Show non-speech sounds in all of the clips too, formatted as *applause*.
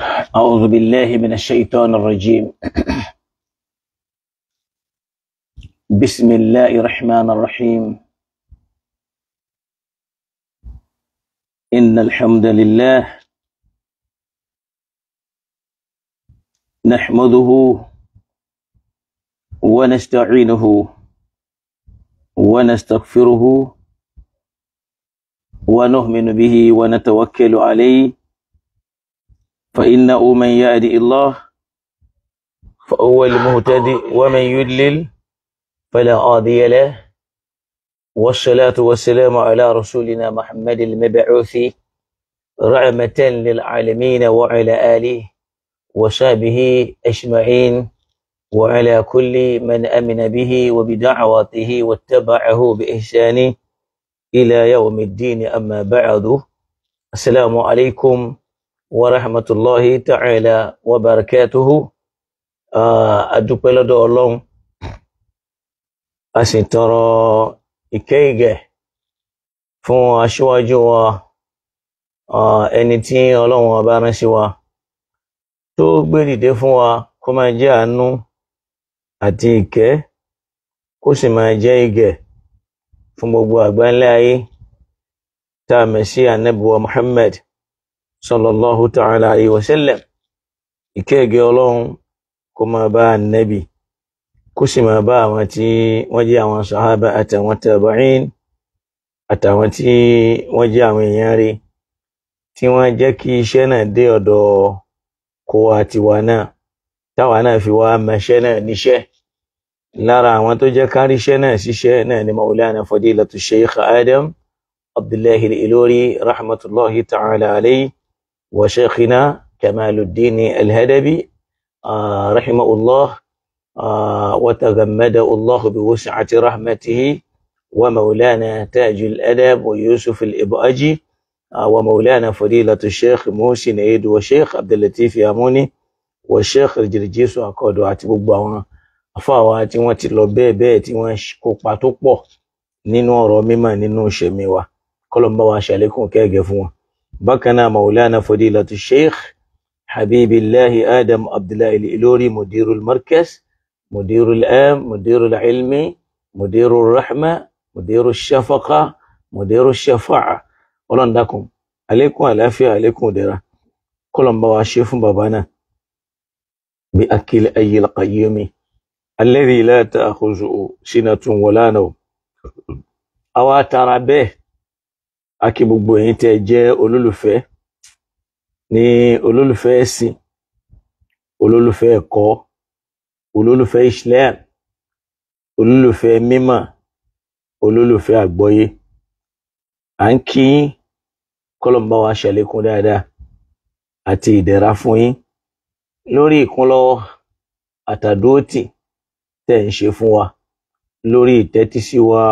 أعوذ بالله من الشيطان الرجيم بسم الله الرحمن الرحيم إن الحمد لله نحمده ونستعينه ونستغفره ونؤمن به ونتوكل عليه فإنه من يهدي الله فهو المهتدي ومن يدلل فلا هادي له والصلاة والسلام على رسولنا محمد المبعوث رحمة للعالمين وعلى آله وصحبه أجمعين وعلى كل من أمن به وبدعوته واتبعه بإحسان إلى يوم الدين أما بعد السلام عليكم warahmatulahi ta'ala wabarakatuhu adúpẹ́ lọ́dọ̀ ọlọ́run a sì tọrọ ìkẹ́ ìgẹ̀ fún aṣíwájú wa ẹni tí ọlọ́run ọba rán sí wa tó gbé dìde fún wa kó máa jẹ́ àánú àti ìkẹ́ kó sì máa jẹ́ ìgẹ̀ fún gbogbo àgbáńlé ayé tá a mẹ̀ Muhammad sallallahu ta'ala alayhi wa sallam ìkéègé ọlọ́run kó máa bá nẹ́bì kó sì máa bá àwọn tí wọ́n jẹ́ àwọn sàhábà àtàwọn tàbáyín àtàwọn tí wọ́n jẹ́ àwọn èèyàn rí tí wọ́n jẹ́ kí iṣẹ́ náà dé ọ̀dọ̀ kó wa tiwa náà táwa náà fi wá mẹṣẹ́ náà níṣẹ́ lára àwọn tó jẹ́ kárí iṣẹ́ náà ṣiṣẹ́ náà ni maulana fadilatu sheikh adam abdullahi ilori rahmatulahi ta'ala alayhi وشيخنا كمال الدين الهدبي رحمه الله وتغمده الله بوسعة رحمته ومولانا تاج الأدب ويوسف الإباجي ومولانا فضيلة الشيخ موسى نيد وشيخ عبد اللطيف ياموني والشيخ الجرجيس أكودو أتبوبا wọn afáwa tí wọ́n ti lọ bẹ́ẹ̀ bẹ́ẹ̀ tí wọ́n kópa tó pọ̀ nínú ọ̀rọ̀ mímọ́ nínú ìṣẹ̀mí wa kọlọmbà wa ṣàlékún kẹgẹ fún wọn بكنا مولانا فضيلة الشيخ حبيب الله آدم عبد الله الإلوري مدير المركز مدير الآم مدير العلم مدير الرحمة مدير الشفقة مدير الشفاعة ọlọ́run dákun àlékún àlàáfíà àlékún òdẹ̀ra kọlọ̀mbà wa ṣe fún bàbá náà bí akílẹ̀ ayé làkàyémi alẹ́rìí láta àkóso sínú àtúnwọ̀lá náà àwa tara bẹ́ẹ̀ a kí gbogbo yín tẹ́ jẹ́ olólùfẹ́ ní olólùfẹ́ ẹ̀sìn olólùfẹ́ ẹ̀kọ́ olólùfẹ́ Islam olólùfẹ́ mímọ̀ olólùfẹ́ àgbọ́yé à ń kí yín kọlọmbà wa ṣàlékún dáadáa àti ìdẹ̀ra fún yín lórí ìkúnlọ́wọ́ àtàdóòtì tẹ́ ń ṣe fún wa lórí ìtẹ́tísí wa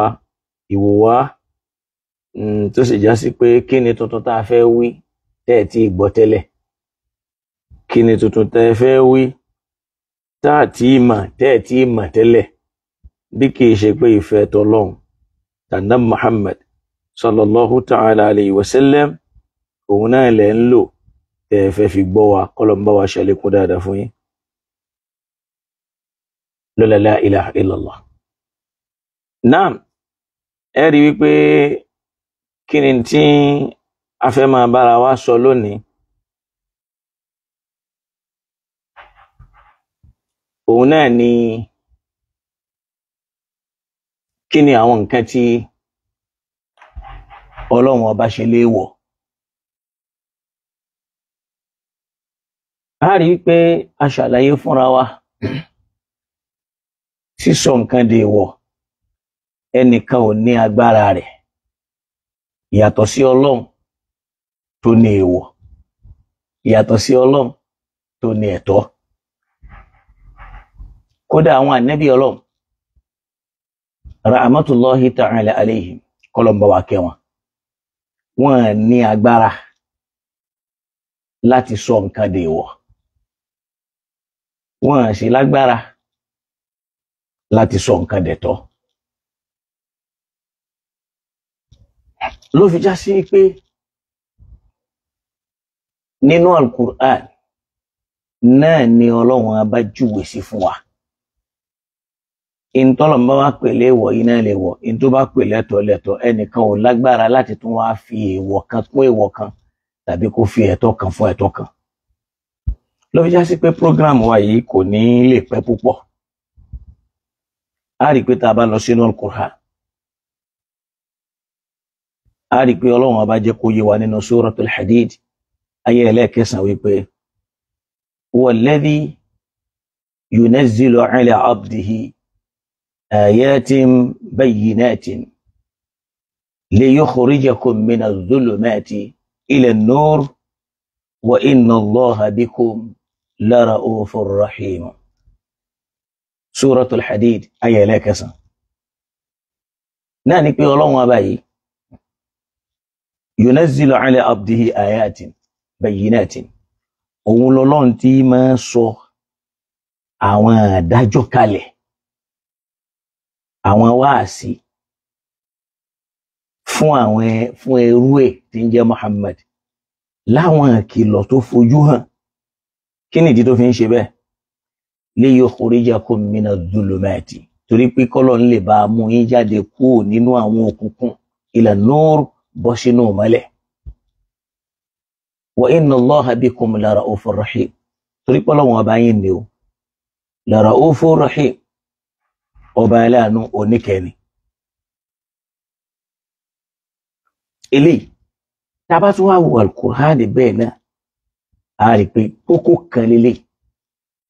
ìwò wa Mm, tó sì já sí pé kí ni tuntun tá a fẹ́ wí tẹ́ ẹ̀ tí ì gbọ́ tẹ́lẹ̀ kí ni tuntun tẹ́ ẹ fẹ́ wí tá a tí ì mà tẹ́ ẹ̀ tí ì mà tẹ́lẹ̀ bí kì í ṣe pé ìfẹ́ tọlọ́hun tànà Muhammad sallallahu ta'ala alayhi wa sallam òun náà lẹ̀ ń lò tẹ́ ẹ fẹ́ fi gbọ́ wa kọ́lọ̀ ń bá wa ṣàlékún dáadáa fún yín lọ́lá la ilaha illallah. ẹ rí wípé kí ni tí a fẹ́ máa bára wa sọ lónìí òun náà ni kí ni àwọn nǹkan tí ọlọ́run ọba ṣe léèwọ̀ a rí pé a ṣàlàyé fúnra wa sísọ nǹkan dèèwọ̀ ẹnìkan ò ní agbára rẹ̀ yàtọ̀ sí ọlọ́run tó ní èèwọ̀ yàtọ̀ sí ọlọ́run tó ní ẹ̀tọ́ kódà àwọn ànẹ́bí ọlọ́run rahmatullahi ta'ala alayhim kọlọmbà wa kẹwọn wọn ní agbára láti sọ nǹkan dèèwọ̀ wọn sì lágbára láti sọ nǹkan dẹ̀tọ́ ló fi já sí pé nínú alukur'an náà ni ọlọ́run abá júwe sí fún wa ìntọ́lọ̀ bá wá pèlè ìwọ̀ yìí náà lè wọ̀ ìntó bá pèlè ẹ̀tọ́ lẹ̀tọ́ ẹnìkan ò lágbára láti tún wá fi èèwọ̀ kan kún èèwọ̀ kan tàbí kó fi ẹ̀tọ́ kan fún ẹ̀tọ́ kan ló fi já sí pé program wa yìí kò ní lè pẹ́ púpọ̀ a rí i pé tá a bá lọ sínú alukur'an a rí i pé ọlọ́run ọba jẹ́ kó yé wa nínú suratul hadid ayé ẹlẹ́ẹ̀kẹsàn wípé walladhi yunazzilu ala abdihi ayatin bayyinatin liyukhrijakum mina dhulumati ila an-nur wa inna allaha bikum laraufur rahim suratul hadid ayé ẹlẹ́ẹ̀kẹsàn náà ni pé ọlọ́run ọba yìí yunazzilu ala abdihi ayatin bayyinatin òun lọ́lọ́run tí máa sọ àwọn àdájọ́ kalẹ̀ àwọn wáàsí fún àwọn fún ẹrú ẹ̀ tí ń jẹ́ Muhammad láwọn ìkìlọ̀ tó fojú hàn kí nìdí tó fi ń ṣe bẹ́ẹ̀ li yukhrijakum mina dhulumati torí pé kọlọ ń lè bá a mú yín jáde kúrò nínú àwọn òkùnkùn ila nur bọ́ sínú ìmọ́lẹ̀ wa inna Allaha bikum la ra'ufur rahim torí pé Ọlọ́hun ọba yín ni o la ra'ufur rahim ọba aláàánú oníkẹ́ni. eléyìí tá a bá tún wá wo alukur'ani bẹ́ẹ̀ náà a rí i pé kókó kan lélẹ̀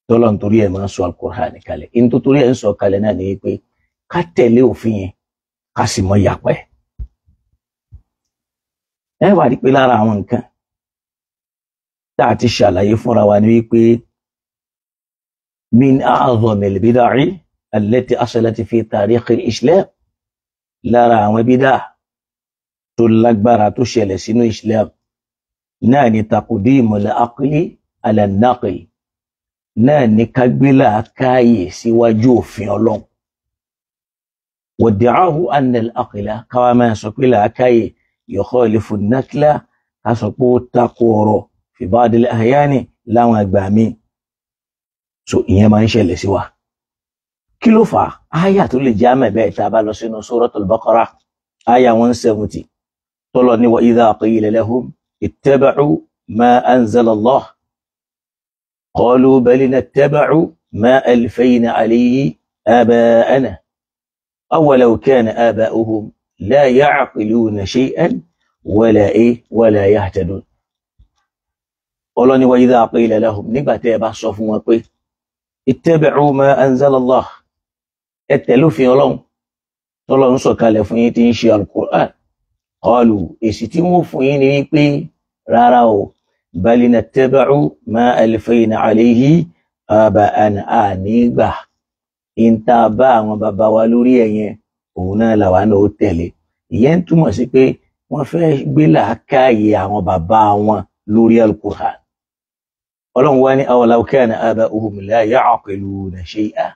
tọ́lọ́ nítorí ẹ̀ máa ń sọ alukur'ani kalẹ̀ nítorí ẹ̀ ń sọ kalẹ̀ náà ni pé ká tẹ̀lé òfin yẹn ká sì mọ yàpẹ́ ẹ wà rí pé lára àwọn nǹkan tá a ti ṣàlàyé fúnra wa ni wípé min a'zamil bid'ah allati asalat fi tarikh al-islam lára àwọn bídà tó lágbára tó ṣẹlẹ̀ sínú islam náà ni taqdimul aqli ala an-naql náà ni kágbélà káàyè síwájú òfin ọlọ́run wọ̀dìáhù anil aqla káwá máa sọ pé làákàyè يخالف النكلة هسقو تقورو في بعض الأحيان لا مقبامي سو إيا ما نشيل سوا كلوفا آيات اللي جامع بيتا بالوسينو سورة البقرة آية 170 طلني وإذا قيل لهم اتبعوا ما أنزل الله قالوا بل نتبع ما ألفين عليه آباءنا أولو كان آباؤهم لا يعقلون شيئا ولا ايه ولا يهتدون ọlọ́ni wa idha qila lahum nígbà tẹ́ ẹ bá sọ fún wọn pé ittabi'u ma anzalallah ẹ tẹ̀lófin ọlọ́run tọ́lọ́run sọ̀kalẹ̀ fún yín tí ń ṣe alukur'an qalu èsì tí wọ́n fún yín ni wípé rárá o bal nattabi'u ma alfayna alayhi àbá àní ànígbà ìta bá àwọn bàbá wa lórí ẹ̀yẹn òun náà làwa náà ó tẹ̀lé ìyẹn ń túmọ̀ sí pé wọ́n fẹ́ gbé làákàyè àwọn bàbá wọn lórí alukur'an ọlọ́run wá ní awalaw kana aba'uhum la ya'qiluna shay'a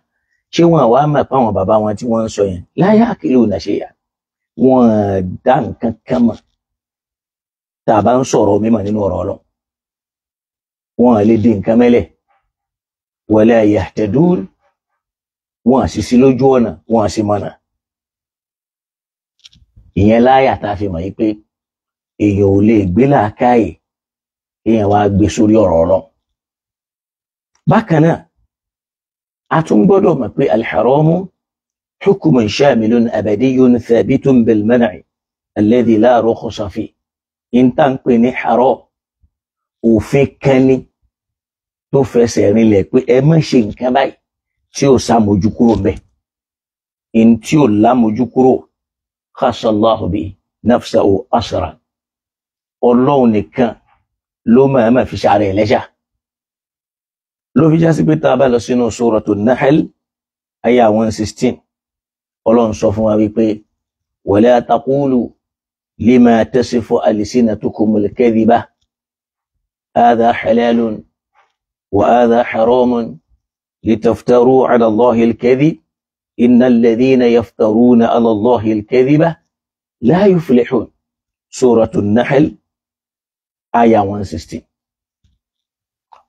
ṣé wọn àwa máa pa àwọn bàbá wọn tí wọ́n ń sọ yẹn la ya'qiluna shay'a wọn dá nǹkan kan mọ̀ tá a bá ń sọ̀rọ̀ mímọ̀ nínú ọ̀rọ̀ ọlọ́run wọn lè di nǹkan mẹ́lẹ̀ wala yahtadun wọn àṣìṣe lójú ọ̀nà wọn àṣìmọ̀nà ìyẹn láyà tá a fi mọ̀ yí pé èèyàn ò lè gbé làákàyè èèyàn wá gbé sórí ọ̀rọ̀ ọlọ́run bákan náà a tún gbọ́dọ̀ mọ̀ pé alḥaramu hukmun shamilun abadiyyun thabitun bil man'i alladhi la rukhsa fi ìta ń pè ní haram òfin kan tó fẹsẹ̀ rinlẹ̀ pé ẹ má ṣe nǹkan báyìí tí ò sàmójúkúrò bẹ́ẹ̀ ní tí ò lámójúkúrò khasallahu bi nafsahu asra ọlọ́run nìkan ló mọ̀ọ́mọ̀ fi ṣàrẹ̀ ẹlẹ́ṣà ló fi já sí pé tá a bá lọ sínú suratu nahl aya one sixteen ọlọ́run sọ fún wa wípé wala taqulu lima tasifu alsinatukumul kadhiba hadha halalun wa hadha haramun litaftaru ala Allahil kadhib. إن الذين يفترون على الله الكذبة لا يفلحون سورة النحل آية 116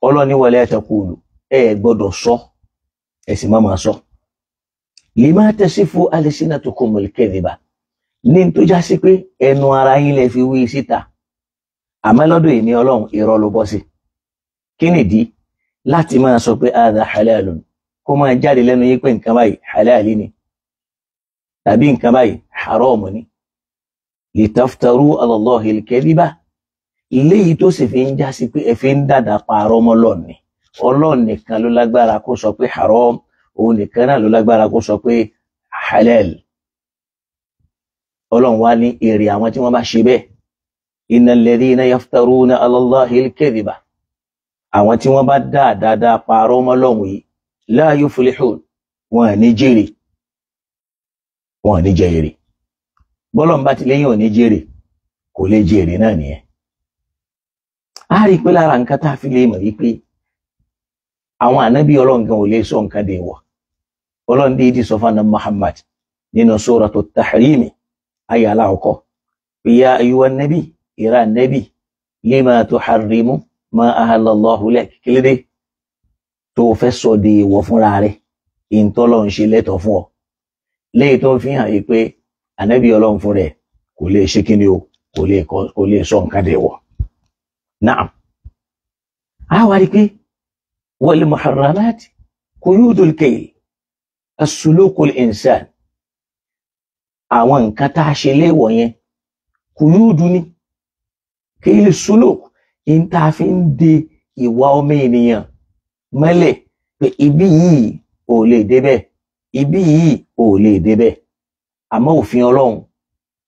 ọlọ́ni wọlé ẹ̀tẹ̀kùlù ẹ gbọ́dọ̀ sọ ẹ̀sìn má máa sọ lima tasifu alsinatukumul kadhiba ní tó já sí pé ẹnu ara yín lè fi wí síta àmọ́ lọ́dọ̀ èmi ọlọ́run irọ́ ló bọ́ sí kí nìdí láti máa sọ pé hadha halalun kó máa jáde lẹ́nu yí pé nǹkan báyìí halali ni tàbí nǹkan báyìí haram ni litaftaru alallahi alkadiba léyìí tó sì fi ń já sí pé ẹ fi ń dàdà parọ́ mọ́ lọ́ọ̀ni ọlọ́ọ̀n nìkan ló lágbára kó sọ pé haram òun nìkan náà ló lágbára kó sọ pé halal ọlọ́run wá ní èrè àwọn tí wọ́n bá ṣe bẹ́ẹ̀ innal ladhina yaftaruna alallahi alkadiba àwọn tí wọ́n bá dáadáa parọ́ mọ́ lọ́hùn yìí la yuflihun wọn ní jèrè wọn ní jẹ èrè bọ́lọ́n bá ti lẹ́yìn ò ní jèrè kò lè jèrè náà nìyẹn a rí i pé lára nǹkan tá a fi lè mọ̀ wípé àwọn ànábì ọlọ́run gan ò lè sọ nǹkan dè wọ̀ ọlọ́run dídí sọ fún Muhammad nínú suratu tahrimi ayé aláwọ̀kọ́ ya ayyuhan nabi ìran nabi lima tuharrimu ma ahallallahu lak kílódé tó o fẹ́ sọ di èèwọ̀ fúnra rẹ̀ ìǹtọ́lọ̀ ń ṣe lẹ́tọ̀ fún ọ lẹ́yìn tó ń fi hàn yìí pé ànábì ọlọ́run fún rẹ̀ kò lè ṣe kíni o kò lè kọ kò lè sọ nǹkan dẹ̀ wọ̀ náà a wá rí pé wal muharramat quyudul kayl as-sulukul insan àwọn nǹkan tá a ṣe léèwọ̀ yẹn kuyudu ni kayl as-suluk yìí tá a fi ń de ìwà ọmọ ènìyàn mọ́lẹ̀ pé ibi yìí ò lè débẹ̀ ibi yìí ò lè débẹ̀ àmọ́ òfin Ọlọ́run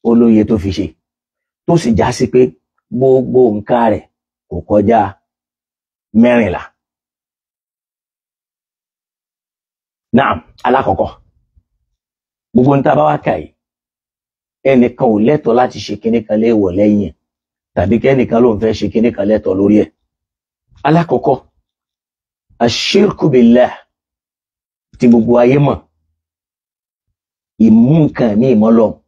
olóye tó fi ṣe tó sì já sí pé gbogbo nǹkan rẹ̀ kò kọjá mẹ́rìnlá. Naam, alákọ̀ọ́kọ́ gbogbo níta bá wá kà yìí ẹnìkan ò lẹ́tọ̀ọ́ láti ṣe kinní kan léèwọ̀ lẹ́yìn tàbí kẹ́nìkan ló ń fẹ́ ṣe kinní kan lẹ́tọ̀ọ́ lórí ẹ̀. Alákọ̀ọ́kọ́ ashirku billah tí gbogbo ayé mọ̀ ìmú nǹkan mi ìmọlọrun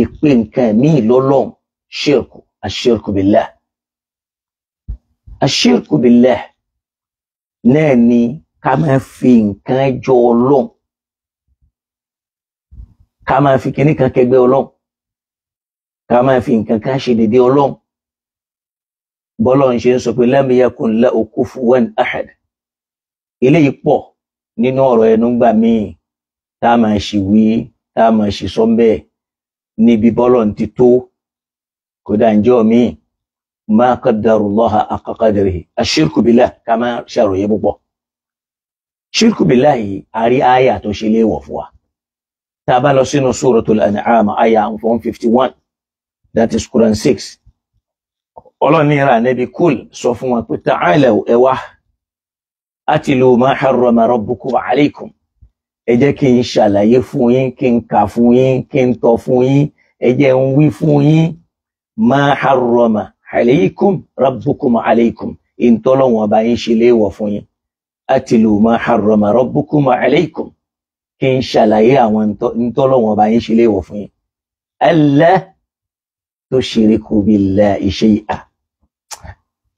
ìpè nǹkan mi ìlọlọrun ṣírkù ashirku billah ashirku billah náà ni ká máa fi nǹkan jọ Ọlọ́run ká máa fi kinní kan kẹgbẹ́ Ọlọ́run ká máa fi nǹkan kan ṣe dédé Ọlọ́run bọ́lọ̀ ń ṣe ń sọ pé lam yakun lahu kufuwan ahad eléyìí pọ̀ nínú ọ̀rọ̀ ẹnu gbà míì tá a máa ṣì wí tá a máa ṣì sọ bẹ́ẹ̀ níbi bọ́lọ̀ ń ti tó kódà ń jọ́ míì ma qaddarullaha haqqa qadrihi ashirku billah ká máa ṣàròyé púpọ̀ shirku yìí a rí àyà tó ṣe léèwọ̀ fún wa tá a bá lọ sínú suratul an'am àyà one fifty one that is Quran six ọlọ́run ní ra ànábì kúl sọ fún wọn pé ta'alaw ẹ wá atlu ma harrama rabbukum alaykum ẹ jẹ́ kí n ṣàlàyé fún yín kí n kà fún yín kí n tọ́ fún yín ẹ jẹ́ n wí fún yín ma harrama alaykum rabbukum alaykum ìntọ́lọ́wọ̀n bá yín ṣe léèwọ̀ fún yín atlu ma harrama rabbukum alaykum kí n ṣàlàyé àwọn ìntọ́lọ́wọ̀n bá yín ṣe léèwọ̀ fún yín alla tushriku billahi shay'a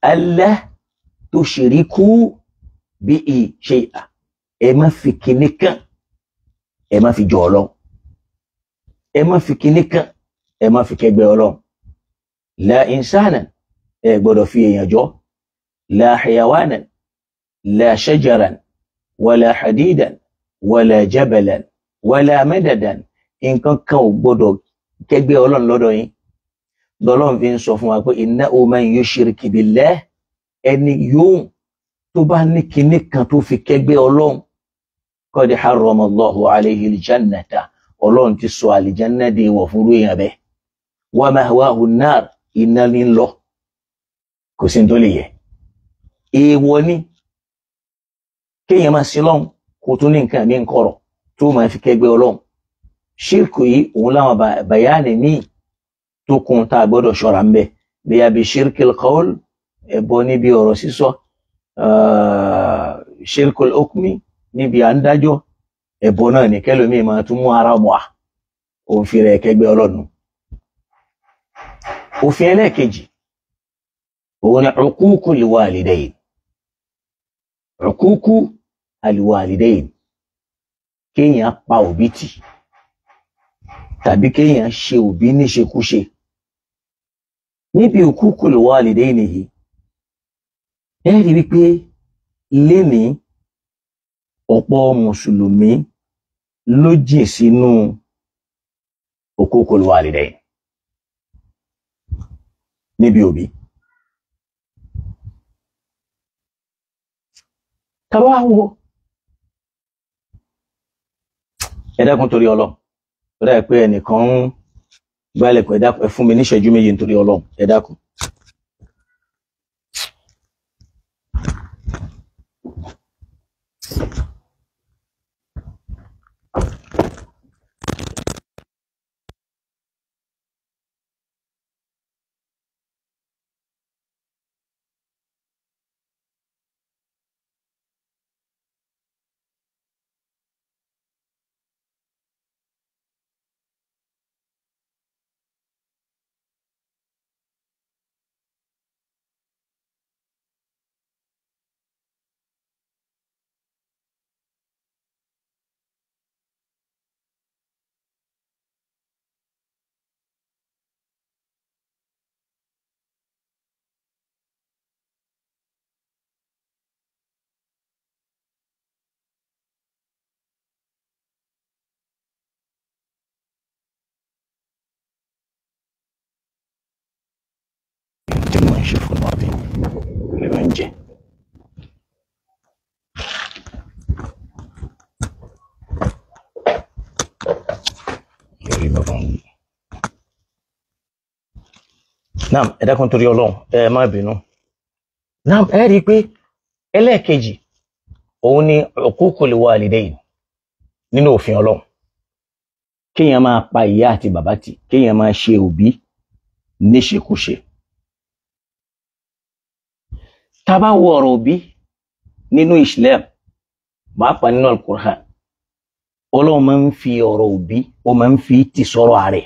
Allah tushiriku bihi shay'a ẹ má fi kinní kan ẹ má fi jọ Ọlọ́run ẹ má fi kinní kan ẹ má fi kẹgbẹ́ Ọlọ́run la insana ẹ gbọ́dọ̀ fi èèyàn jọ la hayawanan la shajaran wala hadidan wala jabalan wala madadan nǹkan kan ò gbọ́dọ̀ kẹgbẹ́ Ọlọ́run lọ́dọ̀ yín lọ́lọ́run fi ń sọ fún wa pé innahu man yushrik billah ẹni yóò tó bá ní kinní kan tó fi kẹ́gbẹ́ ọlọ́run qad harrama Allahu alayhi al-jannata ọlọ́run ti sọ àlìjánná di ìwọ̀ fún irú èèyàn bẹ́ẹ̀ wa mahwahu an-nar iná ní lọ kò sí tó lè yẹ èèwọ̀ ni kéèyàn máa sin lọ́hùn kó tún ní nǹkan mí ń kọ̀rọ̀ tó máa fi kẹ́gbẹ́ ọlọ́run ṣírkù yìí òun láwọn bàyáàni míì tó kún tá a gbọ́dọ̀ ṣọ́ra ń bẹ̀ bíi àbí shirkil qawl ẹbọ níbi ọ̀rọ̀ sísọ uh, shirkul okmi níbi à ń dájọ́ ẹbọ náà ní kẹlòmíì máa tún mú ara mọ à òun fi rẹ kẹgbẹ Ọlọ́run òfin ẹlẹ́ẹ̀kejì òun ni uququ liwalidayn uququ alwalidayn kéèyàn pa òbí tì tàbí kéèyàn ṣe òbí níṣekúṣe níbi hukukul walidaini yìí ẹ rí wípé lénìí ọ̀pọ̀ mùsùlùmí ló jìn sínú hukukul walidaini níbi òbí. tàbá wo ẹ dákun torí ọlọ rẹ pé ẹnìkan ń báyìí kò ẹ dákun ẹ fún mi ní ìṣẹ́jú méje nítorí Ọlọ́run ẹ dákun. Thank you. ń ṣe fún wọn bí ni wọ́n ń jẹ. naam ẹ dákun torí Ọlọ́run ẹ má bínú naam ẹ rí i pé ẹlẹ́ẹ̀kejì òun ni uququl walidayn nínú òfin Ọlọ́run kéèyàn máa pa ìyá àti bàbá tì kéèyàn máa ṣe òbí níṣekúṣe tá a bá wo ọ̀rọ̀ òbí nínú Islam pàápàá nínú alukur'an ọlọ́run máa ń fi ọ̀rọ̀ òbí ó máa ń fi ti sọ̀rọ̀ ààrẹ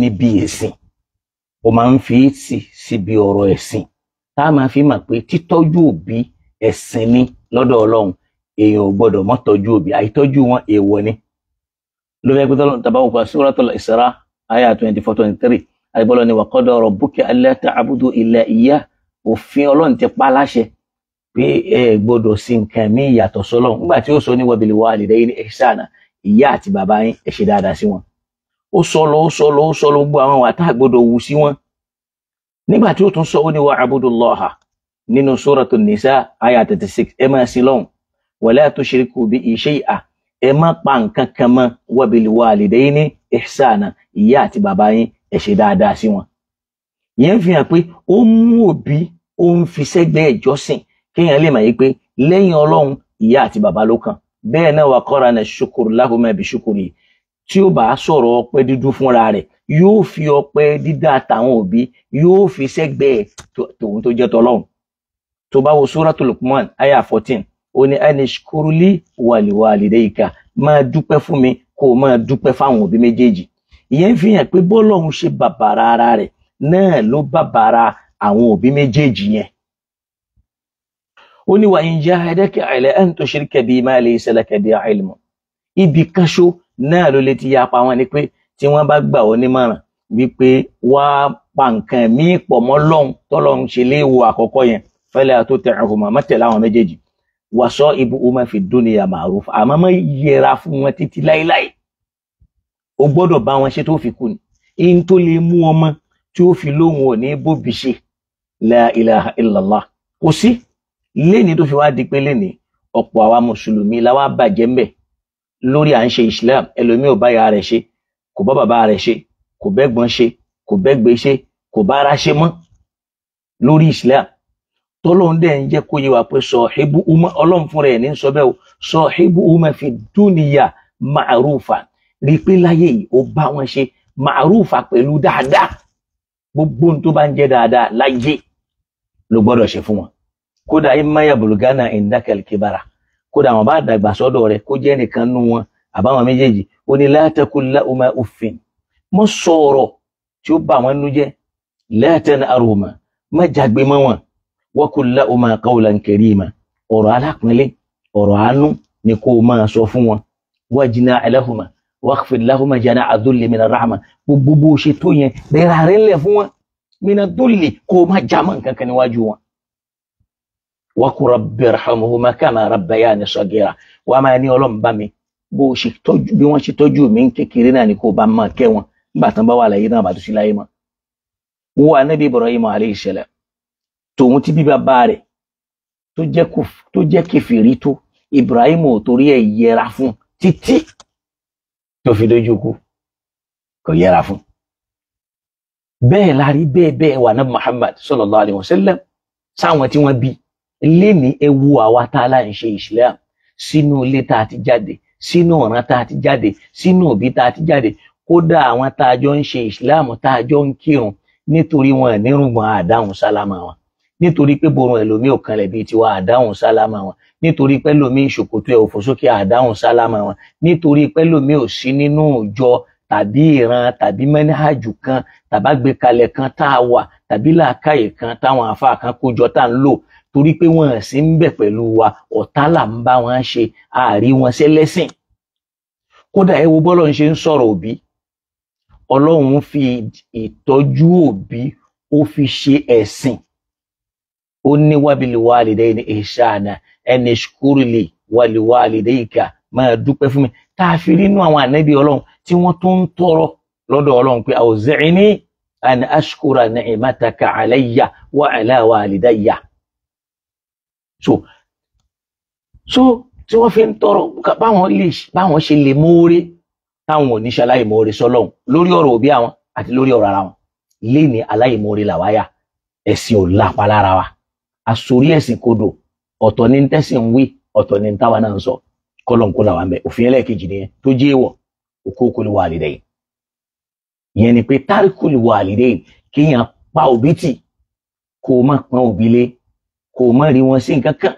níbi ẹ̀sìn ó máa ń fi ti síbi ọ̀rọ̀ ẹ̀sìn tá a máa fi mà pé títọ́jú òbí ẹ̀sìn ni lọ́dọ̀ ọlọ́run èèyàn ò gbọ́dọ̀ mọ́ tọ́jú òbí àìtọ́jú wọn èèwọ̀ ni ló fẹ́ pé tọ́lọ́ tàbá òkú Suratul Isra ayah twenty four twenty three àìbọ́lọ́ ni wa qada rabbuka alla ta'budu illa iyyah òfin Ọlọ́run ti pa láṣẹ pé ẹ gbọ́dọ̀ sí nǹkan mí ìyàtọ̀ sọ́lọ́run nígbà tí ó sọ ní wabil walidayni ihsana ìyá àti bàbá yín ẹ ṣe dáadáa sí wọn ó sọ lọ ó sọ lọ ó sọ lọ gbogbo àwọn wàtá gbọ́dọ̀ wù sí wọn nígbà tí ó tún sọ ó ní wa abudullaha nínú suratu nisa aya thirty six ẹ máa sin lọ́hùn wala tushriku bihi shay'a ẹ má pa nǹkan kan mọ́ wabil walidayni ihsana ìyá yẹn fi hàn pé ó mú òbí ó ń fi sẹ́gbẹ́ ìjọsìn kéèyàn lè mọ̀ yí pé lẹ́yìn ọlọ́run ìyá àti bàbá ló kàn bẹ́ẹ̀ náà wà kọ́ra ní ṣukuru lahuma bi ṣukuri tí ó bá sọ̀rọ̀ ọpẹ́ dúdú fúnra rẹ̀ yóò fi ọpẹ́ dídá tàwọn òbí yóò fi sẹ́gbẹ́ tòun tó jẹ́ tọlọ́run tó bá wo suratul Luqman aya fourteen ó ní anishkuruli wàlíwàlídẹ́yìká máa dúpẹ́ fún mi kó máa dúpẹ́ fáwọn òbí méjèèjì ìyẹn fi hàn pé bọ́lọ́run ṣe bàbàrà ara rẹ̀ náà ló bàbàrà àwọn òbí méjèèjì yẹn ó ní wa in jahadaka ala an tushrika bi ma laysa laka bi ilmun ibi kan ṣo náà ló lè ti ya pa wọn ni pé tí wọ́n bá gbà ọ nímọ̀ràn wípé wá pa nǹkan míì pọ̀ mọ́ lọ́hùn tọ́lọ́hùn ṣe léèwọ̀ àkọ́kọ́ yẹn fala tuti'huma má tẹ̀lé àwọn méjèèjì wa sahibuhuma fi dunya ma'ruf àmọ́ má yẹra fún wọn títí láéláé o gbọ́dọ̀ bá wọn ṣe tó fi kú ni ihun tó lè mú ọmọ tí ó fi lóhun ò ní bóbi ṣe la ilaha illallah kò sí léni tó fi wá di pé léni ọ̀pọ̀ àwa mùsùlùmí la wá bàjẹ́ ń bẹ̀ lórí à ń ṣe islam ẹlòmíì ò bá ya rẹ̀ ṣe kò bá bàbá rẹ̀ ṣe kò bẹ́gbọ́n ṣe kò bẹ́gbẹ́ ṣe kò bá ara ṣe mọ́ lórí islam tọ́lọ́run dẹ̀ ń jẹ́ kó yé wa pé sọ̀híbù umma ọlọ́run fúnra ẹ̀ ní sọ bẹ́ẹ̀ o sọ̀híbù umma fi dúnìyà màrúfà rí i pé láyé yìí ó bá wọn ṣe màrúfà pẹ̀lú dáadáa gbogbo ohun tó bá ń jẹ́ dáadáa láyé ló gbọ́dọ̀ ṣe fún wọn kódà imaya bulgana indakal kibara kódà àwọn bá dàgbà sọ́dọ̀ rẹ̀ kó jẹ́ nìkan nú wọn àbáwọn méjèèjì ó ní la taqul lahuma uffin mọ́ tí ó bà wọ́n nú jẹ́ la tanharhuma má jagbe mọ́ wọn wa qul lahuma qawlan karima ọ̀rọ̀ alápínlẹ̀ ọ̀rọ̀ ni kó máa sọ fún wọn wajna' lahuma waqfid lahuma jana adúlé mina rahma gbogbo bó ṣe tó yẹn rẹra rẹ lẹ fún wọn mina dúlé kó o má jámọ́ nǹkan kan níwájú wọn. waqu rabbi irhamhuma kama rabbayani sagira wà á ní ọlọ́run mi bí wọ́n ṣe tọ́jú mi kékeré náà ni kó bá máa kẹ́ wọn nígbà tán bá wà láyé náà bàtú sí láyé mọ́. wo anabi ibrahim alayhi salam tòun ti bí bàbá rẹ̀ tó jẹ́ kẹfìrí tó ibrahim ò torí ẹ̀ yẹra fún títí tó fi dójú kú kò yẹra fún bẹ́ẹ̀ la rí bẹ́ẹ̀ bẹ́ẹ̀ wà ní Muhammad sallallahu alayhi wa sallam sáwọn tí wọ́n bí léni ewu àwa tá a lá ń ṣe Islam sínú ilé tá a ti jáde sínú ọ̀ràn tá a ti jáde sínú òbí tá a ti jáde kódà àwọn tá a jọ ń ṣe Islam tá a jọ ń kírun nítorí wọn ní rúgbọn àdáhùn sálámà wọn nítorí pé borun ẹlòmíì ò kanlẹ̀ bíi tiwa àdáhùn sálámà wọn nítorí pé lòmíì ìṣòkòtò ẹ̀ òfò sókè àdáhùn sálámà wọn nítorí pé lòmíì ò sí nínú ìjọ tàbí ìran tàbí mẹ́nìhàjù kan tàbágbékalẹ̀ kan tá a wà tàbí làákàyè kan táwọn àfáà kan kó jọ tá à ń lò torí pé wọn sì ń bẹ pẹ̀lú wa ọ̀tá là ń bá wọn ṣe àárí wọn ṣẹlẹ́sìn kódà ẹ wo bọ́lọ̀ ń ṣe ń sọ̀rọ̀ òbí ọlọ́run fi ìtọ́jú òbí ó fi ṣe ẹ̀sìn ó ní wábìlìwálìdẹ́yìn ihsana ẹni ṣkúrìlì wàlìwálìdẹ́yìká máa dúpẹ́ fún mi tá a fi rínú àwọn ànábì ọlọ́run tí wọ́n tún ń tọrọ lọ́dọ̀ ọlọ́run pé awzi'ni an ashkura ni'mataka alayya wa ala walidayya. so so tí wọ́n fi ń tọrọ báwọn lè báwọn ṣe lè móore táwọn oníṣẹ́ aláìmoore sọlọ́run lórí ọ̀rọ̀ òbí àwọn àti lórí ọ̀rọ̀ ara wọn lé ní làwáyà ẹ̀sìn ò lápá lára wa àsorí ẹ̀sìn kodò ọ̀tọ̀ ní tẹ́sìn ń wí ọ̀tọ̀ ní táwa náà ń sọ kọ́lọ̀ǹkó làwọn bẹ̀ òfin ẹlẹ́ẹ̀kejì nìyẹn tó jẹ́ èèwọ̀ òkókó lè wà àlìdẹ yìí ìyẹn ni pé tárìkù lè wà àlìdẹ yìí kéèyàn pa òbí tì kó o má pọn òbí lé kó o má rí wọn sí nǹkan kan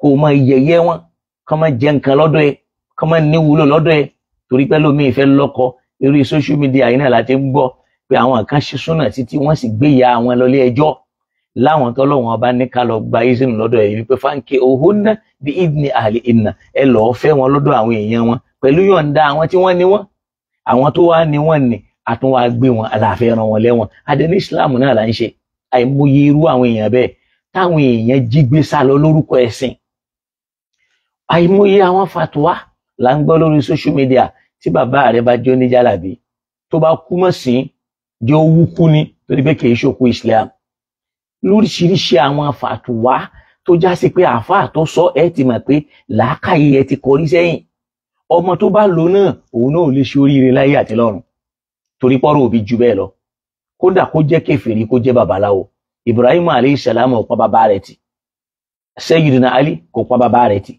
kó o má yẹyẹ wọn kó o má jẹ nǹkan lọ́dọ̀ ẹ kó o má níwúlò lọ́dọ̀ ẹ torí pé lómi ìfẹ́ lọ́kọ eré social media yìí náà láti ń gbọ́ pé àwọn kan ṣe súnà títí wọ́n sì gbé ìyá wọn lọlé ẹjọ́ láwọn tó lọ́wọ́n ọba ní ká lọ gba ìsìn lọ́dọ̀ ẹ̀yìn wípé fáńkì òhúnná bí ìdní àlè ìnà ẹ lọ́ọ́ fẹ́ wọn lọ́dọ̀ àwọn èèyàn wọn pẹ̀lú yọ̀ǹda àwọn tí wọ́n ní wọ́n àwọn tó wá ní wọ́n ní àtún wá gbé wọn àlàáfẹ́ ran wọn lẹ́wọ̀n adẹ́ni Islam náà là ń ṣe àìmọye irú àwọn èèyàn bẹ́ẹ̀ táwọn èèyàn jí gbé sá lọ lórúkọ ẹ̀sìn àìmọye àwọn fatuwa là ń gbọ́ lórí social media tí bàbá rẹ bá jó ní jálàbí tó bá kú mọ́ sí jẹ́ owó ni torí pé kì í ṣòkú Islam lóríṣiríṣi àwọn fàtùwá tó já sí pé àáfàá tó sọ ẹ ti mọ̀ pé làákàyè ẹ ti kọrí sẹ́yìn ọmọ tó bá lò náà òun náà lè ṣe oríire láyé àti lọ́run torí pọ́rọ̀ òbí ju bẹ́ẹ̀ lọ kódà kó jẹ́ kèfèrí kó jẹ́ babaláwo Ibrahim alayhi salam bàbá rẹ̀ tì Sayyidina Ali kò pa bàbá rẹ̀ tì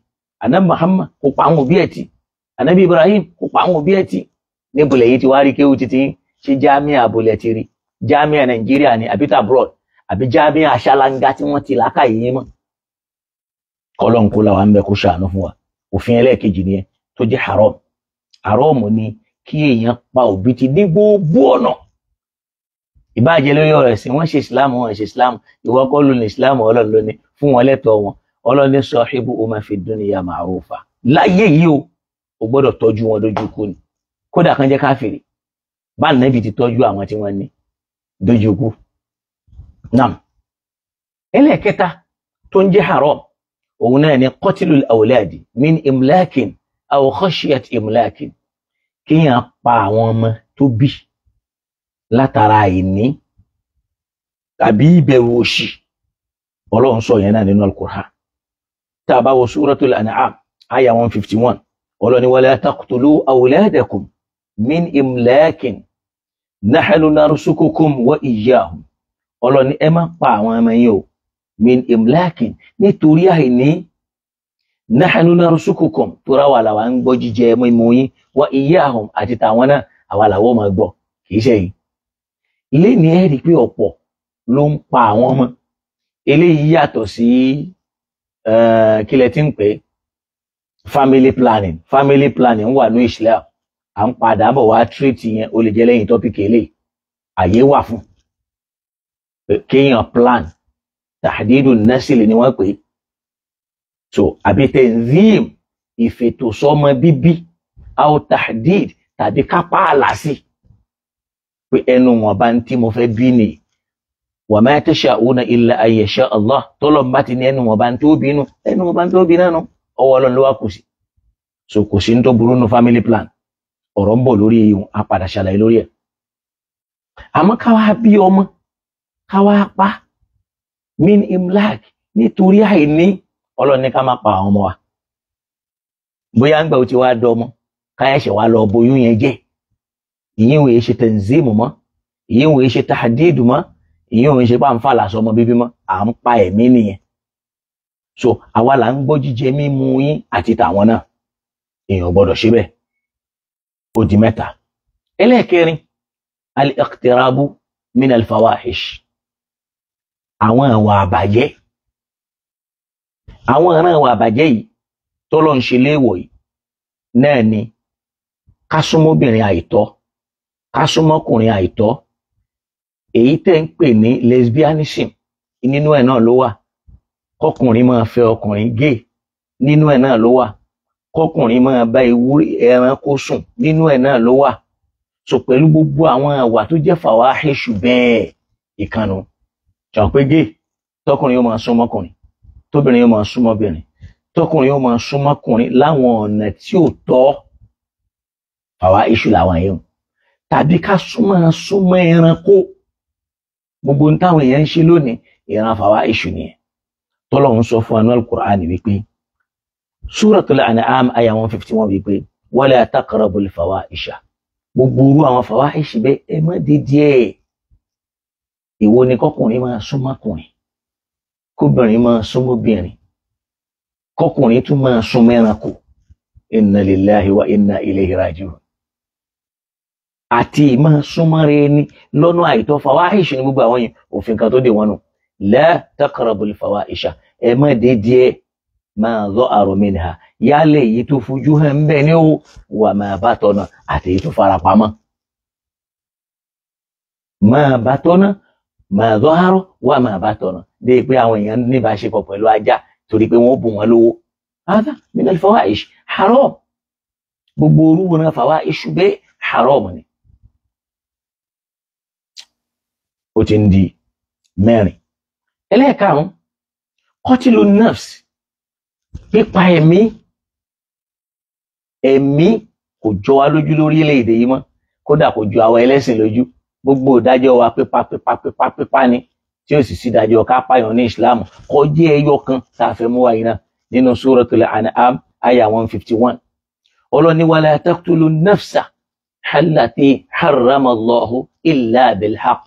anabi Muhammad kò pa àwọn òbí ẹ̀ tì anabi Ibrahim kò pa àwọn òbí ẹ̀ tì níbulẹ̀ yìí ti wá rí kéwù títí ṣe jámíà abúlẹ̀ ti rí jámíà Nàìjíríà ni abita abroad àbí jábí àṣàlàngá tí wọ́n ti làákàyè yín mọ́ kọlọ́n kó làwọn bẹ kó ṣàánú fún wa òfin ẹlẹ́ẹ̀kejì nìyẹn tó jẹ́ haram haram ni kí èèyàn pa òbí ti ní gbogbo ọ̀nà ìbáàjẹ́ lórí ọ̀rọ̀ ẹ̀sìn wọ́n ṣe islam wọ́n ṣe islam ìwọ kọ́ ló ní islam ọlọ́run ló ní fún wọn lẹ́tọ̀ọ́ wọn ọlọ́run ní sahibu uma fi dunya ma'rufa láyé yìí o ò gbọ́dọ̀ tọ́jú wọn lójú kú ni kódà kan jẹ́ káfìrí bá nàbì ti tọ́jú àwọn tí wọ́n ní dójú kú nam ẹlẹ́ẹ̀kẹta tó ń jẹ́ haram òun náà ni qatlul awladi min imlakin aw khashiyat imlakin kéèyàn pa àwọn ọmọ tó bí látara àìní tàbí ìbẹ̀rù òṣì ọlọ́run sọ yẹn náà nínú al-Qur'an tá a bá wo suratul an'am aya one fifty ni wala taqtulu awladakum min imlakin nahnu narzuqukum wa iyyahum ọlọ́ni ẹ má pa àwọn ọmọ yín o min imlakin nítorí àìní nahanu narusukukum tóra wà làwa ń gbọ́ jíjẹ mímu yín wa iyyahum àti tàwọn náà àwa làwọn máa gbọ́ kìí ṣe yìí léni ẹ rí i pé ọ̀pọ̀ ló ń pa àwọn ọmọ eléyìí yàtọ̀ sí eh, kílẹ̀ tí ń pè family planning family planning wà ní Islam à ń padà bọ̀ wá tírètì yẹn ó lè jẹ́ lẹ́yìn tọ́pìkì eléyìí àyè wà fún kéèyàn plan tàdídù násìlì ni wọ́n pè so àbí tenzim ìfètòsọ́mọ bíbí aw tàdíd tàbí kápá àlàsì pé ẹnu wọn bá ń tí mo fẹ́ bí nìyí wa ma tasha'una illa an yasha Allah tọ́lọ́n bá ti ní ẹnu wọn bá ń tó bínú ẹnu wọn bá ń tó bínú ọwọ́ ọlọ́run ló wá kù sí so kò sí ń tó burú nu family plan ọ̀rọ̀ ń bọ̀ lórí ìhun a lórí ẹ̀ àmọ́ káwá bí ọmọ ká wá pa min imlak nítorí àìní ọlọ́run ní ká má pa àwọn ọmọ wa bóyá ńgbà ó ti wá dọmọ káyàṣẹ wa lọ boyún yẹn jẹ ìyẹn wòye ṣe tanzimu mọ́ ìyẹn wòye ṣe tahadidu mọ́ ìyẹn wòye ṣe bá ń fàlà sọmọ bíbí mọ́ à ń pa ẹ̀mí nìyẹn so àwa là ń gbọ́ jíjẹ mímu yín àti tàwọn náà èèyàn gbọ́dọ̀ ṣe bẹ́ẹ̀ ó di mẹ́ta ẹlẹ́ẹ̀kẹrin al-iqtirabu min al-fawahish àwọn ìwà àbàjẹ́ àwọn ìran ìwà àbàjẹ́ yìí tó ló ń ṣe léèwọ̀ yìí náà ni ká súnmọ́ obìnrin àìtọ́ ká súnmọ́ ọkùnrin àìtọ́ èyí tẹ́ ń pè ní lesbianism nínú ẹ̀ náà ló wà kọkùnrin máa fẹ́ ọkùnrin gay nínú ẹ̀ náà ló wà kọkùnrin máa bá ewúrẹ́ ẹranko sùn nínú ẹ̀ náà ló wà so pẹ̀lú gbogbo àwọn àwà tó jẹ́ fàwa hẹ́ṣù bẹ́ẹ̀ ìkànnù ṣàwọn pé gay tọkùnrin yóò máa súnmọ́ ọkùnrin tóbìnrin yóò máa súnmọ́ obìnrin tọkùnrin yóò máa súnmọ́ ọkùnrin láwọn ọ̀nà tí ò tọ́ àwa iṣu làwọn yẹn tàbí ká súnmọ́ súnmọ́ ẹranko gbogbo táwọn èèyàn ń ṣe lónìí ìran àfàwà iṣu nìyẹn tọ́lọ́hún sọ fún anú alukur'an wípé suratul an'am aya one fifty one wípé wala taqrabul fawahisha gbogbo irú àwọn fawahishi bẹ́ẹ̀ ẹ má dédìé ẹ̀ ìwo ni kọkùnrin máa súnmọ́kùnrin kóbìnrin máa súnmọ́bìnrin kọkùnrin tún máa súnmẹ́ranko inna lillahi wa inna ilayhi raji'un àti máa súnmọ́ra ẹni lọ́nà àìtọ́ fawahish ní gbogbo àwọn yẹn òfin kan tó dé wọn nù la taqrabul fawahisha ẹ má dé díẹ̀ ma za'aru minha yálẹ̀ èyí tó fojú hàn ń bẹ̀ ní o wà ma batana àti èyí tó fara pamọ́ ma batana màdọ́hárọ́ wà máa bá tọ̀nà dé pé àwọn èèyàn níbàṣepọ̀ pẹ̀lú ajá torí pé wọ́n bù wọ́n lówó hádà minal fawahish haram gbogbo orúwo náà fawahish bẹ́ẹ̀ haram ni. ó ti ń di mẹ́rin ẹlẹ́ẹ̀karùn-ún kọ́tìlù nafs pípa ẹ̀mí ẹ̀mí kò jọ wá lójú lórílẹ̀‐èdè yìí mọ́ kódà kò jọ àwọn ẹlẹ́sìn lójú gbogbo ìdájọ́ wa pípa pípa pípa pípa ni tí ó sì sí ìdájọ́ ká pààyàn ní islam kò ẹyọ kan tá a fẹ́ mú wa iná nínú suratul an'am aya one fifty one ọlọ́ni wala taqtulu nafsa allati harrama illa bilhaq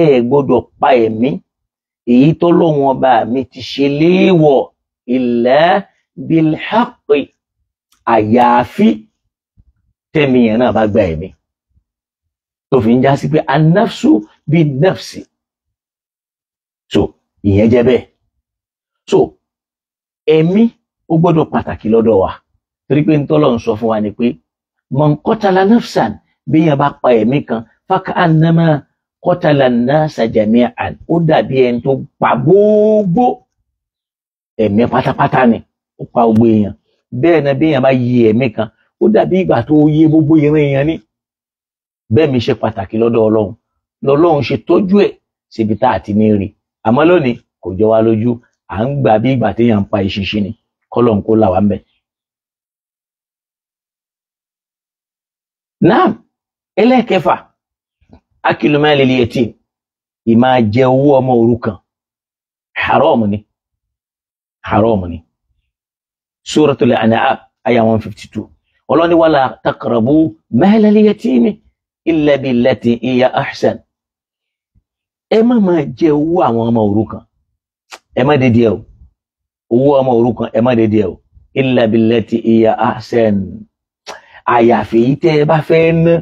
ẹ gbọ́dọ̀ pa ẹ̀mí èyí tọ́lọ́wọ́n ọba mi ti ṣe léèwọ̀ illa bilhaq àyàfi tẹ̀mí náà bá gba ẹ̀mí tó fi ń já sí pé anafsu bí nafsi so ìyẹn jẹ́ bẹ́ẹ̀ so ẹ̀mí ó gbọ́dọ̀ pàtàkì lọ́dọ̀ wa torí pé ntọ́lọ̀ ń sọ fún wa ni pé mọ̀nkọ́tàlá nafsan bí yẹn bá pa ẹ̀mí kan fáka anamá kọ́tàlá nasa jami'an ó dàbí ẹni tó pa gbogbo ẹ̀mí pátápátá ni ó pa gbogbo èèyàn bẹ́ẹ̀ náà bí yẹn bá yí ẹ̀mí kan ó dàbí ìgbà tó yé gbogbo ìran èèyàn ni bẹ́ẹ̀ mi ṣe pàtàkì lọ́dọ̀ ọlọ́run lọ́lọ́run ṣe tọ́jú ẹ̀ síbi tá a ti ní rí àmọ́ lónìí kò jọ wá lójú à ń gbà bí ìgbà téèyàn ń pa ìṣinṣin ni kọ́lọ́n kó là wá ń bẹ̀. náà ẹlẹ́ẹ̀kẹfà akílùmọ́lẹ̀ lè tì ìmá jẹ owó ọmọ òrukàn haram ni haram ni suratul an'am aya one fifty two ọlọ́ni wàlá takarabu mẹ́lẹ́lẹ́yẹtì mi illa billati hiya ahsan ẹ má máa jẹ owó àwọn ọmọ òrukàn ẹ má dédé ẹ o owó ọmọ òrukàn ẹ má dédé ẹ o illa billati hiya ahsan àyàfi èyí tẹ́ ẹ bá fẹ́ ná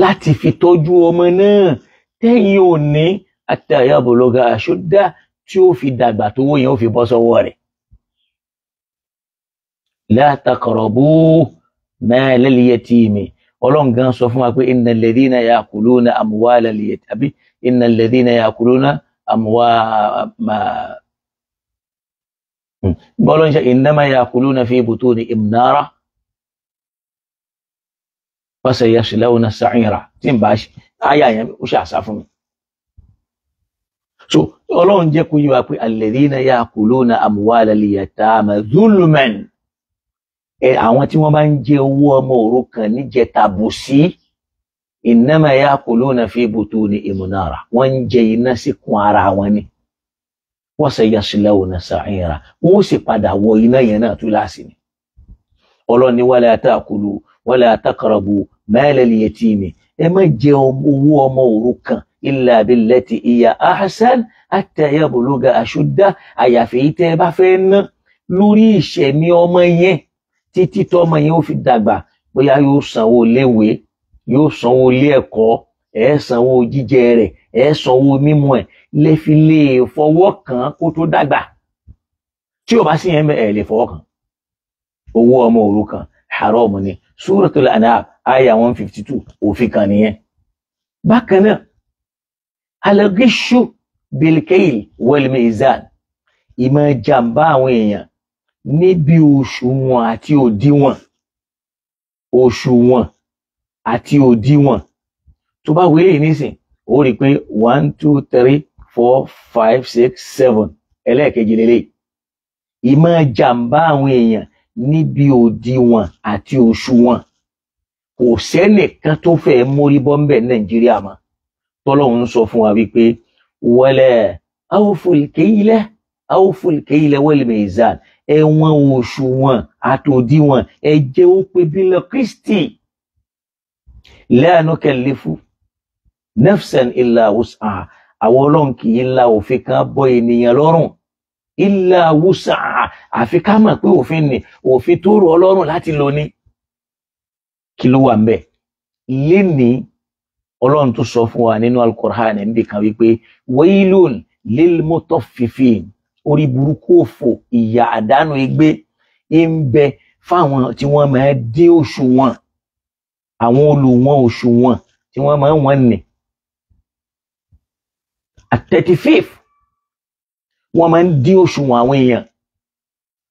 láti fi tọ́jú ọmọ náà tẹ́yìn ò ní àtàyàbòlóga àṣọdá tí ó fi dàgbà tó wó yẹn ó fi bọ́ sọ́wọ́ rẹ̀. la taqrabu mal al-yatimi ọlọ́run gan sọ fún wa pé innal ladhina ya'kuluna amwala liyat àbí innal ladhina ya'kuluna amwala hmm. bọ́lọ́n ṣe innama ya'kuluna fi butunihim nara wa sayaslawna sa'ira tí n bá ṣe ayé àyàn ó ṣe àṣà fún mi. so ọlọ́run jẹ́ kó wa pé alladhina ya'kuluna amwala liyatama zulman àwọn tí wọ́n bá ń jẹ owó ọmọ òrukàn níjẹ tàbùsí innama yaakuluna fi butunihim nara wọ́n ń jẹ iná síkùn ara wọn ni wa sayaslawna sa'ira wọ́n ó sì padà wọ iná yẹn náà túláàsì ni ọlọ́run ní wala taakulu wala taqrabu malal yatimi ẹ má jẹ owó ọmọ òrukàn illa billati iya ahsan hatta yabluga ashudda àyàfi tẹ́ ẹ bá fẹ́ ná lórí ìṣẹ̀mí ọmọ yẹn títí tó ọmọ yẹn ó fi dàgbà bóyá yóò sanwó léwé yóò sanwó ilé ẹ̀kọ́ ẹ sanwó jíjẹ rẹ̀ ẹ sanwó mímu ẹ lè fi lè fọwọ́ kàn kó tó dàgbà tí o bá sì yẹn ẹ lè fọwọ́ kàn owó ọmọ òrukàn haram ni suratul anam aya one fifty two òfin kan nìyẹn bákan náà alagishu bilkeil wal mizan ìmọ̀ jàǹbá àwọn èèyàn níbi òṣùwọ̀n àti òdiwọ̀n òṣùwọ̀n àti òdiwọ̀n tó bá wọlé nísìn ó rí i pé one two three four five six seven ẹlẹ́ẹ̀kejì lélẹ̀ ìmọ̀ jàǹbá àwọn èèyàn níbi òdiwọ̀n àti òṣùwọ̀n kò sẹ́nìkan tó fẹ́ mórí bọ́ ńbẹ̀ nàìjíríà mọ́ tọ́lọ́hún sọ fún wa wípé wọlé awful kayla awful kayla ẹ̀wọ̀n òṣùwọ̀n àtòdìwọ̀n ẹ jẹ́ ó pé bílẹ̀ kristi la nukallifu nafsan illa wus'aha àwọn ọlọ́run kì í la òfin kan bọ́ ènìyàn lọ́rùn illa wus'aha àfi ká mọ̀ pé òfin ni òfin tó rọ̀ ọlọ́run láti lò ní kí ló wà ń bẹ̀ lénìí ọlọ́run tó sọ fún wa nínú alukur'an níbi kan wípé wailun lil mutaffifin orí burúkú òfò ìyà àdánù ègbé ń bẹ fáwọn tí wọ́n máa dín òṣùwọ̀n àwọn olùwọ̀n òṣùwọ̀n tí wọ́n máa wọ̀n nì. at thirty fifth wọ́n máa ń dín òṣùwọ̀n àwọn èèyàn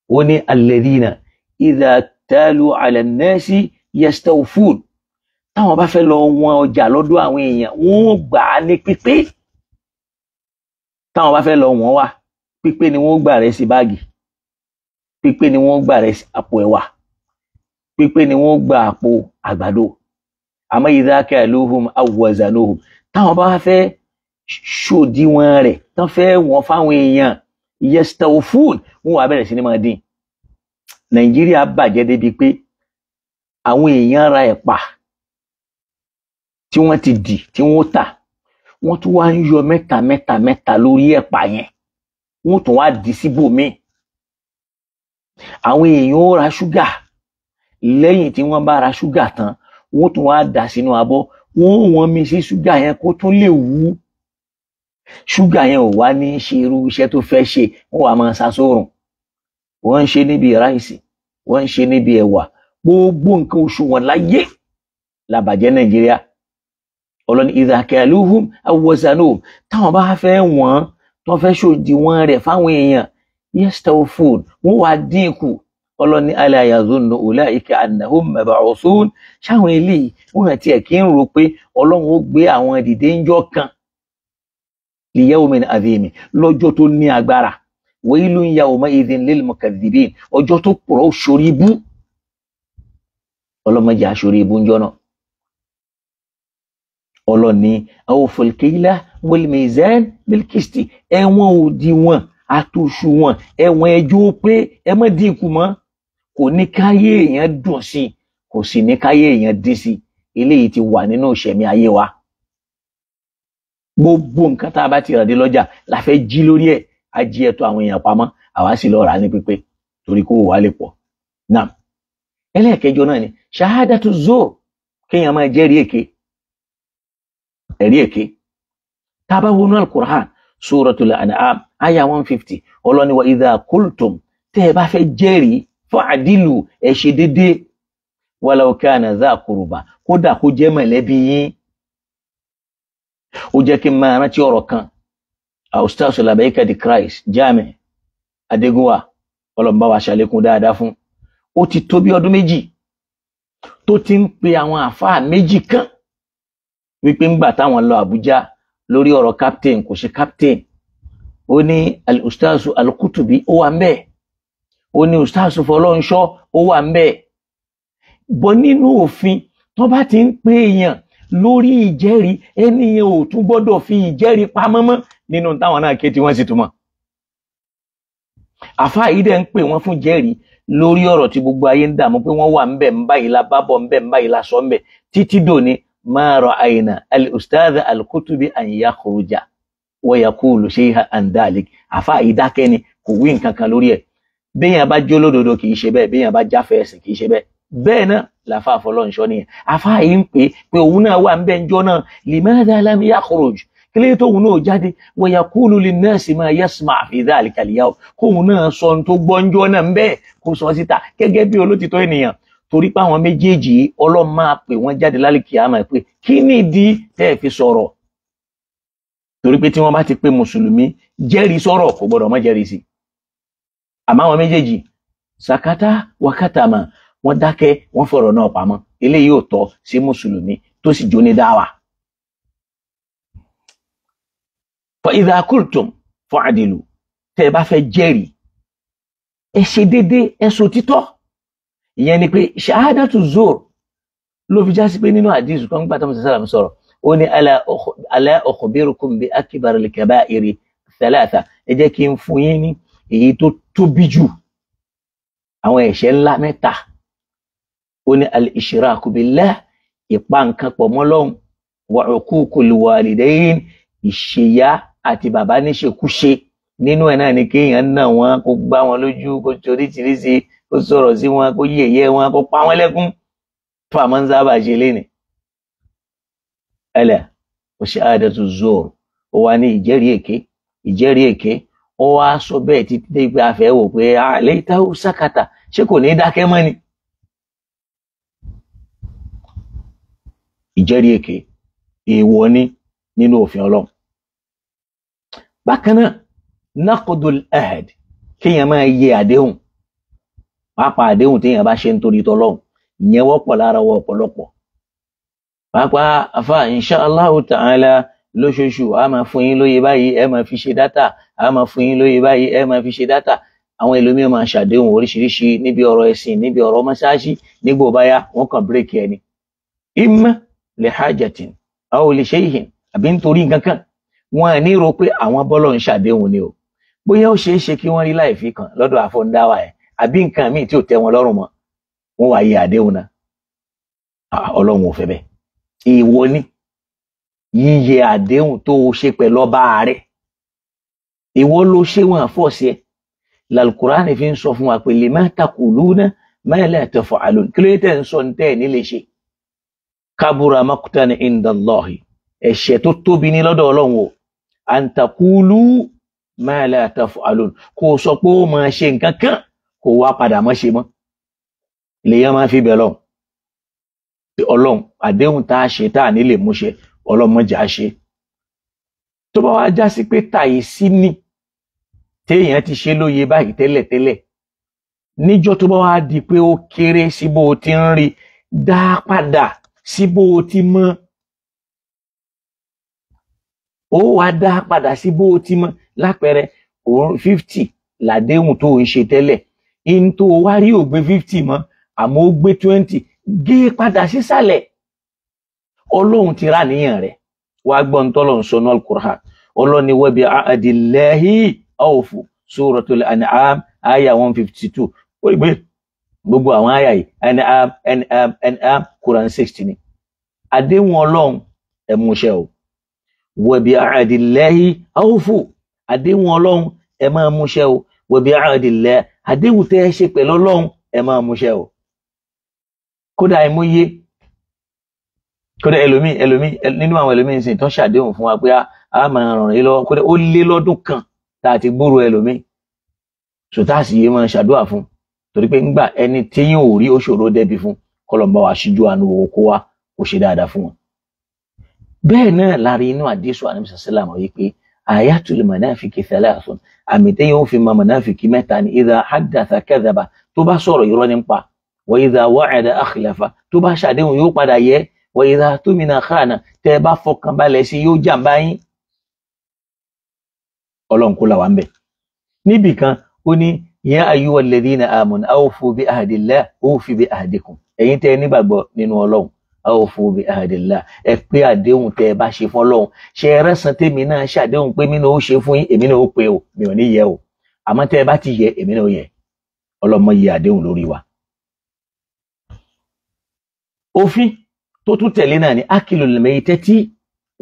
ó ní alladhina idha talu ala nnasi yastawfun táwọn bá fẹ́ lọ wọn ọjà lọ́dọ̀ àwọn èèyàn wọ́n gbà á ní pípé táwọn bá fẹ́ lọ wọ́n wà pípé ni wọ́n gbà rẹ sí báàgì pípé ni wọ́n gbà rẹ sí àpò ẹ̀wà pípé ni wọ́n gbà àpò àgbàdo àmọ́ ìdáká ìlúhùn awùwàzànóhùn táwọn bá fẹ́ ṣòdiwọ̀n rẹ̀ tán fẹ́ wọ̀n fáwọn èèyàn yestofun wọn wà bẹ̀rẹ̀ sí ni máa dín nàìjíríà bàjẹ́ débi pé àwọn èèyàn ra ẹ̀pà tí wọ́n ti dì tí wọ́n tà wọ́n tún wá ń yọ mẹ́ta mẹ́ta mẹ́ta lórí ẹ̀pà yẹn wọ́n tún wá dì síbòmíì àwọn èèyàn ó ra ṣúgà lẹ́yìn tí wọ́n bá ra ṣúgà tán wọ́n tún wá dà sínú abọ́ wọ́n wọ́n mi sí ṣúgà yẹn kó tún lè wú ṣúgà yẹn ò wá ní ṣe irú iṣẹ́ tó fẹ́ ṣe wọ́n wá máa ṣàṣọrùn wọ́n ń ṣe níbi ráìsì wọ́n ń ṣe níbi ẹ̀wà gbogbo nǹkan oṣù wọn láyé làbàjẹ́ nàìjíríà ọlọ́ni ìdàkẹ́lùhùn awọ́sánù táwọn bá fẹ́ wọ́n wọ́n fẹ́ ṣòdiwọ̀n rẹ̀ fáwọn èèyàn yẹ́sítẹ́wò fún wọn wà dínkù ọlọ́ni aláyàzónà ọláìkà ànàhùn mẹbàọ̀sùn ṣáwọn eléyìí wọn àti ẹ̀kí ń rò pé ọlọ́run ó gbé àwọn dìde ń jọ kan lìyẹ́wòmí àdéhìmí lọ́jọ́ tó ní agbára wẹ́yí ló ń ya ọmọ ìdín lẹ́lẹ́mọ̀kàdìbìn ọjọ́ tó pọ̀ ó ibú ọlọ́mọdé aṣorí ibú ń jọ́nà ọlọ́ni àwọn wòlìmẹ̀zẹ́n bílkìstì ẹ̀wọ̀n òdiwọ̀n àtòṣùwọ̀n ẹ̀wọ̀n ẹjọ́ pé ẹ má dínkù mọ́ kò ní káyé èèyàn dùn sí i kò sì ní káyé èèyàn dín sí i eléyìí ti wà nínú ìṣẹ̀mí ayé wa. gbogbo nǹkan tá a bá ti rà dé lọ́jà la fẹ́ jí lórí ẹ̀ á jí ẹ̀tọ́ àwọn èèyàn pamọ́ àwa sì lọ rà á ní pípé torí kó wà lè pọ̀ náà ẹlẹ́ẹ̀kẹjọ náà ni ṣahadatu zo kéèyàn máa jẹ́rìí èké ẹ̀rí èké tábà wọnú alukur'an suratul an'am aya one fifty ọlọ́ni wa idha qultum tẹ́ ẹ bá fẹ́ jẹ́rìí fa'dilu ẹ ṣe déédéé walau kana dha qurba kódà kó jẹ́ mọ̀lẹ́bí yín ó jẹ́ kí n máa rántí ọ̀rọ̀ kan ustaz Labaika the Christ Jami Adégúnwà ọlọ́mọba wa ṣàlékún dáadáa fún ó ti tó bí ọdún méjì tó ti ń pe àwọn àfáà méjì kan wípé ńgbà táwọn lọ Àbújá lórí ọ̀rọ̀ captain kò ṣe captain ó ní ustaasu alukutubi ó wà ń bẹ ó ní ustaasu fọlọ́nṣọ́ ó wà ń bẹ bọ́ nínú òfin tó bá ti ń pè èèyàn lórí ìjẹ́rìí ẹni ò tún gbọ́dọ̀ fi ìjẹ́rìí pamọ́ mọ́ nínú táwọn náà ké tí wọ́n sì túmọ̀ àfa yìí dẹ̀ ń pè wọ́n fún jẹ́rìí lórí ọ̀rọ̀ tí gbogbo ayé ń dààmú pé wọ́n wà ń bẹ la bábọ̀ ń bẹ la sọ ń bẹ títí dòní ما رأينا الأستاذ القطب أن يخرج ويقول شيئا عن ذلك àfa ìdákẹ́ni kò wí nǹkan kan lórí ẹ̀ béèyàn bá jó lódodo kì í ṣe bẹ́ẹ̀ béèyàn bá jáfẹ́ ẹ̀sìn kì í ṣe bẹ́ẹ̀ bẹ́ẹ̀ náà làfa àfọlọ́nṣọ́ nìyẹn àfa yìí ń pè pé òun náà wà ń bẹ́ẹ̀ ń jọ́ náà لماذا لم يخرج kílé tóun náà jáde wa yaqulu linnasi ma yasma' fi dhalika al-yawm kóun náà sọ ohun tó gbọ́njọ́ náà ń bẹ́ẹ̀ kó sọ síta gẹ́gẹ́ bí olótìtọ́ ènìyàn torí pé àwọn méjèèjì ọlọ́run máa pè wọ́n jáde lálẹ́kì àmọ́ pé kí nìdí tẹ́ ẹ fi sọ̀rọ̀ torí pé tí wọ́n bá ti pé mùsùlùmí jẹ́rìí sọ̀rọ̀ kò gbọ́dọ̀ má jẹ́rìí sí àmọ́ àwọn méjèèjì sàkátà wákàtàmà wọ́n dákẹ́ wọ́n fọ̀rọ̀ náà pamọ́ eléyìí ò tọ́ sí mùsùlùmí tó sì jóni dáwà. fa idha qultum fa'dilu tẹ́ ẹ bá fẹ́ jẹ́rìí ẹ ṣe déédéé ẹ sọ títọ́ ìyẹn ni pé ṣahadatu zor ló fi já sí pé nínú àdìsù kan gbà tọ́mọ̀ sàlám sọ̀rọ̀ ó ní ala ukhbirukum bi akbaril kaba'iri thalatha ẹ jẹ́ kí n fún yín ní èyí tó tóbi jù àwọn ẹ̀ṣẹ̀ ńlá mẹ́ta ó ní al-ishraku billah ìpa nǹkan pọ̀ mọ́ Ọlọ́hun wa ìṣèyá àti bàbá níṣekúṣe nínú ẹ̀ náà ni kéèyàn náà wọn kó gbá wọn lójú kó torí tìrí kó sọ̀rọ̀ sí wọn kó yẹ̀yẹ́ wọn kó pa wọn lẹ́kún fún àmọ́ ń sábà ṣe léni. ẹlẹ́ o ṣe àdàtú zoro ó wà ní ìjẹ́rìí èké ìjẹ́rìí èké ó wá sọ bẹ́ẹ̀ títí dé pé a fẹ́ wò pé àlẹ́ ìtawó sákàtà ṣé kò ní dákẹ́ mọ́ ni. ìjẹ́rìí èké èèwọ̀ ni nínú òfin ọlọ́run. bákan náà naqdul ahad kéèyàn máa yẹ àdéhùn pàápàá àdéhùn téèyàn bá ṣe nítorí tọlọ́hun ìyẹn wọ́pọ̀ lára wọ ọ̀pọ̀lọpọ̀ pàápàá afa inshallah ta'ala lóṣooṣù a máa fún yín lóye báyìí ẹ máa fi ṣe dátà a máa fún yín lóye báyìí ẹ máa fi ṣe dátà àwọn ẹlòmíràn máa ṣàdéhùn oríṣiríṣi níbi ọ̀rọ̀ ẹ̀sìn níbi ọ̀rọ̀ mọ́ṣáláṣí nígbò báyà wọ́n kàn bírèkì ẹni imma li hajatin aw li shay'in àbí nítorí kankan wọn ní rò pé àwọn bọ́lọ̀ ń ṣàdéhùn ni o bóyá ó ṣeé ṣe kí wọ́n rí láì fi kàn lọ́dọ̀ àfọ̀ndáwà ẹ̀ àbí nǹkan míì tí ò tẹ́ wọn lọ́rùn mọ́ wọn wà yẹ àdéhùn náà ọlọ́run ò fẹ́ bẹ́ẹ̀ ìwọ ni yíyẹ àdéhùn tó o ṣe pẹ̀lú ọba ààrẹ ìwọ ló ṣe wọn àfọ̀sí ẹ làlùkùránì fi ń sọ fún wa pé lè má taquluna ma la taf'alun kí ló yẹ tẹ̀ ń sọ ní tẹ́ nílé ṣe kabura maqtan inda Allahi ẹ̀ṣẹ̀ tó tóbi ní lọ́dọ̀ ọlọ́run o an taqulu ma la taf'alun kò sọ pé ó máa ṣe nǹkan kan kó wá padà mọ́ ṣe mọ́ lèèyàn máa fi bẹ̀ lọ ọlọ́run àdéhùn tá a ṣe tá a nílè múṣẹ ọlọ́mọjà á ṣe tó bá wá já sí pé tàyèsí ni téèyàn ti ṣe lóye báyìí tẹ́lẹ̀tẹ́lẹ̀ níjọ́ tó bá wá di pé ó kéré sí bó o ti ń rí dá padà sí bó o ti mọ̀ ó wá dá padà sí bó o ti mọ̀ lápẹẹrẹ òun fifty làdéhùn tó ń ṣe tẹ́lẹ̀ Into tó wá rí ògbé fifty mọ́ àmọ́ ó gbé twenty gé e padà sísàlẹ̀ ọlọ́run ti rà níyàn rẹ̀ wàá gbọ́ ń tọ́lọ̀ ń sọ náà Al-Qur'an ọlọ́ni wẹ́bi àdìlẹ́hì ọ̀fù Suratul An'am àyà one fifty two ó rí pé gbogbo àwọn àyà yìí An'am An'am An'am Qur'an sixty ni àdéhùn ọlọ́run ẹ̀ múṣẹ́ o wẹ̀bi àdìlẹ́hì ọ̀fù àdéhùn ọlọ́run ẹ̀ máa múṣẹ́ o wẹ̀bi àdìlẹ́hì àdéhùn tẹ́ ẹ ṣe pẹ̀lú ọlọ́run ẹ máa múṣẹ o kódà ẹ mọyé kódà ẹlòmíì ẹlòmíì nínú àwọn ẹlòmíì nsìn tó ń ṣàdéhùn fún wa pé a máa ràn yín lọ́wọ́ kódà ó lé lọ́dún kan tá a ti gbúrò ẹlòmíì sòtáàsì yìí máa ṣàdúrà fún torí pé ńgbà ẹni téyàn ò rí ó ṣòro fún kọlọ̀mbà wa ṣíjú àánú owó kó wa kó ṣe dáadáa fún wọn. bẹ́ẹ̀ náà láàrin inú àdéṣù ànímísàsílámù yìí àmì téèyàn ó fi mọ mọ̀nàfìkì mẹ́ta ni ìdá hadatha kadhaba tó bá sọ̀rọ̀ irọ́ nípa wa ìdá wa'ada akhlafa tó bá ṣàdéhùn yóò padà yẹ wa ìdá tumina khana tẹ́ ẹ bá fọkàn balẹ̀ sí yóò jàǹbá yín ọlọ́run kó là wà ń bẹ̀. níbì kan ó ní ya ayyuhalladhina amanu awfu bi ahdillah awfu bi ahdikum ẹ̀yin tẹ́ ẹ nígbàgbọ́ awfu bi ahadillah ẹ pé àdéhùn tẹ ẹ bá ṣe fún Ọlọ́run ṣe ẹ rẹsàn tèmi náà ṣàdéhùn pé mi náà ó ṣe fún yín èmi náà ó pe o mi ò ní yẹ o àmọ́ tẹ ẹ bá ti yẹ èmi náà ó yẹ ọlọmọ yẹ àdéhùn lórí wa. òfin tó tún tẹ̀lé náà ni akilul maytati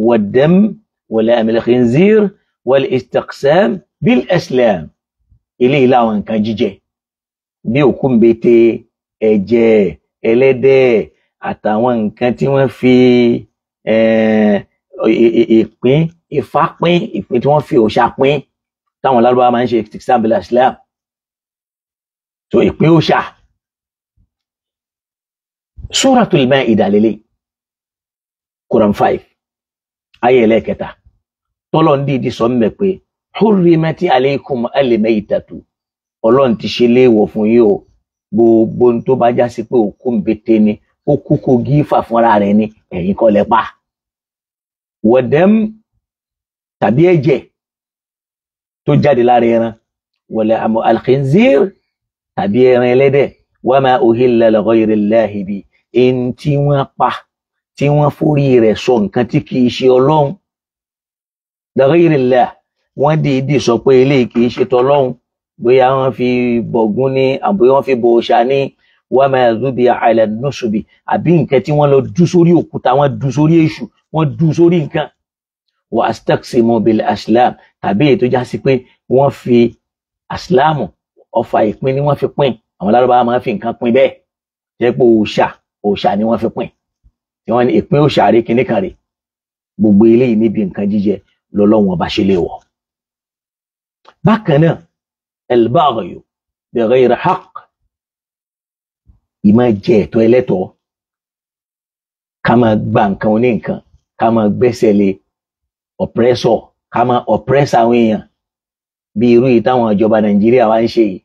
wad-dam wal-lahmil khinzir wal-istiqsam bil-aslam eléyìí láwọn nǹkan jíjẹ bí òkú ń bete ẹ̀jẹ̀ ẹlẹ́dẹ̀ àtàwọn nǹkan tí wọ́n fi eh, ìpín ìfápín ìpín tí wọ́n fi òòṣà pín táwọn lárúbáwá máa ń ṣe tìkísà bílà islam so ìpín òòṣà suratul maida lélẹ̀ quran five ayé ẹlẹ́ẹ̀kẹta tọ́lọ̀ ń dìídì sọ mbẹ̀ pé hurrimati aleikum almaitatu ọlọ́run ti ṣe léèwọ̀ fún yìí o gbogbo tó bá já sí pé òkú ń bete ni ó kú kogi fà fúnra rẹ̀ ni ẹ̀yin kọ́ lẹ pa wọ̀dẹ́m tàbí ẹ̀jẹ̀ tó jáde lára ẹran wọlé àmọ́ alkhinzir tàbí ẹran ẹlẹ́dẹ̀ wa ma uhilla li ghayri llahi bi ẹni tí wọ́n pa tí wọ́n forí rẹ̀ sọ nǹkan tí kì í ṣe ọlọ́run li ghayri llah wọ́n dìídì sọ pé eléyìí kì í ṣe tọlọ́run bóyá wọ́n fi bọ̀gún ní àbí wọ́n fi bọ òòṣà ní wọ́n máa zubi àìlẹ̀ nùsùbì àbí nǹkan tí wọ́n lọ dú sórí òkúta wọ́n dú sórí èṣù wọ́n dú sórí nǹkan wà astaqsimu bil aslam tàbí ètò já sí pé wọ́n fi asilamu ọfà ìpín ni wọ́n fi pín àwọn lárúbáwá máa fi nǹkan pín bẹ́ẹ̀ jẹ́ pé òòṣà òòṣà ni wọ́n fi pín tí wọ́n ní ìpín òòṣà rí kinní kan rí gbogbo eléyìí níbi nǹkan jíjẹ lọ́lọ́wọ́n bá ṣe lè wọ̀. bákan náà al-baghyu bi ghayri ìmọ̀ jẹ ẹ̀tọ́ ẹlẹ́tọ̀ọ́ ká máa gba nǹkan oní nǹkan ká máa gbẹ́sẹ̀ lé oppressor ká máa oppress àwọn èèyàn bí irú yìí táwọn ìjọba nàìjíríà wá ń ṣe yìí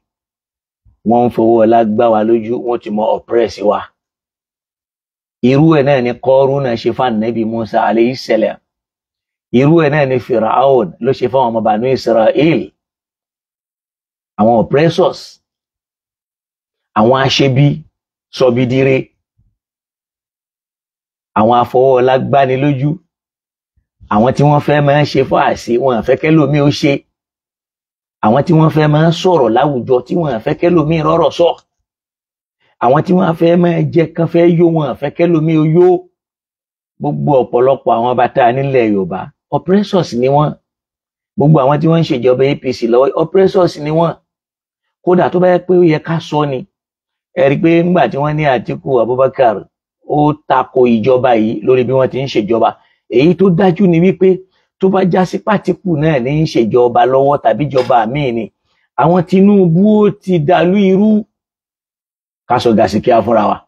wọ́n ń fowó ọlá gbá wa lójú wọ́n ti mọ oppress wa irú ẹ̀ náà ni kọ́rúnà ṣe fún ànábì musa aleyhi salam irú ẹ̀ náà ni firaun ló ṣe fún àwọn ọmọ bànú israel àwọn oppressors àwọn aṣebi sọbidire àwọn afọwọ́lá gbánilójú àwọn tí wọ́n fẹ́ máa ń ṣe fáàsì wọn fẹ́ kẹ́lòmí ó ṣe àwọn tí wọ́n fẹ́ máa ń sọ̀rọ̀ láwùjọ tí wọ́n fẹ́ kẹ́lòmí rọ́rọ̀ sọ àwọn tí wọ́n fẹ́ máa jẹ kán fẹ́ yó wọn fẹ́ kẹ́lòmí ó yó gbogbo ọ̀pọ̀lọpọ̀ àwọn bàtà nílẹ̀ Yorùbá oppressors ni wọ́n gbogbo àwọn tí wọ́n ń ṣèjọba APC lọ́wọ́ oppressors ni wọ́n kódà tó bá yẹ pé ó yẹ ká sọ ni ẹ rí i pé ńgbà tí wọ́n ní Àtíkù Abubakar ó tako ìjọba yìí lórí bí wọ́n ti ń ṣèjọba èyí tó dájú ni wípé tó bá já sí pàtíkù náà ní í ṣèjọba lọ́wọ́ tàbí ìjọba míì ni àwọn Tinubu ó ti dàlú irú kásọ gàsíkíá fúnra wa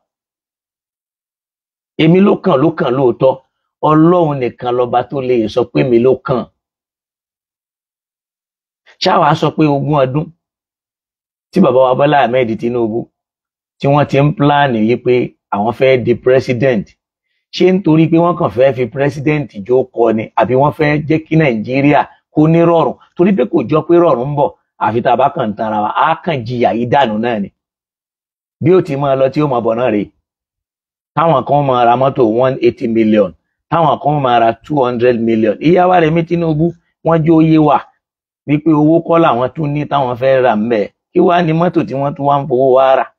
èmi ló kàn ló kàn lóòótọ́ Ọlọ́run nìkan lọba tó lè sọ pé mi ló kàn ṣáwa sọ pé ogún ọdún tí bàbá wa Bọ́lá Ahmed Tinubu tí wọ́n ti ń pláàni wípé àwọn fẹ́ di president ṣé nítorí pé wọ́n kàn fẹ́ fi president jókòó ni àbí wọ́n fẹ́ jẹ́ kí nàìjíríà kó ní rọrùn torí pé kò jọ pé rọrùn ń bọ̀ àfi tá a bá kàn tanra wa á kàn jìyà yìí dànù náà ni bí ó ti máa lọ tí ó máa bọ̀ náà rèé táwọn kan máa ra mọ́tò one eighty million táwọn kan máa ra two hundred million ìyá wa Rẹ̀mí Tinubu wọ́n jó yé wa wípé owó kọ́ làwọn tún ní táwọn fẹ́ rà ń bẹ̀ kí wàá ní mọ́tò tí wọ́n tún wá ń fowó wá rà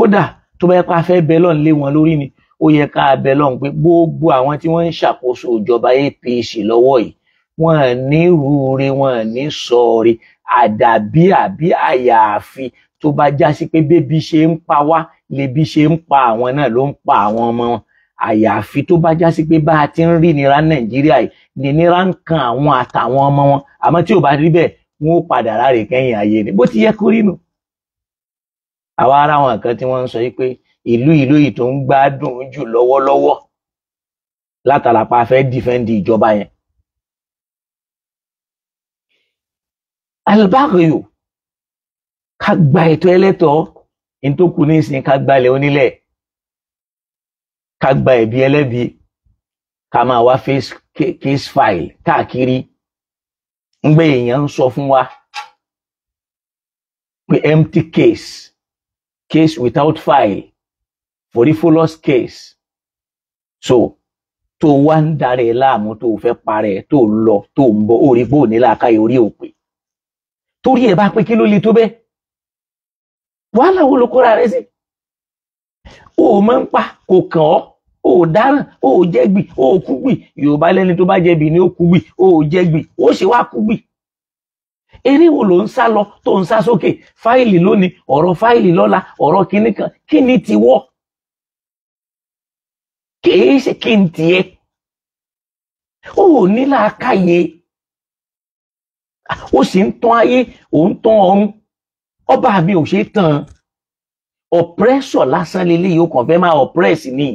kódà tó bá yẹ pé a fẹ́ bẹ lọ́n lé wọn lórí ni ó yẹ ká bẹ lọ́n pé gbogbo àwọn tí wọ́n ń ṣàkóso ìjọba APC lọ́wọ́ yìí wọ́n ní rúure wọ́n ní sọ̀ọ̀rì àdàbí àbí àyàfi tó bá jásí pé bébí ṣe ń pa wá lebí ṣe ń pa àwọn náà ló ń pa àwọn ọmọ wọn àyàfi tó bá jásí pé bá a ti ń rí nira nàìjíríà yìí ni nira ń kan àwọn àtàwọn ọmọ wọn àmọ́ tí ò bá rí bẹ́ẹ̀ wọn ó padà ráre kẹ́yìn ayé ni bó ti yẹ kó rí nù. No? àwa ara àwọn kan tí wọ́n ń sọ yìí pé ìlú ìlú yìí tó ń gbádùn jù lọ́wọ́lọ́wọ́ látàlápá fẹ́ dìfẹ́ǹdì ìjọba yẹn. albáàkìyò ká gba ẹ̀tọ́ ẹlẹ́tọ̀ọ́ ní tó kù nísìnyí ká gbalẹ̀ onílẹ̀ ká gba ẹ̀bi ẹlẹ́bi ká máa wá face case file káàkiri ń gbé èèyàn ń sọ fún wa pé empty case case without file fullest case so tó wá ń darẹ̀ láàmú tó fẹ́ parẹ́ tó lọ tó ń bọ̀ orí bò ní làákàyè orí òpè torí ẹ̀ bá pé kí ló le tó bẹ́ẹ̀ wàhálà wo ló kóra rẹ sí o máa ń pa kò kàn ọ́ o dáràn o jẹ̀bi o kúgbì Yorùbá lẹ́ni tó bá jẹ̀bi ni ó kúgbì o jẹ̀bi ó ṣe wá kúgbì eré wo ló ń sá lọ tó ń sá sókè fáìlì lónìí ọ̀rọ̀ fáìlì lọ́la ọ̀rọ̀ kìíní kan kí ni tiwọ́ kìí ṣe kí n tiẹ̀ ó ò ní làákàyè ó sì ń tán ayé ò tán ọ̀run ọba mi ò ṣe é tán oppressor lásán lélẹ́yìí ó kàn fẹ́ máa oppress ni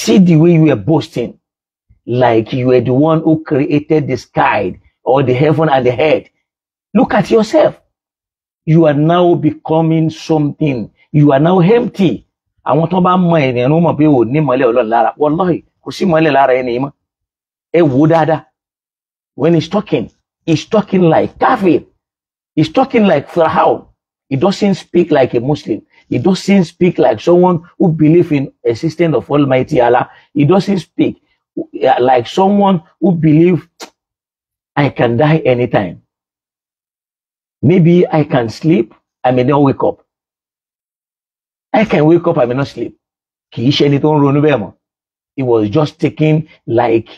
see the way you are boasting like you are the one who created the sky or the heaven and the earth Look at yourself. You are now becoming something. You are now empty. want tó buy mọ ènìyàn ló mọ̀ pé ò ní mọ́lẹ̀ ọlọ́run lára. Wallahi, kò sí mọ́lẹ̀ lára ẹni mọ́. Ẹ When he's talking, he's talking like kafir. He's talking like Fir'aun. He doesn't speak like a Muslim. He doesn't speak like someone who believes in existence of Almighty Allah. He doesn't speak uh, like someone who believes I can die anytime. Maybe I can sleep, I may not wake up. I can wake up, I may not sleep. Kì í ṣe ẹni It was just taken like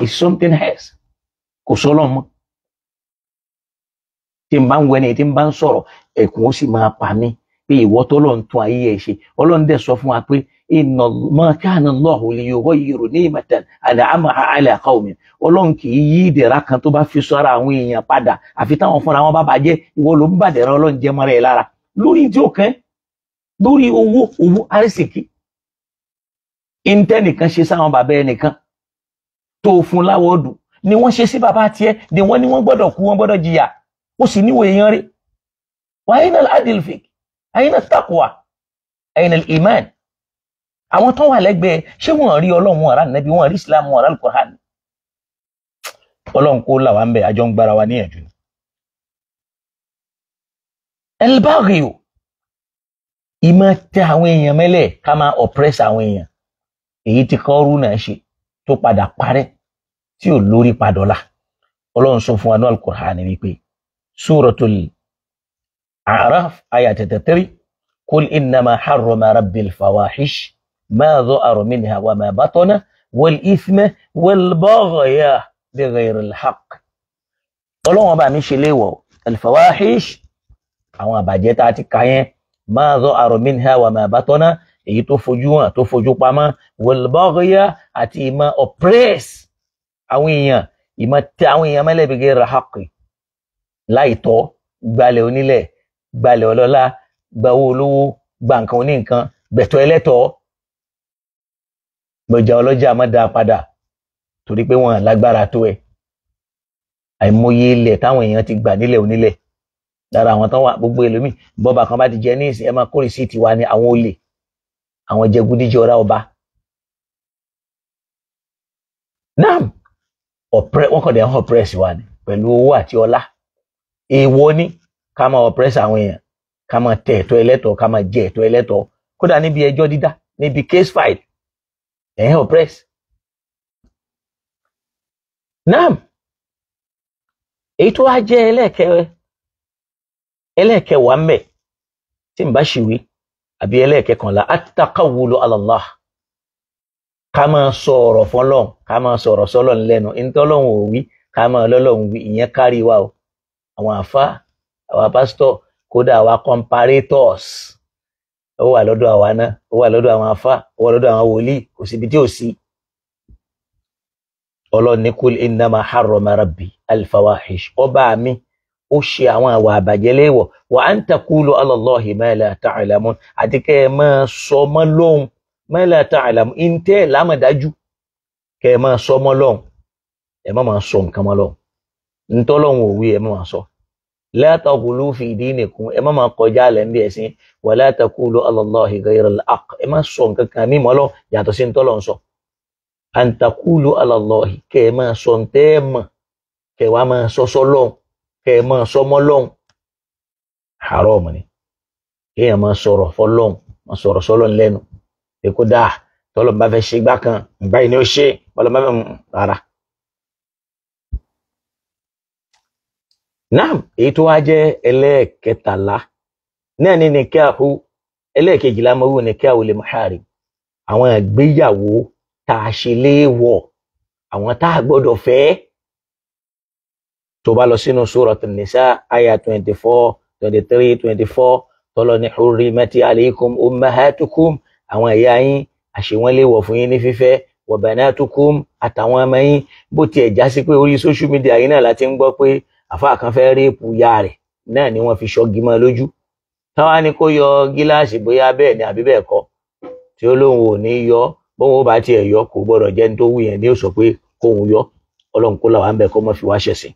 it's something else. Kò sọ́lọ́ mọ́. Tí n bá ń wẹ́ni, tí n bá ń sọ̀rọ̀, ẹ̀kún ó sì máa pa mí. Pé ìwọ tó lọ́n tún ayé ẹ̀ ṣe. Ọlọ́run dẹ̀ sọ fún wa pé inna ما كان الله li yughayyiru ni'matan an'amaha ala qaumin ọlọ́run kì í yí ìdẹ̀ra kan tó bá fi sọ́ra àwọn èèyàn padà àfi táwọn fúnra wọn bá bàjẹ́ ìwọ ló ń bàdẹ̀ra ọlọ́run jẹ́ mọ́ra ẹ̀ lára lórí tí ó kẹ́ lórí owó owó àrísìkí ìntẹ́nìkan ṣe sáwọn bàbá ẹnìkan tó fún láwọ́ọ̀dù ni wọ́n ṣe sí bàbá tiẹ̀ ni wọ́n ní wọ́n gbọ́dọ̀ kú wọ́n gbọ́dọ̀ jìyà ó sì níwò èèyàn rí wàhánà adìlfik àyínà taqwa àyínà iman àwọn tó wà lẹ́gbẹ̀ẹ́ ṣé wọ́n rí ọlọ́run ọ̀rá nẹ́bí wọ́n rí islam ọ̀rá alukoran ọlọ́run kó là wá ń bẹ àjọ ń gbára wa níyànjú. elbagio ìmọ̀ tẹ àwọn èèyàn mẹ́lẹ̀ ká máa oppress àwọn èèyàn èyí tí kọ́rù náà ṣe tó padà parẹ́ tí ò lórí padọ́là ọlọ́run sọ fún wa ní alukoran wípé suratul A'raf ayat 33 kul innama harrama rabbil fawahish. ما ظهر منها وما بطن والإثم والبغي بغير الحق ọlọ́wọ́n bá mi ṣe léwọ̀ alfawahish àwọn àbàjẹ́ tá a ti ka yẹn ma zahara minha wa ma batana èyí tó fojú hàn tó fojú pamọ́ wal-baghya àti ìmọ̀ oppress àwọn èèyàn ìmọ̀ tẹ àwọn èèyàn mọ́lẹ̀ bi ghayri haqqi láìtọ́ gbalẹ̀ onílẹ̀ gbalẹ̀ ọlọ́lá gba owó olówó gba nǹkan oníǹkan gbẹ̀tọ́ ẹlẹ́tọ̀ọ́ gbọjà ọlọ́jà má dáa padà torí pé wọn lágbára tó ẹ àìmọye ilẹ̀ táwọn èèyàn ti gbà nílẹ̀ onílẹ̀ lára àwọn tán wà gbogbo ẹlòmíì bọba kan bá ti jẹ ní ìsìn ẹ máa kórè sí tiwa ni àwọn olè àwọn jẹgúdíjẹ ọ̀rá ọba nam ọpẹ wọn kàn dé àwọn ọpẹrẹs wa ni pẹ̀lú owó àti ọlá èèwọ̀ ni ká máa ọpẹrẹs àwọn èèyàn ká máa tẹ ẹ̀tọ́ ẹlẹ́tọ̀ọ́ ká máa jẹ ẹ̀tọ́ ẹlẹ́tọ̀ọ́ kódà níbi ẹjọ́ dídá níbi case file ايوه بريس نعم èyí tó wá jẹ́ ẹlẹ́ẹ̀kẹ́ ẹlẹ́ẹ̀kẹwàá mẹ́ tí n bá ṣìwí àbí ẹlẹ́ẹ̀kẹkànlá àtàkàwùlò àlàlá ká máa sọ ọ̀rọ̀ fọlọ́n ká máa sọ ọ̀rọ̀ sọlọ́n lẹ́nu ká wa o comparators. ó wà lọ́dọ̀ àwa náà ó wà lọ́dọ̀ àwọn afá ó wà lọ́dọ̀ àwọn wòlíì kò síbi tí ò sí. ọlọ́run ní kul innama harrama rabbi al-fawahish ọba mi ó ṣe àwọn àwà àbàjẹ́ léèwọ̀ wa an taqulu ala Allahi ma la àti kẹ́ ẹ máa sọ mọ́ lóhun ma la ta'lamun ìntẹ́ kẹ́ ẹ máa sọ mọ́ lóhun ẹ má máa sọ nǹkan mọ́ lóhun ntọ́lọ́hun òwú ẹ má máa sọ látàkùlù fi ìdí nìkún ẹ má máa kọjá àlẹ́ ń bí ẹ̀sìn wà látàkùlù alọ́láhi gairal ak ẹ má sọ nǹkan kan mí mọ́lọ́ yàtọ̀ sí ntọ́lọ̀ ń sọ àǹtàkùlù alọ́láhi kẹ ẹ máa sọ ntẹ́ ẹ mọ̀ kẹ wàá máa sọ sọlọ́n kẹ ẹ máa sọ mọ́lọ́n haram ni kéèyàn máa sọ̀rọ̀ fọlọ́n máa sọ̀rọ̀ sọlọ́n lẹ́nu èkó dáa tọ́lọ́ bá fẹ́ ṣe gbá kan báyìí ni ó ṣe bọ́lọ́ bá fẹ́ hmm, rárá nam èyí tó wá jẹ́ ẹlẹ́ẹ̀kẹtàlá náà ní nìkẹ́àhó ẹlẹ́ẹ̀kejìlá mọ́wó nìkẹ́àhó lè mọ́ṣáàrí àwọn ìgbéyàwó tá a ṣe léèwọ̀ àwọn tá a gbọ́dọ̀ fẹ́ tó bá lọ sínú Suratun Nisa aya twenty four twenty three twenty four tọ́lọ́ ní hurrimati alaykum ummahatukum àwọn ìyá yín àṣewọ́n léèwọ̀ fún yín ní fífẹ́ wa àtàwọn ọmọ yín bó tiẹ̀ já sí pé orí social media yìí náà láti ń gbọ́ pé àfáà kan fẹ́ réèpù ya rẹ̀ náà ni wọ́n fi ṣọ́gi mọ́ lójú táwa ni kó yọ gíláàsì bóyá bẹ́ẹ̀ ni àbí bẹ́ẹ̀ kọ́ tí ó lóun ò ní yọ bóun ó bá tiẹ̀ yọ kò gbọ́dọ̀ jẹ́ ní tó wù yẹn ni ó sọ pé kóun yọ ọlọ́run kó làwọn bẹ̀ kó mọ́ fi wá ṣẹ̀sìn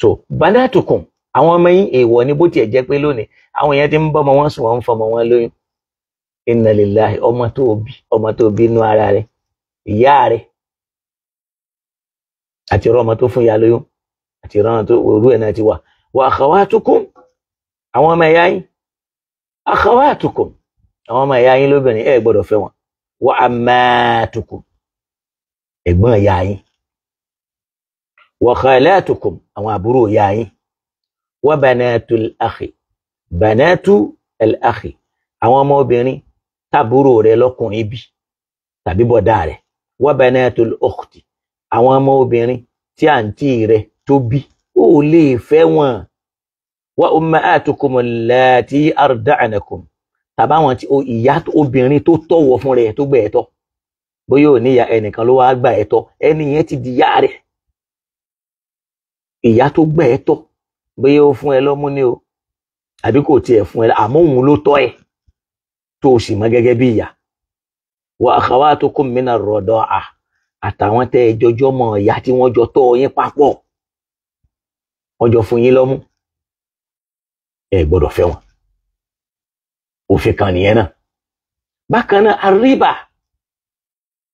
so bandatukun àwọn ọmọ yín èèwọ̀ ni bó tiẹ̀ jẹ́ pé lónìí àwọn yẹn ti ń bọ́mọ wọn sùn wọn ń fọmọ wọn lóyún inna ọmọ tó bí ọmọ tó bí inú ara rẹ ìyá rẹ àti ọmọ tó fún ya lóyún àti ìran tó orú ẹ̀ náà ti wà wà akhawatukum àwọn ọmọ ẹ̀yà yín akhawatukum àwọn ọmọ ẹ̀yà yín lóbìnrin ẹ̀ gbọ́dọ̀ fẹ́ wọn wà ammatukum ẹ̀gbọ́n ẹ̀yà yín wà khalatukum àwọn àbúrò ẹ̀yà yín wà banatul akhi banatul akhi àwọn ọmọ obìnrin tábúrò rẹ lọ́kùnrin bí tàbí bọ̀dá rẹ wà banatul ukhti àwọn ọmọ obìnrin tí àǹtí rẹ tó bí ó lè fẹ́ wọn wa ummahatukum allati arda'anakum tàbá wọn tí ìyá obìnrin tó tọ̀wọ̀ fún rẹ̀ tó gbẹ ẹ̀tọ́ bóyá ò níyà ẹnìkan ló wáá gbà ẹ̀tọ́ ẹni yẹn ti di ìyá rẹ̀ ìyá tó gbà ẹ̀tọ́ bóyá ó fún ẹ lọ́mú ni o àbí kò tiẹ̀ fún ẹ àmọ́ òun ló tọ́ ẹ tó o sì mọ gẹ́gẹ́ bí ìyá wa akhawatukum mina rodoa àtàwọn tẹ́ ẹ jọjọ́ mọ ìyá tí wọ́n jọ tọ́ ọ yín papọ̀ wọ́n jọ fún yín lọ́mú ẹ gbọdọ fẹ́ wọn òfin kan nìyẹn náà bákan náà àríbà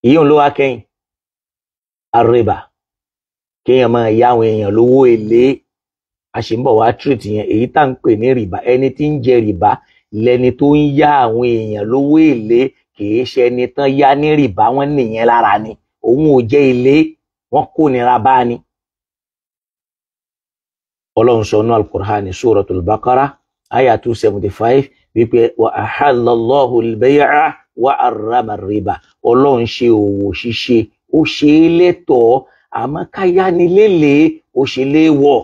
èyí ń lọ wá kẹyìn àríbà kéèyàn máa yá àwọn èèyàn lówó èlé àṣìǹbọ̀ wa treat yẹn èyí tá à ń pè ní rìbá ẹni tí ń jẹ rìbá lẹni tó ń yá wọn nìyẹn lára ni òun ò jẹ wọn kò nira ni ọlọ́run sọ ní alukur'ani suratul baqara aya two seventy five wípé wa ahallallahu al-bay'a wa arrama riba ọlọ́run ṣe òwò ṣíṣe ó ṣe é lẹ́tọ̀ọ́ àmọ́ káyánilélẹ̀ ó ṣe léèwọ̀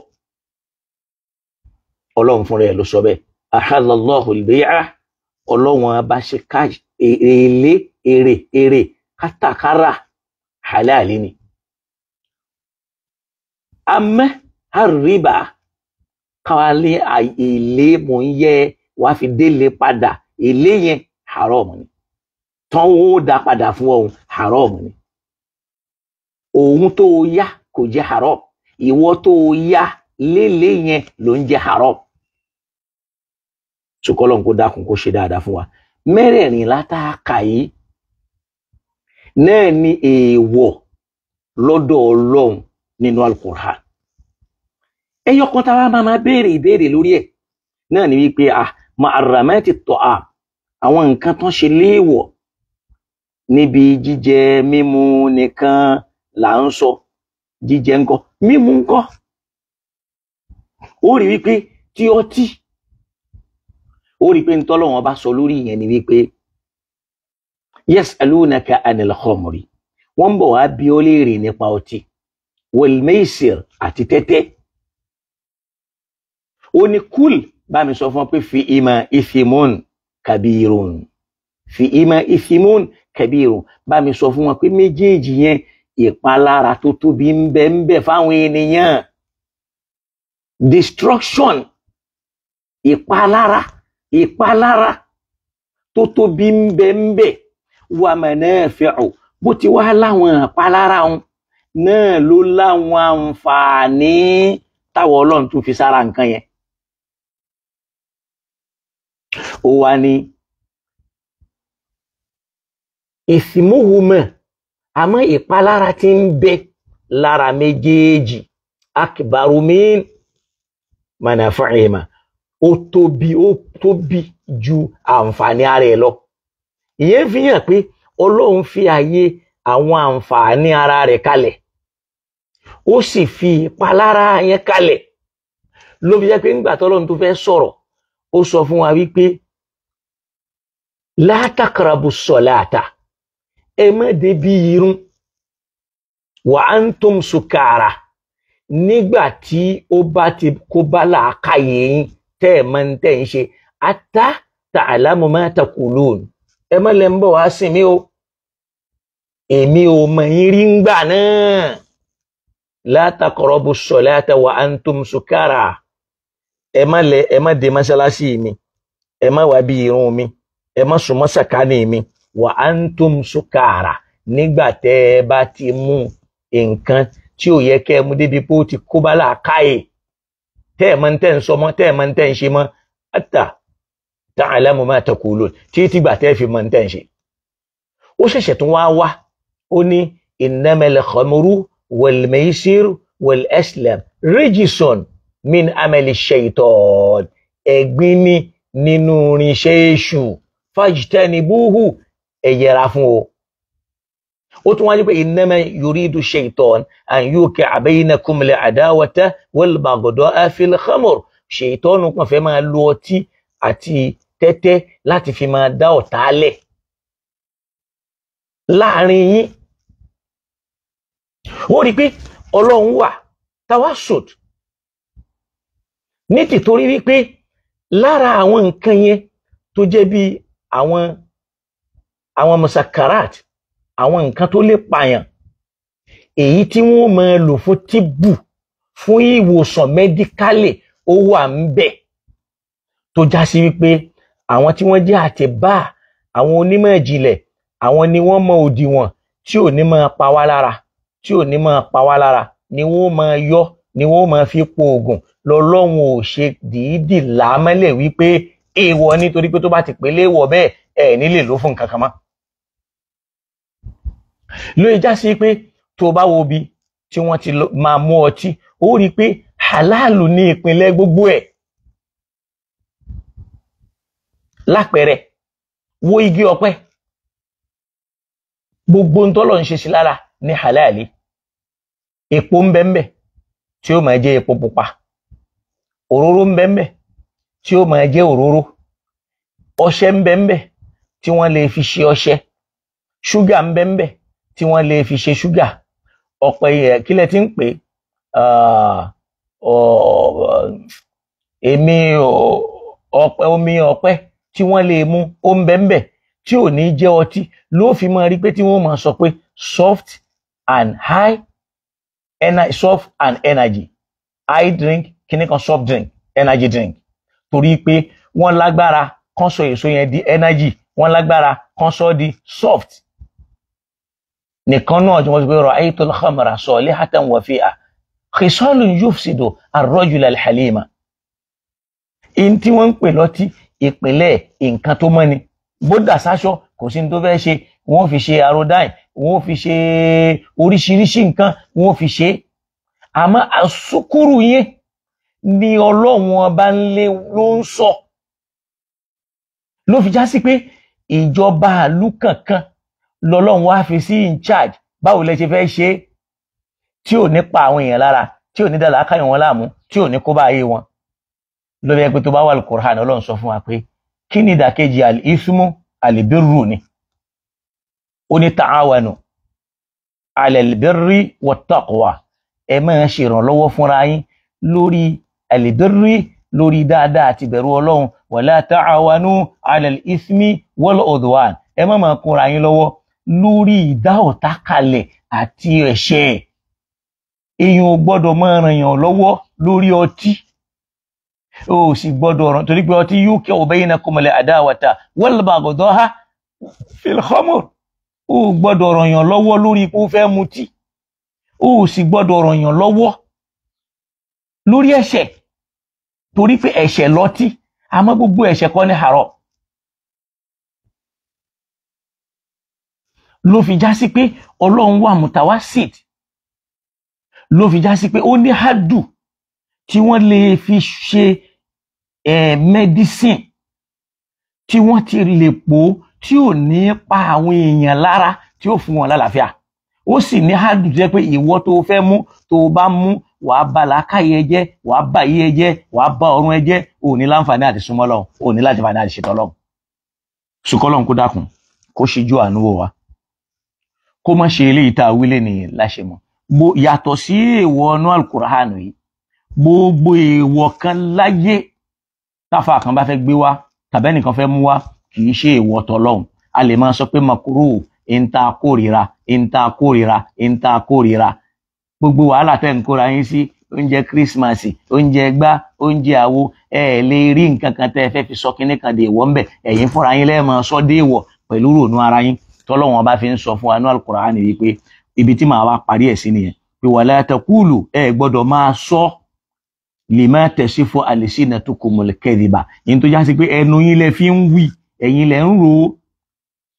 ọlọ́run fúnra ẹ̀ ló sọ bẹ́ẹ̀ ahallallahu al-bay'a ọlọ́run bá ṣe ká èlé èrè èrè kátàkárà halali ni. àmọ́ àríbà káwálé èlé mò ń yẹ wàá fi délé padà èlé yẹn haram ni tánwó dá padà fún ọ̀hún haram ni òun tó o yá kò jẹ́ haram ìwọ tó o yá lélé yẹn ló ń jẹ́ haram sùkọ́lọ́ kó dákun kó ṣe dáadáa fún wa mẹ́rẹ̀ẹ̀rin látàkà yìí náà ni èèwọ̀ lọ́dọ̀ ọlọ́run nínú alukur'an ẹyọ kan tá a wá máa máa béèrè ìbéèrè lórí ẹ̀ náà ni wípé à màràmẹ́tì tọ́ à àwọn nǹkan tán ṣe léèwọ̀ níbi jíjẹ mímu nìkan là ń sọ jíjẹ ńkọ́ mímu ńkọ́ ó rí wípé tí ọtí ó rí pé ntọ́lọ́wọ́n bá sọ lórí ìyẹn ni wípé yas'alunaka anil khamri wọ́n ń wá bi ọ́ léèrè nípa ọtí wal àti tẹ́tẹ́ ó ní kúl bá mi sọ fún ọ pé fi ìmọ̀ ìfìmọ́n kàbírùn fi ìmọ̀ ìfìmọ́n kàbírùn bá mi sọ fún wọn pé méjèèjì yẹn ìpalára tó tóbi ń bẹ ń bẹ fáwọn ènìyàn destruction ìpalára ìpalára tó tóbi ń bẹ ń bẹ wà manafi'u bó ti wá láwọn ìpalára wọn náà ló láwọn àǹfààní táwọn ọlọ́run tún fi sára nǹkan yẹn ó wá ní ìsìmóhùmọ̀ àmọ́ ìpalára tí ń bẹ lára méjèèjì akbarumin manafahima ó tóbi ó tóbi ju àǹfààní ara ẹ̀ lọ ìyẹn fi hàn pé ọlọ́run fi àyè àwọn àǹfààní ara rẹ̀ kalẹ̀ ó sì fi ìpalára yẹn kalẹ̀ ló fi jẹ́ pé ńgbà tọ́lọ́run tó fẹ́ sọ̀rọ̀ ó sọ fún wa wípé látàkàràbù sọ̀láàtà ẹ má débi irun wà á ń tó sùkàrà nígbà tí ó bá ti kó bá làákàyè yín tẹ́ ẹ̀ máa ń tẹ́ ń ṣe ata ta'lamu ma taqulun ẹ má lẹ́ ń bọ̀ wá sí mi o èmi ò mọ̀ yín rí ń náà látàkàràbù sọ̀láàtà wà á ń tó sùkàrà ẹ má lẹ ẹ má dé mọ́ṣáláṣí mi ẹ má wá bí irun mi ẹ má súnmọ́ sàkání mi wa antum sukara nígbà tẹ́ ẹ bá ti mú nǹkan tí ò yẹ kẹ́ ẹ mú débi pé ó ti kó bá làákàyè tẹ́ ẹ mọ̀ ń tẹ́ ń sọ mọ́ tẹ́ ẹ mọ̀ ń tẹ́ ń ṣe mọ́ àtà ta'lamu ma taqulun títí gbà tẹ́ ẹ fi mọ̀ ń tẹ́ ń ṣe. ó ṣẹ̀ṣẹ̀ tún wáá wá ó ní innamal khamru wal maisir wal aslam rijsun min amali shaytan ẹ̀gbin nínú irinṣẹ́ èṣù fajtanibuhu ẹ yẹra fún o ó tún wá ní pé innama yuridu shaytan an yuqi'a bainakum al-adawata wal-baghdha'a fil khamr ṣètọ́nù kan fẹ́ máa lo ọtí àti tẹ́tẹ́ láti fi máa dá ọ̀tá lẹ̀ láàrin yín ó rí i pé ọlọ́run wà tawasud ní tìtorí wípé lára àwọn nǹkan yẹn tó jẹ́ bíi àwọn àwọn musakarat àwọn nǹkan tó lè pààyàn èyí tí wọ́n máa lò fún tíbù fún ìwòsàn mẹdíkálì ó wà ń bẹ tó já sí wípé àwọn tí wọ́n jẹ́ àtẹ̀bá àwọn onímọ̀ ìjìnlẹ̀ àwọn ni wọ́n mọ òdiwọ̀n tí ò ní máa pa wá lára tí ò ní máa pa wá lára ni wọ́n máa yọ ni wọ́n máa fi po oògùn lọ́lọ́run ò ṣe dìídì làámọ́lẹ̀ wípé èèwọ̀ nítorí pé tó bá ti pélé wọ̀ bẹ́ẹ̀ ẹ̀ nílè ló fún nǹkan kan mọ́. lóye já sí pé tó bá wo bi tí wọ́n ti máa mú ọtí ó rí i pé hàláàlù ní ìpínlẹ̀ gbogbo ẹ̀ lápẹẹrẹ wo igi ọ̀pẹ gbogbo ntọ́lọ̀ ń ṣe sí lára ní hàláàlì epo ń bẹ́ńbẹ́ tí ó máa jẹ́ epo pupa òróró ń bẹ́ńbẹ́ tí ó máa jẹ́ òróró ọṣẹ ń bẹ ń bẹ tí wọ́n lè fi ṣe ọṣẹ ṣúgà ń bẹ ń bẹ tí wọ́n lè fi ṣe ṣúgà ọ̀pẹ eh, kílẹ̀ tí ń pè ah, èmi ọ̀pẹ omi ọ̀pẹ tí wọ́n lè mu ó ń bẹ ń bẹ tí ò ní jẹ́ ọtí ló fi máa rí pé tí wọ́n máa sọ pé soft and high soft and energy high drink kíní soft drink energy drink torí pé wọ́n lágbára kán sọ èso yẹn di energy wọ́n lágbára kán sọ di soft nìkan náà jọmọ pé ra'aytul khamra salihatan wa fi'a khisalun yufsidu ar-rajula al-halima in tí wọ́n ń pè lọ́tí ìpínlẹ̀ nǹkan tó mọ́ni bódà sáṣọ kò sí ní tó fẹ́ ṣe wọ́n fi ṣe arodain wọ́n fi ṣe oríṣiríṣi nǹkan wọ́n fi ṣe àmọ́ àsukúrú yẹn ni ọlọ́run ọba ń lé ló ń sọ ló fi já sí pé ìjọba àlú kankan lọ́lọ́run wá fi sí in charge báwo lẹ ṣe fẹ́ ṣe é tí ò ní pa àwọn èèyàn lára tí ò ní dàlá káyọ̀ wọn láàmú tí ò ní kó bá ayé wọn ló fi tó bá wà lùkùrán ọlọ́run sọ fún wa pé kí ni ìdàkejì àlìsúmú àlìbírù ni ó ní tàáwánu àlẹ̀lìbírí wọ́tàkùwà ẹ máa ṣèrànlọ́wọ́ fúnra yín lórí àlìbẹ́rì lórí dáadáa àti bẹ̀rù ọlọ́run wala ta'awanu 'ala al-ithmi wal-'udwan ẹ má máa kóra yín lọ́wọ́ lórí ìdá ọ̀tá kalẹ̀ àti ẹ̀ṣẹ̀ èèyàn ò gbọ́dọ̀ máa ràn yàn lọ́wọ́ lórí ọtí o sì gbọ́dọ̀ ọ̀ràn torí pé ọtí yóò kẹ́ ọ̀bẹ́yìn náà kọ́mọlẹ̀ àdáwàtà wọ́lbàgọ́dọ́ ha filhamur o gbọ́dọ̀ ọ̀ràn yàn lọ́wọ́ lórí pé fẹ́ mutí o sì gbọ́dọ̀ ọ̀ràn yàn lọ́wọ́ lórí ẹ̀ṣẹ̀ torí pé ẹ̀ṣẹ̀ lọ́tí àmọ́ gbogbo ẹ̀ṣẹ̀ kọ́ ní haram ló fi já sí pé ọlọ́run wà mùtàwá sit ló fi já sí pé ó ní hádù tí wọ́n lè fi ṣe medicine tí wọ́n ti lè pò tí ò ní pa àwọn èèyàn lára tí ó fún wọn lálàáfíà ó sì ní hádù jẹ́ pé ìwọ tó fẹ́ mú tó bá mú wàá bá làákàyè ẹ jẹ́ wàá bá yí ẹ jẹ́ wàá bá ọrùn ẹ jẹ́ òní láǹfààní àti súnmọ́ lọ́hùn òní láǹfààní àti ṣètò lọ́hùn. ṣùkọ́ lọ́hùn kó dákun kó ṣíjú àánú wò wá kó má ṣe eléyìí tá a wílé nìyẹn láṣẹ gbó yàtọ̀ sí èèwọ̀ ọ̀nà alukurahánu yìí gbogbo èèwọ̀ kan láyé táfà kan bá fẹ́ gbé wá tàbẹ́nìkan fẹ́ mú wá kì í ṣe èèwọ̀ tọlọ́hùn a lè máa sọ pé makuru ń ta kórìíra ń ta kórìíra ń kórìíra gbogbo wàhálà tẹ́ ń kóra yín sí oúnjẹ kírísímàsì oúnjẹ gbá oúnjẹ àwo ẹ lè rí nǹkan kan tẹ́ ẹ fẹ́ fi sọ kinní kan dè wọ́n bẹ̀ ẹ̀yin fúnra yín lẹ́ẹ̀mọ sọ dé wọ̀ pẹ̀lú rònú ara yín tọ́lọ́wọ́n bá fi ń sọ fún wa ní Al-Qur'ani wípé ibi tí màá wá parí ẹ̀ sí nìyẹn pé wala taqulu ẹ gbọ́dọ̀ máa sọ lima tasifu alsinatukumul kadhiba yín tó já sí pé ẹnu yín lẹ fi ń wí ẹ̀yin lẹ ń ro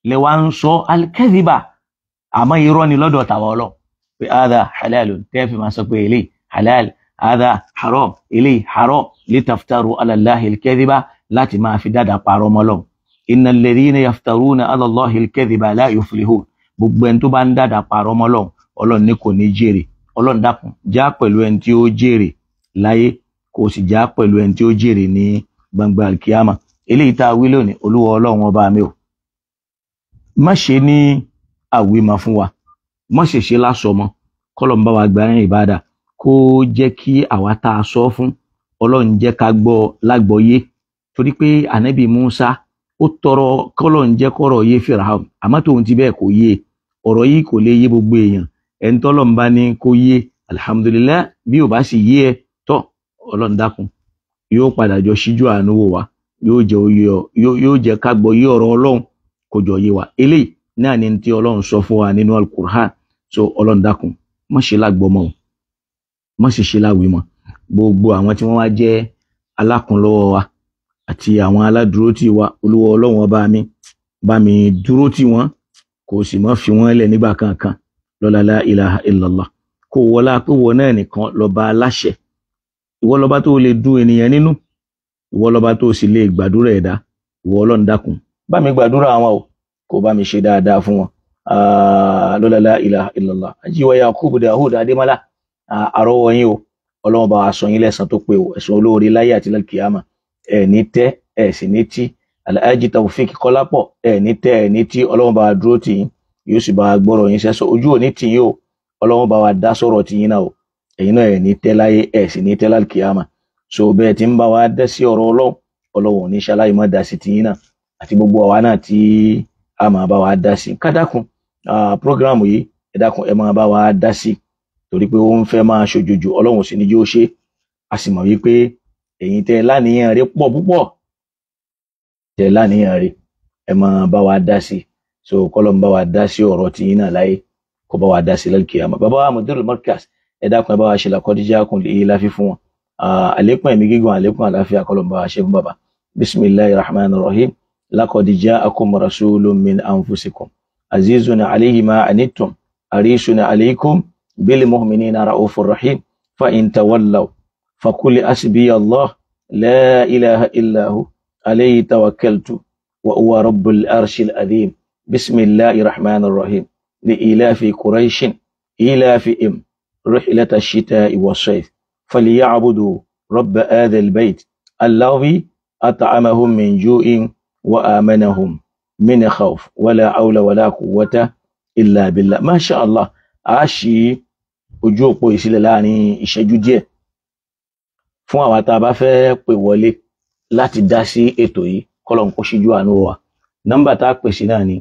lẹ wá ń sọ al-kadhiba àmọ́ irọ́ ni lọ́dọ̀ tàwa ọlọ́run pé ada halalun tẹ́ẹ̀fì máa sọ pé eléyìí halal ada haram eléyìí haram litaftaru ala Allahi al-kadhiba láti máa fi dáadáa parọ́ mọ́lọ́ innal ladhina yaftaruna ala Allahi al-kadhiba la yuflihun gbogbo ẹni tó bá ń dáadáa parọ́ mọ́lọ́ ọlọ́run ní kò ní jèrè ọlọ́run dákun já pẹ̀lú ẹni tí ó jèrè láyé kò sì já pẹ̀lú ẹni tí ó jèrè ní gbangba alkiyama eléyìí tá a lónìí olúwa ọlọ́run ọba mi ò má ṣe ní àwímọ̀ fún wa má ṣe ṣe lásọ mọ kọlọ ń bá wa gba ẹrìn ìbàdà kó jẹ́ kí àwa tá a sọ fún Ọlọ́run jẹ́ ká gbọ́ lágbọ́yé torí pé ànábì Musa ó tọrọ kọlọ ń jẹ́ kọrọ yé Firaun àmọ́ tòun ti bẹ́ẹ̀ kò yé ọ̀rọ̀ yìí kò lè yé gbogbo èèyàn ẹni tọlọ ń bá yé alihamudulilayi bí ò bá sì yé ẹ tọ Ọlọ́run dákun yóò padà jọ síjú àánú wò wá yóò jẹ́ ká gbọ́ yé ọ̀rọ̀ Ọlọ́run kò jọ yé wa eléyìí náà ni tí ọlọ́run sọ fún wa nínú alukur'an so ọlọ́run dákun má ṣe lágbọ́mọ́ o má ṣe ṣe láwìmọ́ gbogbo àwọn tí wọ́n wá jẹ́ alákùnlọ́wọ́ wa àti àwọn aládùúró tì wa olúwa ọlọ́run ọba mi bá mi dúró tì wọ́n kò sì má fi wọ́n lẹ̀ nígbà kankan lọ́lálá ilaha illallah kó wọlá pé wọ́n náà nìkan lọ́ba aláṣẹ ìwọ lọ́ba tó lè dùn ènìyàn nínú ìwọ lọ́ba tó sì lè gbàdúrà ẹ̀dá ìwọ ọlọ́run dákun bá mi gbàdúrà àwọn o kó bá mi ṣe dáadáa fún wọn ah, lọ́lọ́lá ilaha illallah ajíwá yakubu dahud adémọ́lá àrọ́wọ́ ah, yín o ọlọ́wọ́n bá wa sọ yín lẹ́sàn tó pé o ẹ̀sùn olóore láyé àti lálkìyàmà ẹ̀ ní tẹ́ ẹ̀ sì ní tí alhaji taofik kọ́lápọ̀ ẹ̀ ní tẹ́ ẹ̀ ní tí ọlọ́wọ́n bá wa dúró tì yín yóò sì bá wa gbọ́rọ̀ yín sẹ́sọ ojú òní tì yín o ọlọ́wọ́n bá wa dá sọ̀rọ̀ tì yín náà o ẹ̀yin náà ẹ̀ ní tẹ́ láyé ẹ̀ sì ní tẹ́ lálkìyàmà so bẹ́ẹ̀ ti ń bá wa dá sí ọ̀rọ̀ ọlọ́wọ́n ọlọ́wọ́n a máa bá wa dá sí i kádàkùn prógrámù yìí ẹ dákun ẹ máa bá wa dá sí i torí pé ó ń fẹ́ máa ṣojoojú ọlọ́run sì ni yóò ṣe a sì mọ̀ wípé ẹ̀yin tẹ́ láníyàn rẹ pọ̀ púpọ̀ tẹ́ láníyàn rẹ ẹ máa bá wa dá sí i so kọ́lọ́n bá wa dá sí ọ̀rọ̀ tìyín náà láyé kó bá wa dá sí lálùkìyàmá bàbá wa Mudirul Markaz ẹ dákun ẹ bá wa ṣe làkọ́díjà kùn lè láfi fún wọn àlékún ẹ̀mí gígùn àlékún àláfíà kọ́lọ́n bá wa ṣe fún bàbá bismillahir rahmanir rahim. لقد جاءكم رسول من أنفسكم عزيزنا عليه ما أنتم أريش عليكم بالمؤمنين رؤوف رحيم فإن تولوا فقل أسبي الله لا إله إلا هو عليه توكلت وهو رب الأرش الأذيم بسم الله الرحمن الرحيم لإلاف قريش إم رحلة الشتاء والصيف فليعبدوا رب هذا البيت الذي أطعمهم من جوع وآمنهم من خوف ولا حول ولا قوة إلا بالله ما شاء الله àáṣì ojú òpó ìsílẹ̀ láàrin ìṣẹ́jú díẹ̀ fún àwa tá a bá fẹ́ pè wọlé láti dá sí ètò yìí kọ́lọ̀ ń kó ṣíjú àánú wa nọ́mbà tá a pè sí náà ni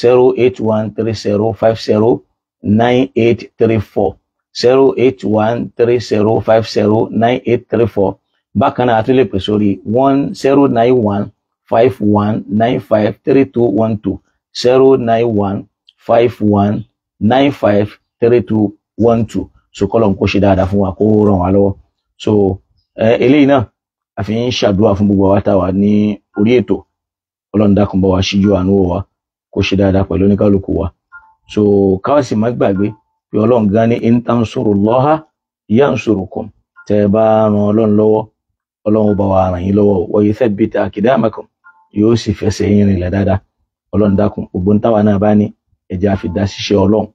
zero eight one three zero five zero nine eight three four zero eight one three lè pè sórí five one nine five three two one two zero nine one five one nine five three two one two so kọ́lọ̀ ń kó ṣe dáadáa fún wa kó ràn wá lọ́wọ́ so eléyìí náà a fi ń ṣàdúrà fún gbogbo àwa táwa ní orí ètò ọlọ́run dákun bá wa ṣíjú àánú wò wá kó ṣe dáadáa pẹ̀lú oníkálukú wa so káwá sì má gbàgbé pé ọlọ́run gan ni in tansurullaha yansurukum tẹ́ ẹ bá ran ọlọ́run lọ́wọ́ ọlọ́run bá wa ràn yín lọ́wọ́ wa yuthabbit aqdamakum yóò sì fẹsẹ̀ yín rìnlẹ̀ dáadáa ọlọ́run dákun gbogbo ń táwa náà bá ní ẹja fi dá ṣiṣẹ́ ọlọ́run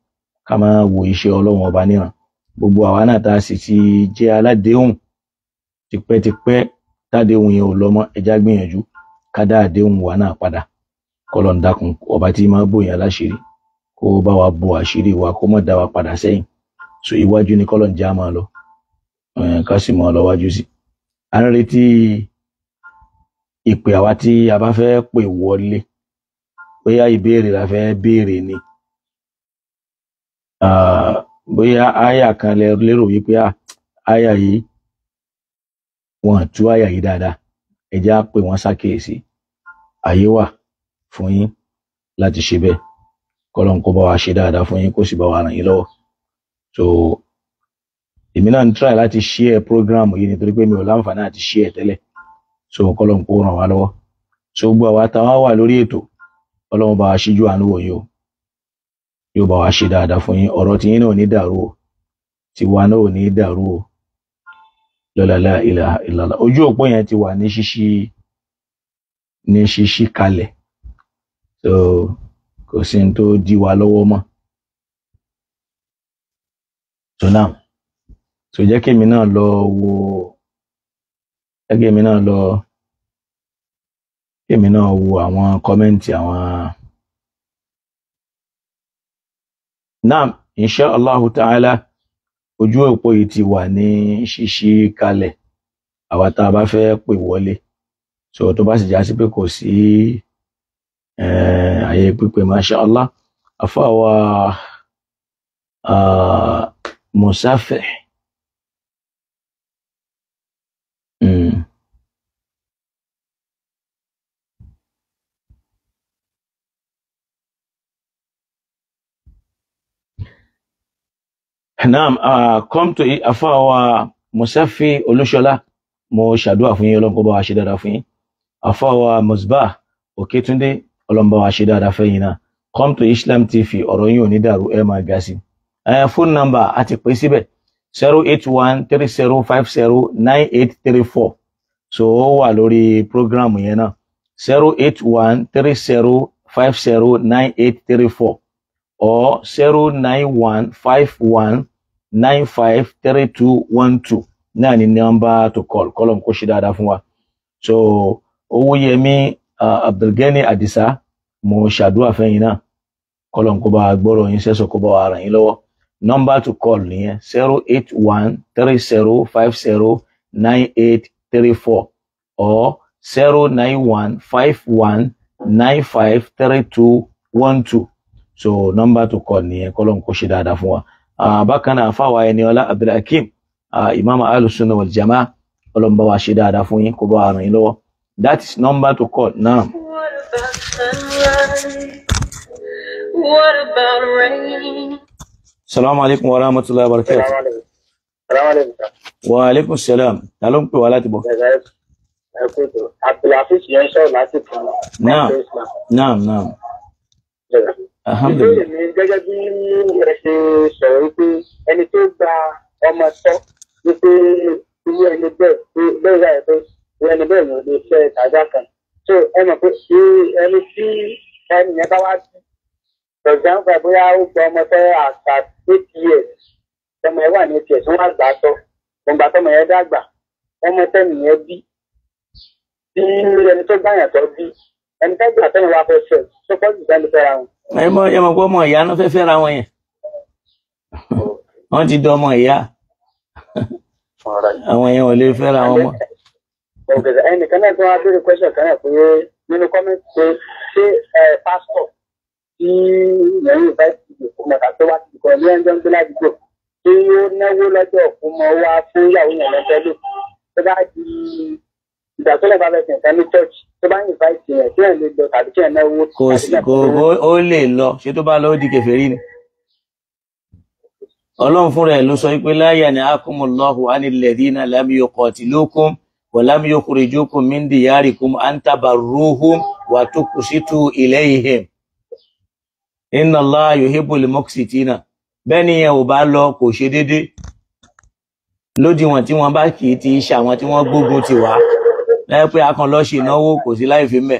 ká máa wo iṣẹ́ ọlọ́run ọba níran gbogbo àwa náà tá a sì ti jẹ́ aládéhùn tipẹ́tipẹ́ tádéhùn yẹn ò lọ́mọ ẹja gbìyànjú ká dá àdéhùn wa náà padà kọlọ́n dákun ọba tí máa bòyàn láṣìírí kó bá wa bo àṣírí wa kó mọ̀ dá wa padà sẹ́yìn so iwájú ni kọlọ́n já máa lọ ká sì máa lọ wájú sí. à ń retí ìpè àwa tí a bá fẹ́ pè wọlé bóyá ìbéèrè la fẹ́ béèrè ni bóyá àyà kan lè lérò wípé àyà yìí wọn tú àyà yìí dáadáa ẹ jẹ́ á pè wọ́n ṣàkíyèsí àyè wà fún yín láti ṣe bẹ́ẹ̀ kọ́lọ́n kó bá wa ṣe dáadáa fún yín kó sì bá wa ràn yín lọ́wọ́ so èmi náà ń try láti share program yìí nítorí pé mi ò láǹfààní àti share tẹ́lẹ̀ so kọ́lọ́n kó ràn wá lọ́wọ́ so gbogbo àwa tá a wà lórí ètò ọlọ́run bá wa ṣíjú àánú wò yìí o yóò bá wa ṣe dáadáa fún yín ọ̀rọ̀ tiyín náà ò ní dàrú o tiwa náà ní dàrú o lọ́làlá ilaha ojú òpó yẹn ti wà ní ṣíṣí ní ṣíṣí kalẹ̀ so kò sí ní tó di wa lọ́wọ́ mọ́ so now so jẹ́ kémi náà lọ wo jẹ́ kémi náà lọ kémi náà wo àwọn kọ́mẹ́ǹtì àwọn. naam insha allahu ta'ala ojú òpó yìí ti wà ní ṣíṣí kalẹ̀ àwa tá a bá fẹ́ pè wọlé so tó bá sì já sí pé kò sí àyè eh, pípé masha allah àfọwà ah, musafir. naam uh, come to afáwa Musafi Olúṣọlá mo ṣàdúrà fún yín ọlọ́nkọ́ bá wa ṣe dáadáa fún yín afáwa Musbah Òkètúndé ọlọ́nbá wa ṣe dáadáa fẹ́yìn náà come to Islam TV ọ̀rọ̀ yín ò ní dàrú ẹ máa ga sí i phone number a ti pè síbẹ̀ zero eight one three zero five zero nine eight three four so ó wà lórí program yẹn náà zero eight one three zero five zero nine eight three four or zero nine one five one nine five three two one two náà ni number to call kọlọm kó ṣe dáadáa fún wa so Owóyẹmí uh, Abdulgani Adisa mo ṣàdúrà fẹ̀yìn náà kọlọm kó bá gbọ́rọ̀ yín sẹsọ kó bá wa ràn yín lọ́wọ́ nọ́mbà to call nìyẹn zero eight one three zero five zero nine eight three four or zero nine one five one nine five three two one two so number to call nìyẹn kọlọm kó ṣe dáadáa fún wa. Ah, bákan náà fáwa ẹni ọlá abdulhakeem ah, imam alusunna wal jamaa ọlọ́mọba wa ṣe dáadáa fún yín kó bá àrùn yín lọ́wọ́ that is number to call now. Salaamu alaikum wa rahmatullahi wa barakatuh. Wa alaikum salam. Ta ló ń pè wá láti bọ̀? Abdulhafiz yẹn sọ̀rọ̀ láti kan. Naam, naam, naam ìbéèrè mi gẹ́gẹ́ bí ẹ ṣe sọ̀rọ̀ wípé ẹni tó gba ọmọ tọ́ wípé irú ẹni bẹ́ẹ̀ bẹ́ẹ̀ yà ẹ̀ pé ẹni bẹ́ẹ̀ lè fẹ́ ìtajà kan so ẹ mọ̀ pé ẹni tí ẹni yẹn bá wá sí for example bóyá ó gba ọmọ tọ́ àṣà eight years ọmọ ẹ wà ní eight years wọ́n á gbà tọ́ gbọ̀ngbà tọ́mọ yẹn dàgbà ọmọ tẹ́ni yẹn bí bí ẹni tó gbàyàn tọ́ bí ẹni tẹ́gbà tẹ́ni ẹ mọ ẹ mọ pé ọmọ ìyá náà fẹ́ẹ́ fẹ́ra wọn yẹn wọ́n ti dán ọmọ ìyá àwọn yẹn ò lè fẹ́ra wọn mọ́. ẹnìkan náà tí wọ́n á béèrè kan náà pé nínú kọ́mẹ́ntì pé ṣé pásítọ̀ tí lẹ́yìn ìbáṣepọ̀ ìfowópamọ́ tàbí wá ti kọ́ ní ẹjọ́ ń gbé ládùúgbò tí ó náwó lọ́jọ́ ìfowópamọ́ wá fún ìyàwó yẹn lọ́jọ́ lò tó bá di ìdàkúlẹ̀ bá fẹsẹ̀ nǹkan ní church tó bá yìnbá ìsìn rẹ̀ kí ẹ̀ lè lọ tàbí kí ẹ̀ náà wó. kò sí kò ó lè lọ ṣé tó bá lọ ó di kèfèrí ni. ọlọ́run fúnra ẹ̀ ló sọ pé láyà ni akumullahu anilladhina lam yuqatilukum wa lam yukhrijukum min diyarikum an tabarruhum wa tuqsitu ilayhim. inna Allaha yuhibbul muqsitina bẹ́ẹ̀ ni yẹn ò bá lọ kò ṣe déédéé lódiwọ̀n tí wọ́n bá kì í ti ṣàwọn tí wọ́n gbógun ti wá lẹ́yìn pé a kàn lọ ṣe ìnáwó kò sí láì fi mẹ́.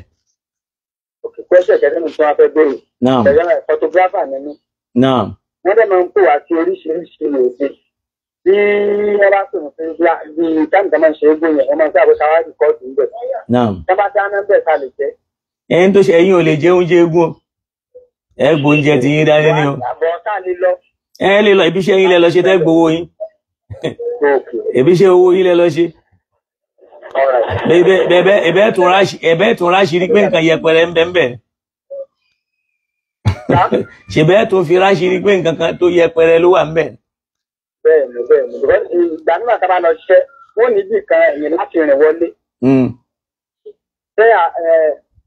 pẹ́sẹ̀ kẹ́kẹ́ mi tí wọ́n fẹ́ béèrè. naam kẹ́kẹ́ mi photographer ni mí. naam. wọ́n dẹ̀ máa ń pè wá sí oríṣiríṣi òde bí wọ́n bá sọ̀rọ̀ sí bíi bíi táàmù tó máa ń ṣe é gbìyànjú wọ́n máa ń sábà ṣàwá rìkọ́ọ̀dù ń bẹ̀. naam. tó bá dáná bẹ̀ ta lè jẹ́. ẹyin tó ṣe ẹyin ò lè jẹ oúnjẹ eégún ẹ gbóúnjẹ ti yín dání ni o. àbọ̀ ká lè lọ. ẹ lè lọ ibiṣẹ́ yín lẹ lọ ṣe tẹ́ gbowó yín ibiṣẹ́ owó yín lẹ lọ ṣe ẹ̀bẹ́ tó ráṣìírí pé nǹkan yẹpẹrẹ ń bẹ ń bẹ ṣèbẹ́ tó fi ráṣìírí pé nǹkan kan tó yẹpẹrẹ ló wà ń bẹ. bẹ́ẹ̀ni bẹ́ẹ̀ni ìgbà náà tá a bá lọ ṣiṣẹ́ wọn ní bí kan ẹ̀yìn láti rìn wọlé. ṣé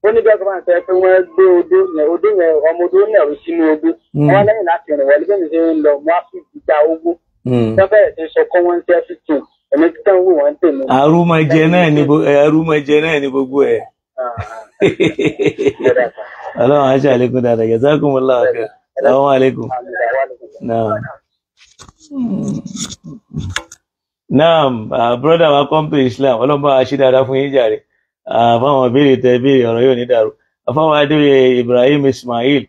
ó ní bẹ́ẹ̀ tó bá ń sọ pé wọ́n gbé odó yẹn odó yẹn ọmọ odó sínú odó wọn lẹ́yìn láti rìn wọlé bẹ́ẹ̀ ṣe ń lọ wọn á fi ìgbà ogun. wọ́n bẹ̀rẹ̀ sí sọ kọ́ wọn ń fi tún ẹni tí táwọn wò wọ́n ń tèmi. àrùmọ̀jẹ náà ni àrùmọ̀jẹ náà ni gbogbo ẹ̀. Ah, ah. *laughs* ọlọ́run aṣọ àlékún dáadáa jazakumullahu khair salamu alaikum. naam ah, broda wa kọ́ńpé islam ọlọ́mọ aṣí dáadáa fún yín jàre àfáwọn béèrè tẹ béèrè ọ̀rọ̀ yóò ní dàrú àfáwọn adéwìyẹ ibrahim ismail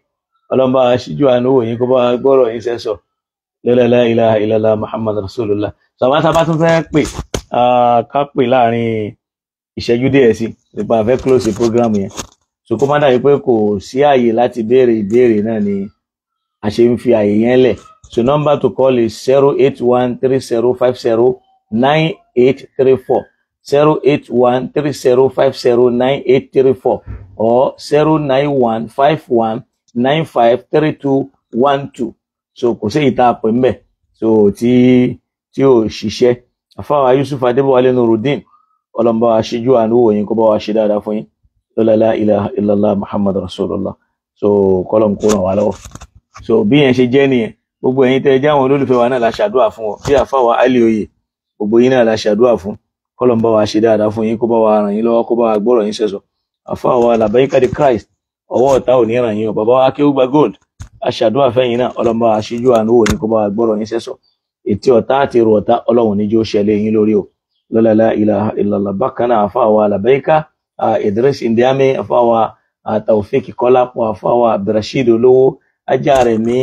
ọlọ́mọ aṣíjú àánú wò yín kó bá gbọ́rọ̀ yín sẹ́sọ̀ la ilaha illallah muhammad rasulullah sàbátàbá tún fẹ́ pè ká pè láàrin ìṣẹ́jú díẹ̀ sí nípa fẹ́ close program yẹn so kó má dàbí pé kò sí àyè láti béèrè ìbéèrè náà ni a ṣe ń fi àyè yẹn lẹ̀ so number to call is zero eight one three zero five zero nine eight three four zero eight one three zero five zero nine eight three four or zero nine one five one nine five three two one two so kò sí ìta àpè ń bẹ̀ so ti. Tí tí ò ṣiṣẹ́ àfáwà Yusuf Adébọ̀wálé Nurudeen ọlọmọba aṣíjú àánú wòyìn kó bá wa ṣe dáadáa fún yín lọlọlá ilaha illallah Muhammad rasulullah so kọlọm kó ràn wá lọ́wọ́ so bí yẹn ṣe jẹ nìyẹn gbogbo ẹ̀yin tẹ́ jẹ́ àwọn olólùfẹ́ wa náà la ṣàdúrà fún ọ bí àfáwà Ali Oyè gbogbo yín náà la ṣàdúrà fún kọlọm bá wa ṣe dáadáa fún yín kó bá wa ràn yín lọ́wọ́ kó bá wa gbọ́rọ̀ yín sẹsọ àfáwà Labaika Christ ọwọ́ ọ̀tá ò ní ràn yín o bàbá wa akéwùgbà gold aṣàdúrà fẹ̀yìn náà ọlọmọba aṣíjú àánú wòyìn kó bá wa gbọ́rọ̀ yín sẹsọ ètí ọ̀tá àti èrò ọ̀tá ọlọ́run níjó ṣẹlẹ̀ yín lórí o lọ́lọ́lá ilaha illallah bákan náà àfáwà làbẹ́ríkà idris indiame àfáwà taofik kọ́lápọ̀ àfáwà abdulrasheed olówó ajá rẹ̀ mí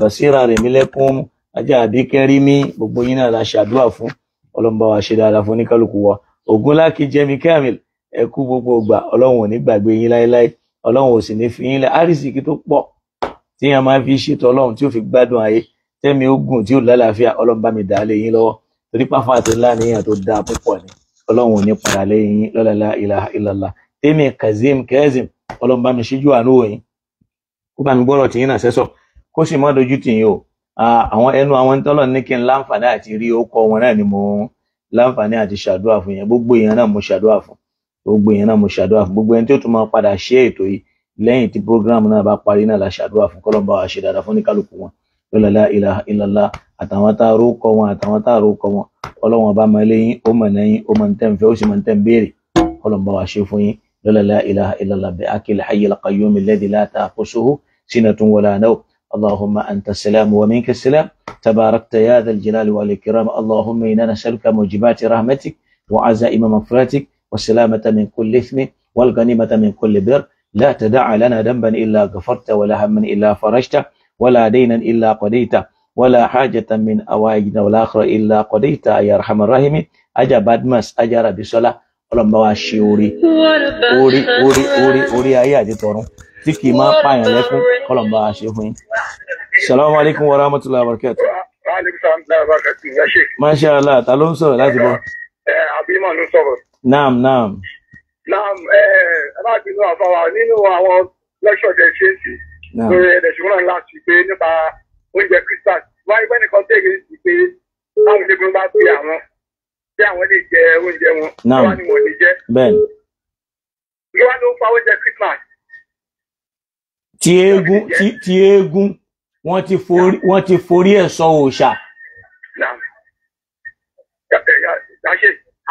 basira rẹ̀ mí lẹ́kún ajá àbíkẹ́rí mí gbogbo yín náà la ṣàdúrà fún ọlọ́mọba wa ṣe dáadáa fún oníkálukú wa ògúnláàkì jẹ́mi kamil ẹ kú gbogbo ọgbà ọlọ́run ò ní gbàgbé yín láéláé ọlọ́run ò sì ní fi yín tẹ́mi ogun tí ò lálàáfíà ọlọ́run bá mi dà á lé yín lọ́wọ́ torí pàfọ́ àti ńlá níyàn tó dáa púpọ̀ ni ọlọ́run ò ní padà lé yín lọ́lọ́lá ilaha illallah tẹ́mi kazeem kẹ́zìm ọlọ́run bá mi ṣíjú àánú òyìn kó bá mi gbọ́rọ̀ tì yín náà sẹ́sọ̀ kó sì má dojú tì yín o àwọn ẹnu àwọn tọ́lọ̀ ní kí n láǹfààní àti rí ó kọ́ wọn náà ni mo láǹfààní àti ṣàdúrà fún yẹn gbogbo èèyàn náà mo ṣàdúrà fún gbogbo èèyàn náà mo ṣàdúrà fún gbogbo ẹni tí ó tún máa padà ṣe ètò yìí lẹ́yìn tí program náà bá parí náà la ṣàdúrà fún kọ́lọ́mbà wa ṣe dáadáa fún ní wọn ولا لا اله الا الله اتمتا روكو اتمتا روكو ولو ما بملي او مني او من تم في وش من تم بيري ولو بوا شيفوني ولا لا اله الا الله باكل الحي القيوم الذي لا تاخذه سنه ولا نوم اللهم انت السلام ومنك السلام تباركت يا ذا الجلال والاكرام اللهم انا نسالك موجبات رحمتك وعزائم مغفرتك والسلامة من كل إثم والغنيمة من كل بر لا تدع لنا ذنبا إلا غفرت ولا هما إلا فرجته ولا دينا إلا قضيته ولا حاجة من أوائجنا والآخرة إلا قضيتها يا أرحم الراحمين أجا بادمس أجا ربي صلاة ọlọ́run bá wa ṣe orí orí orí orí orí ayé àti tọ̀run tí kì í máa pààyàn lẹ́kún ọlọ́run bá wa ṣe fún yín. salamu alaykum wa rahmatulahi wa barakatu. masha allah ta ló ń sọ̀rọ̀ láti bọ̀. abimọ ló sọ̀rọ̀. naam naam. naam ẹ ẹ láti inú àfàwà nínú àwọn lẹ́ṣọ̀dẹ̀ ṣéǹtì pé ẹ̀dẹ̀sùn náà láti pé nípa oúnjẹ christmas wáyé pé nìkan tẹ̀lé sí pé báwọn ilé gbọ́n bá pè àwọn bí àwọn lè jẹ oúnjẹ wọn wọn ni wọn lè jẹ. bẹ́ẹ̀ni. kí wàá ló fa oúnjẹ christmas. ti eégún ti eégún wọ́n ti forí ẹ̀ sọ òòṣà.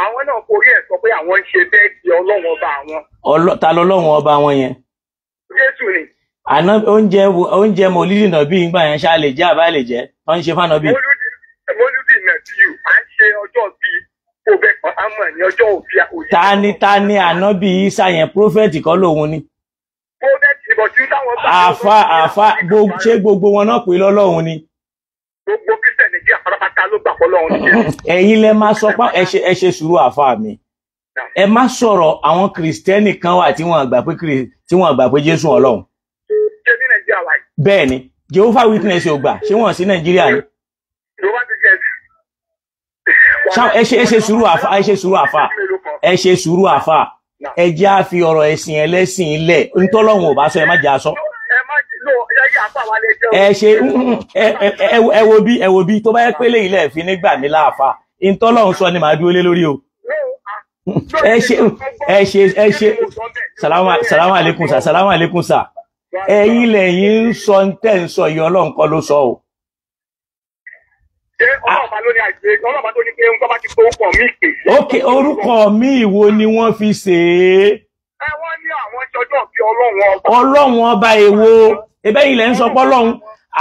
àwọn náà forí ẹ̀ sọ pé àwọn ń ṣe bẹ́ẹ̀ di ọlọ́wọ́n ọba àwọn. ta lọ́lọ́wọ́n ọba wọn yẹn. jésù ni àná oúnjẹ oúnjẹ mòlídì náà bí ìgbà yẹn ṣá lè jẹ àbá lè jẹ wọn ń ṣe fáná bí. mòlídì náà ti yù á ń ṣe ọjọ́ bíi òbẹ kan á mọ̀ ní ọjọ́ òbí òyìnbó. ta ni ta ni ànábì isa yẹn prófẹ́tì kọ́ lòun ni. prófẹ́tì ni bọ̀dú táwọn bá. àfa àfa ṣé gbogbo wọn náà pè lọ́lọ́run ni. gbogbo kristiani bí àpárápátá ló gbà fọ́lọ́run ni. ẹ̀yin lẹ máa sọ pé ẹ ṣe sùúrù àfa mi ẹ má sọ̀rọ̀ àwọn kìrìsìtẹ́nì kan wà tí wọ́n gbà pé Jésù ọlọ́run bẹ́ẹ̀ Jehovah Witness ò gbà ṣé wọ́n sí Nàìjíríà ni. ẹ ṣe sùúrù àfa ẹ ṣe sùúrù àfa ẹ ṣe sùúrù àfa ẹ jẹ́ á fi ọ̀rọ̀ ẹ̀sìn ẹlẹ́sìn ilẹ̀ ntọ́lọ́hún ò bá sọ ẹ má jẹ́ aṣọ. ẹ ṣe ẹ wo bí ẹ wo bí tó bá yẹ pélé ilẹ̀ fi nígbà mi láàfa ntọ́lọ́hún sọ ni màá dúró lé lórí o ẹ ṣe ẹ ṣe ẹ ṣe salamu alaykum sa salamu alaykum sa ẹ̀yin lẹ́yìn ń sọ tẹ́ ń sọ yìí ọlọ́run kọ́ ló sọ o. ṣé ọlọ́ọ̀bá ló ní àgbẹ̀ ọlọ́ọ̀bá tó ní pé ń bá ti orúkọ mi pè. ok orúkọ mi ìwo ni wọ́n fi ṣe é. ẹ wọ́n ní àwọn ṣọjọ́ bí ọlọ́run ọba. ọlọ́run ọba èwo ebe yìí lẹ́ ń sọ pé ọlọ́run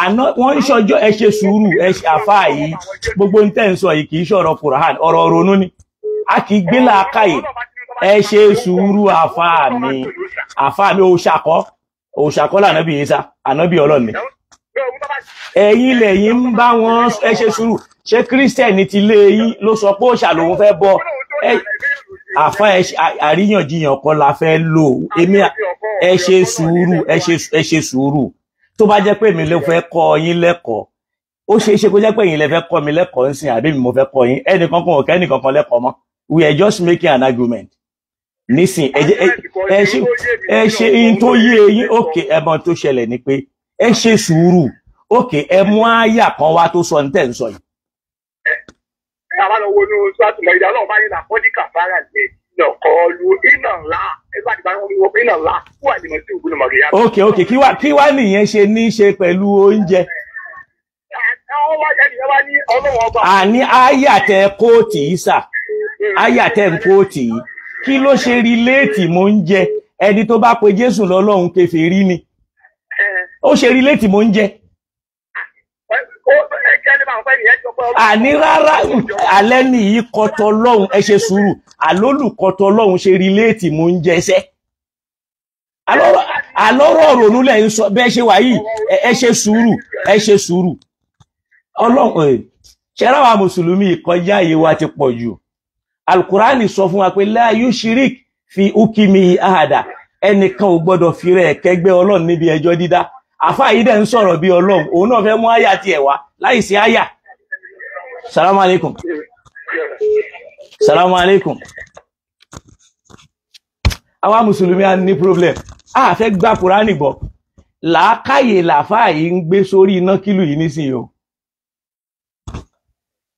àná wọ́n ń ṣọjọ́ ẹ ṣe sùúrù ẹ ṣe àfáà gbogbo ń tẹ́ ń sọ yìí kì í ṣọ̀rọ̀ Quran ọ̀rọ̀ ronú ni a kì í gbé làákàyè ẹ ṣe sùúrù àfáà mi àfáà òṣàkọ́lá ànábì Ìsá ànábì ọlọ́ni ẹ̀yin lẹ́yìn ń bá wọn ṣe sùúrù ṣé kírísítẹ̀nì ti lé yín ló sọ pé òṣà lòun fẹ́ bọ àfa àríyànjiyàn kan la fẹ́ lò èmi ẹ ṣe sùúrù ẹ ṣe sùúrù tó bá jẹ́ pé mi ló fẹ́ kọ́ yín lẹ́kọ̀ọ́ ó ṣe é ṣe kó jẹ́ pé ẹ̀yin lẹ fẹ́ kọ́ mi lẹ́kọ̀ọ́ ń sìn àbí mi mo fẹ́ kọ́ yín ẹnìkan kan ò kẹ́ ẹnìkan kan lẹ́kọ̀ọ́ mọ́ we are just making an argument nísìn ẹ ṣe ẹ ṣe in tó yé eyín òkè ẹmọ tó ṣẹlẹ̀ ni pé ẹ ṣe sùúrù ok ẹ mú àyà kan wá tó sọ ní tẹ̀ ń sọ yìí. àwọn ọmọ wọnú sọ́ọ̀tù lọ ìdáná ọba yìí làkọ́ ní kàfàrà lè nà kọ́ lu iná ńlá ẹgbẹ́ àti báyìí wọ́n fi iná ńlá kú àdìmọ̀ sí ògùn ọmọ ìyá. òkè kí wá kí wá nìyẹn ṣe ní í ṣe pẹ̀lú oúnjẹ. àní àyà tẹ kóòtì yìí sà àyà tẹ kí ló ṣe rìléètì mò ń jẹ ẹni tó bá pe jésù lọ́lọ́run kèfèrí ni ó ṣe rìléètì mò ń jẹ. àní rárá alẹ́ nìyí kọtọ lọ́hùn ẹ ṣe sùúrù àlólùkọtọ lọ́hùn ṣe rìléètì mò ń jẹ sẹ́ àlọ́rọ̀ ronú lẹ̀ ń sọ bẹ́ẹ̀ ṣe wà ẹ ṣe sùúrù ẹ ṣe sùúrù ọlọ́run ṣẹ́ráwá mùsùlùmí ìkọjá yìí wa ti pọ̀ jù alukurani sọ fún wa pé láàyú shirik fi ukimi ahada ẹnìkan ò gbọdọ̀ fi rẹ̀ kẹgbẹ́ ọlọ́run níbi ẹjọ dídá àfáà yìí dẹ̀ ń sọ̀rọ̀ bí ọlọ́run òun náà fẹ́ mú àyà tiẹ̀ wá láì sí àyà salamu alaikum salamu alaikum àwa mùsùlùmí a ní problem a fẹ́ gba kùránì gbọ́ làákàyè làáfáà yìí ń gbé sórí iná kílù yìí nísìnyí o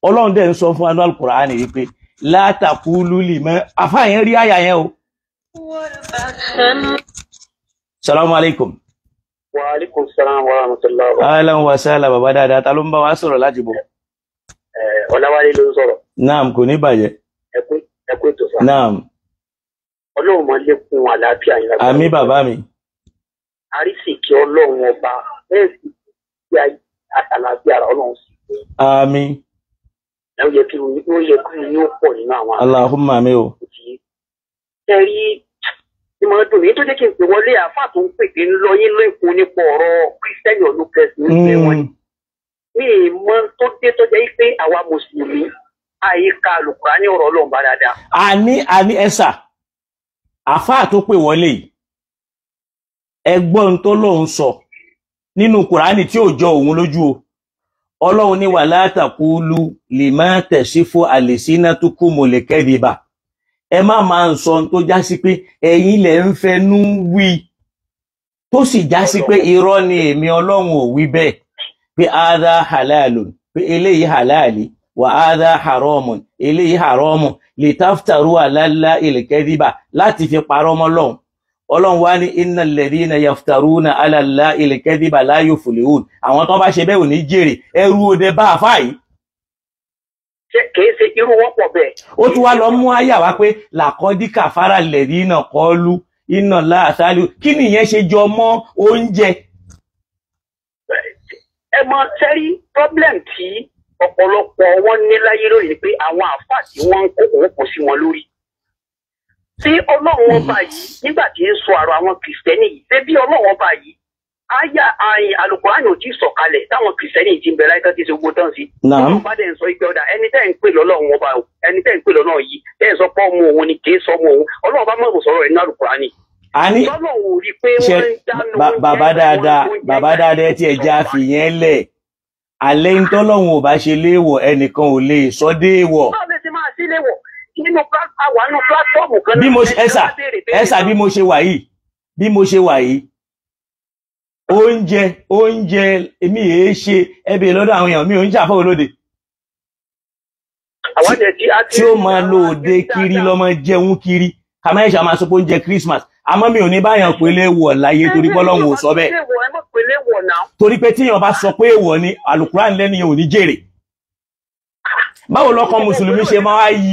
ọlọ́run dẹ̀ ń sọ fún anú alukùránì yìí pé látàkúlù lìmọ́ àfáà yẹn rí àyà yẹn o. salamu alaikum. wa alaikum salam wa rahmatullahi wa. alan wa sala baba dáadáa ta ló ń bá wa sọ̀rọ̀ láti bọ̀. ọ̀làwálé ló ń sọ̀rọ̀. naam kò ní bàjẹ́. ẹ kú ètò sáà. naam. ọlọ́run máa lékún àlàáfíà yín. àmì bàbá mi. àrísìkí ọlọ́run ọba bẹ́ẹ̀ sì kí àtàlàfíà ọlọ́run sì. àmín. ó yẹ kí o Allahumma mi o. dùn tó jẹ́ kí n pè wọlé àáfà tó ń pé ń lọ yín lẹ́kùn nípa ọ̀rọ̀ kírísítẹ́nì olùkẹ́sì nígbà wọn ni. mi ì mọ tó dé tó jẹ́ pé àwa mùsùlùmí àyíká àlùkùrá ní ọ̀rọ̀ ọlọ́run bá dáadáa. ẹ̀sà tó pè wọlé yìí ẹgbọ́n tó lóun sọ nínú kùránì tí ò jọ òun lójú o. ọlọ́run ní wà látàkúlù lè má tẹ̀sí fún àlèsínà tó kú mo lè kẹ́dìbà ẹ má máa ń sọ tó já sí pé ẹ̀yin lẹ̀ ń fẹnu wí tó sì já sí pé irọ́ ni èmi ọlọ́run ò wí bẹ́ẹ̀ pé áádá halalun pé eléyìí halali wà áádá haramun eléyìí haramun lè taftaru àlálá ilẹ̀ láti fi parọ́ mọ́ lọ́hùn ọlọ́run wá ní iná lẹ́dí iná yaftaru na alàlá ilẹ̀ kẹ́díbà láyò fòlìhùn àwọn tó bá ṣe bẹ́ẹ̀ ò ní jèrè ẹrú òde bá àfá yìí. ṣé kìí ṣe irú wọ́pọ̀ bẹ́ẹ̀. ó tún wá lọ mú àyà wá pé làkọ́dí kàfárà lẹ́dí iná kọlu iná láàṣálù kí nìyẹn ṣe jọ mọ́ oúnjẹ. ẹ mọ sẹ́rí problem tí ọ̀pọ̀lọpọ̀ wọn ní láyé lónìí pé àwọn àfáà tí wọ́n ń kó òun kò sí wọn lórí tí ọlọ́run ọba yìí nígbà tí ń sọ àrò àwọn kìrìsìtẹ́nì yìí ṣé bí ọlọ́run ọba yìí aya ayin alukurani ò tí sọ̀kalẹ̀ táwọn kìrìsìtẹ́nì ti ń bẹ̀rẹ̀ láìka ti ṣe gbogbo tán sí. ọlọ́run bá dẹ̀ ń sọ ipe ọ̀dà ẹni tẹ́ ń pè lọ́lọ́run ọba o ẹni tẹ́ ń pè lọ́lọ́run yìí tẹ́ ń sọ pé ọmọ òun ni kì í sọ ọmọ òun ọlọ́run bá mọ̀rọ̀ sọ̀rọ̀ ẹ̀ ní alukurani. a ní bàbá dáadáa bàbá dáadáa tí ẹ já fi yẹn lẹ̀ alẹ́ ń tọ́lọ́run ò bá ṣe léèwọ̀ ẹnìkan ò lè sọ déèwọ̀ nínú àwọn nínú platform kan náà. bí mo ṣe ẹsà ẹsà bí mo ṣe wà yìí bí mo ṣe wà yìí oúnjẹ oúnjẹ èmi yìí ṣe ẹbí lọ́dọ̀ àwọn èèyàn mi ò ń jà fún tí ó máa lo òde kiri lọ́mọ jẹun kiri kàmá ẹ̀ṣà máa sọ oúnjẹ Christmas àmọ́ mi ò ní báyàn pé léwọ̀ láyé torí bọ́lọ́hùn ò sọ bẹ́ẹ̀ torí pé tíyàn bá sọ pé èèwọ̀ ni alukuran lẹ́nìyàn ò ní jèrè báwo lọ́kàn mùsùlùmí ṣe máa yí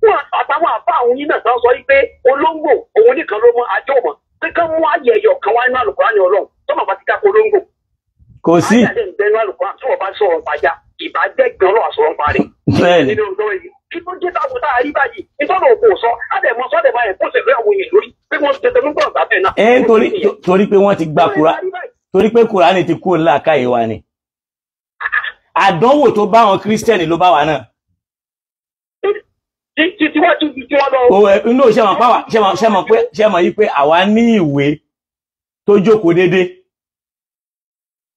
fún àtàwọn àbá àwọn yìí náà tán sọ wípé olóńgbò òun nìkan ló mọ àjọ mọ pé kán mú àyè ẹyọ kan wá nínú àlùkùránì Ọlọ́run tó màá bá ti dáko olóńgbò. kò sí. àyè ń bẹ nínú àlùkùránì tí wọ́n bá sọ̀rọ̀ bàjá ìbàdẹ́gbẹ̀ Ọlọ́run àsọ̀rọ̀ ń parí. bẹ́ẹ̀ni kí ló dé táwọn tá a rí báyìí nítorí òkú sọ àdèmọ sọdẹ báyìí kó sì rí àwọn èèyàn lórí pé wọn ti tẹtẹ nígbà ọgbà bẹ́ẹ̀ náà. ẹ torí torí pé wọn ti gba kura torí pé kuraani ti kú ńlá káyé wa ni *laughs* àdánwò tó bá àwọn kírísítẹ́nì ló bá wa náà tí tí wọ́n tún tí wọ́n lọ. o ẹ inú ṣe mọ̀ pàwà ṣe mọ̀ ṣe mọ̀ pé ṣe mọ̀ yìí pé àwa ní ìwé tó jókòó déédéé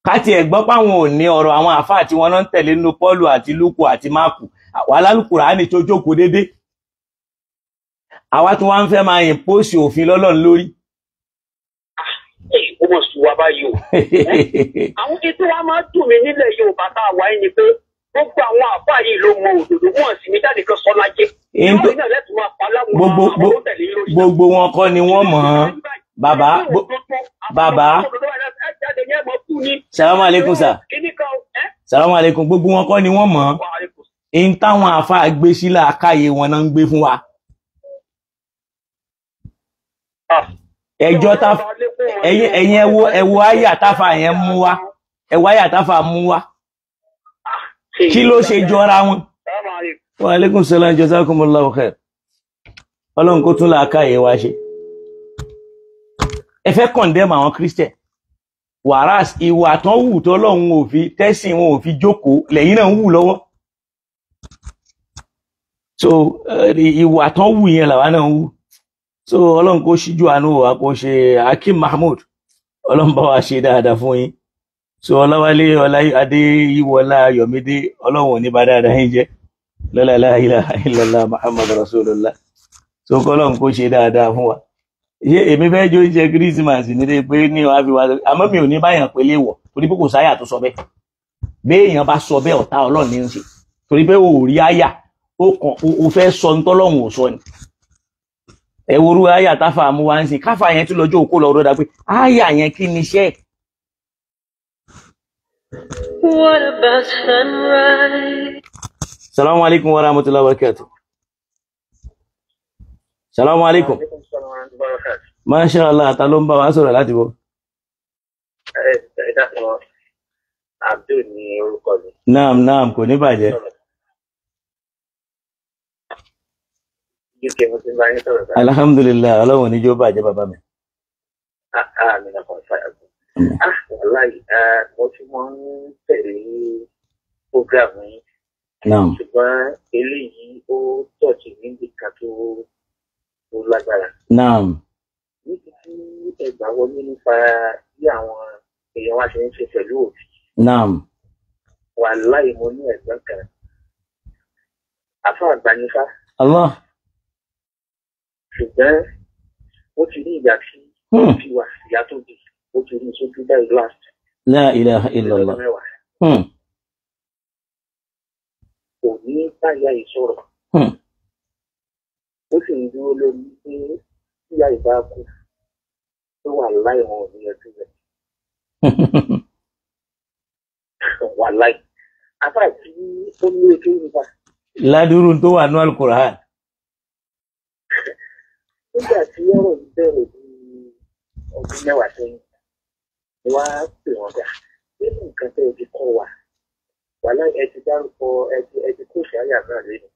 káti ẹ̀gbọ́n páwọn ò ní ọ̀rọ̀ àwọn àfáà tí wọ́n náà ń tẹ̀lé nínú Pọ́ọ̀lù àti Lúkù àti Máàkù àwa lálùkùránì tó jókòó déédéé àwa tí wọ́n ń fẹ́ máa impose òfin lọ́lọ́run lórí ó mọ̀ sùn wá báyìí o. *laughs* àwọn ibi tí máa dùn mí nílẹ̀ Yorùbá tá a wáyé pé gbogbo àwọn àbá yìí ló mọ òdòdó wọn sì ní jáde kan sọlájẹ. gbogbo wọn kọ́ ni wọ́n mọ̀ ọ́n bàbá bàbá salamu aleykum sa salamu aleykum gbogbo wọn kọ́ ni wọ́n mọ̀ ọ́n táwọn àáfàá gbé sílá káyé wọn náà ń gbé fún wa. ẹjọ́ tá ẹ̀yin ẹ wo ẹ yẹn mú wa ẹ wo àyà mú wa kí ló ṣe jọra wọn. wa aleykum salaam jazakumullahu khair ọlọ́run kó tún làákà yẹ wá ṣe. ẹ fẹ́ condemn àwọn christian wàrà ìwà tán wù tọ́lọ́run ò fi tẹ́sìn wọn ò fi jókòó lẹ́yìn náà ń wù lọ́wọ́ so ìwà tán wù yẹn làwa náà ń wù so ọlọ́run kó ṣíjú àánú wa kó ṣe Hakeem Mahmood ọlọ́run bá wa ṣe dáadáa fún yín so ọláwálé ọláyíadé yíwọlá ayọ̀mídé ọlọ́run ní bàdáàdá yín jẹ lọlá láìlá ìlọlá muhammad rasulullah so kọlọ́run kó ṣe dáadáa fún wa ṣé èmi fẹ́ jó jẹ christmas nílé pé ní wàá fi wá àmọ́ mi ò ní báyàn pé léwọ torí pé kò sáyà tó sọ bẹ́ẹ̀ béèyàn bá sọ bẹ́ẹ̀ ọ̀tá ọlọ́run ní í ṣe torí pé o ò rí àyà ó kàn o fẹ́ sọ ní tọlọ́run ò sọ ni ẹ àyà táfà mú wa ń sìn káfà yẹn tún lọ́jọ́ òkú lọ rọdà pé àyà yẹn kí ni iṣẹ́ ẹ What about sunrise? Assalamualaikum. alaikum wa rahmatullahi wa barakatuh. Salamu alaikum. Masha Allah, ta ló ń bá wa sọ̀rọ̀ láti bọ̀. Eh, eh, ni orúkọ Alhamdulillah, ọlọ́run níjó bàjẹ́ bàbá mi. Àmì ah, ah, náà kò fàyà gbọ́. Mm. Ah, aláì eh, mo ti mọ ń tẹ̀lé program yìí ṣùgbọ́n eléyìí ó tọ̀sí níbi kan tó tó lágbára. níbi tí ẹgbà wọlé nípa bí àwọn èèyàn wa ṣe ń ṣe pẹ̀lú òbí. wà láì mo ní ẹ̀gbọ́n kan àfọ àgbáyéfá. ṣùgbọ́n ó ti ní ìgbà tí hmm. ó ti wà ìyá tó bí obìnrin tó fi dá La ilaha illallah. kò hmm. hmm. ní báyà ìsọ̀rọ̀. ó sì ń dúró lórí pé tíyà ìbá kú tó wà láìwọ̀n ní ẹbí rẹ̀. wà láì. apá tí ó ní ojú nípa. ládùúrú tó wà ní alukur'an. nígbà tí ọ̀rọ̀ yìí bẹ̀rẹ̀ bí ọdún mẹ́wàá sẹ́yìn wá pè wọ́n gbà nínú nǹkan tó ti kọ́ wa wàhálà ẹ dárúkọ ẹ ti ẹ ṣàyà náà lẹ́nu.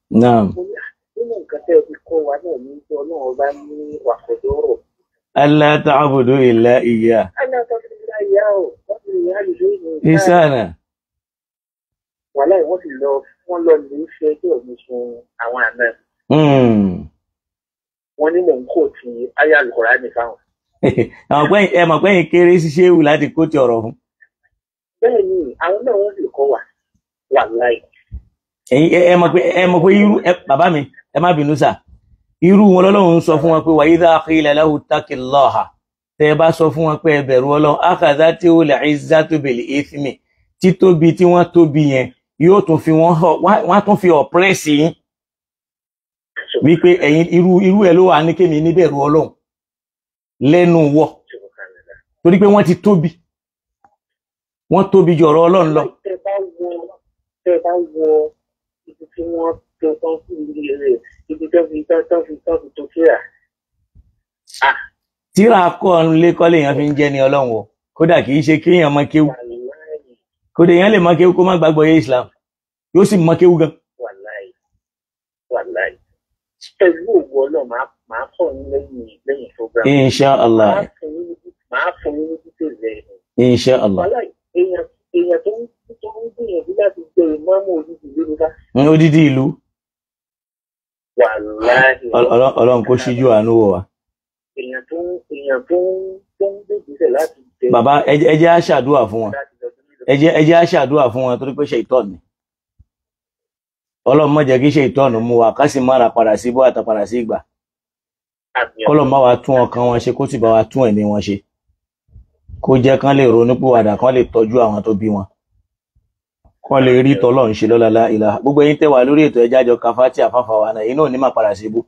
nínú nǹkan tó ti kọ́ wa náà ní tí ọlọ́run bá ní wàkọ̀dọ́rọ̀. Allah ta'budu illa iya. Allah ta'budu illa iya o wọ́n ti rìn àlùjọ ìlú ìlú. wàhálà wọ́n ti lọ wọ́n lọ lè ṣe ẹjọ́ mi sun àwọn àna. Hmm. wọ́n ní mò ń kò tí ayé alukọ̀rá nìkan. *laughs* ẹ mọ̀ pé yín kéré sí ṣéwù láti kó ti ọ̀rọ̀ fún. bẹ́ẹ̀ ni àwọn náà wọ́n sì kọ́ wà wà láì. ẹ mọ̀ pé ẹ mọ̀ pé irú bàbá mi ẹ má bínú sà irú wọn lọ́lọ́run sọ fún wọn pé wàyí dá àkílẹ̀ lahu taqillaha tẹ ẹ bá sọ fún wọn pé ẹ Ọlọ́run àkàdá tí ó lè izzatu bil títóbi tí wọ́n tóbi yẹn yóò tún fi wọ́n wọ́n tún fi ọ̀pẹ́rẹ́ sí wípé ẹ̀yin irú ẹ̀ ló wà ní kémi níbẹ̀rù Ọlọ́run lẹ́nu wọ̀ torí pé wọ́n ti tóbi wọ́n tóbi ju ọ̀rọ̀ Ọlọ́run lọ. tẹ bá wọ tẹ bá wọ ibi tí wọ́n tó tán fún ilé rẹ̀ ibi tó fi tán tán fi tán fi tó kíra. tíra kọ́ ọ̀run lé kọ́lé èèyàn fi ń jẹ́ ni Ọlọ́run wọ̀ kódà kì í ṣe kéèyàn mọ kéwú kódà èèyàn lè mọ kéwú kó má gbàgbọ́ yé Islam yóò sì mọ kéwú gan. pẹ̀lú òwò Ọlọ́run á màá kọ̀ ní lẹ́yìn lẹ́yìn program. inshallah. màá fún yín ní detail lẹ́yìn. inshallah. èèyàn èèyàn tó ń tó ń gbìyànjú láti jẹ ìmọ̀ọ́mù odidi ìlú nìkan. odidi ìlú. wàláhì. ọlọ́run kò ṣíjú àánú wò wá. èèyàn tó ń èèyàn tó ń tó ń gbèsè láti bàbá ẹ jẹ́ á fún wọn ẹ jẹ́ ẹ fún wọn torí pé ṣe ìtọ́ni ọlọ́run má kí ṣe ìtọ́nu mú wa ká padà sí bó àtàpadà sí ìgbà kọ́lọ̀ bá wa tún ọkàn wọn ṣe kó sì bá wa tún ẹ̀mí wọn ṣe kó jẹ́ kán lè ronúpìwàdà kán lè tọ́jú àwọn tó bí wọn kán lè rí tọ́lọ́run ṣe lọ́lọ́lá ìlà gbogbo ẹ̀yin tẹ́wà lórí ètò ẹja jọ ká fátì àfáfà wa náà inú ní màpàrà sí ibú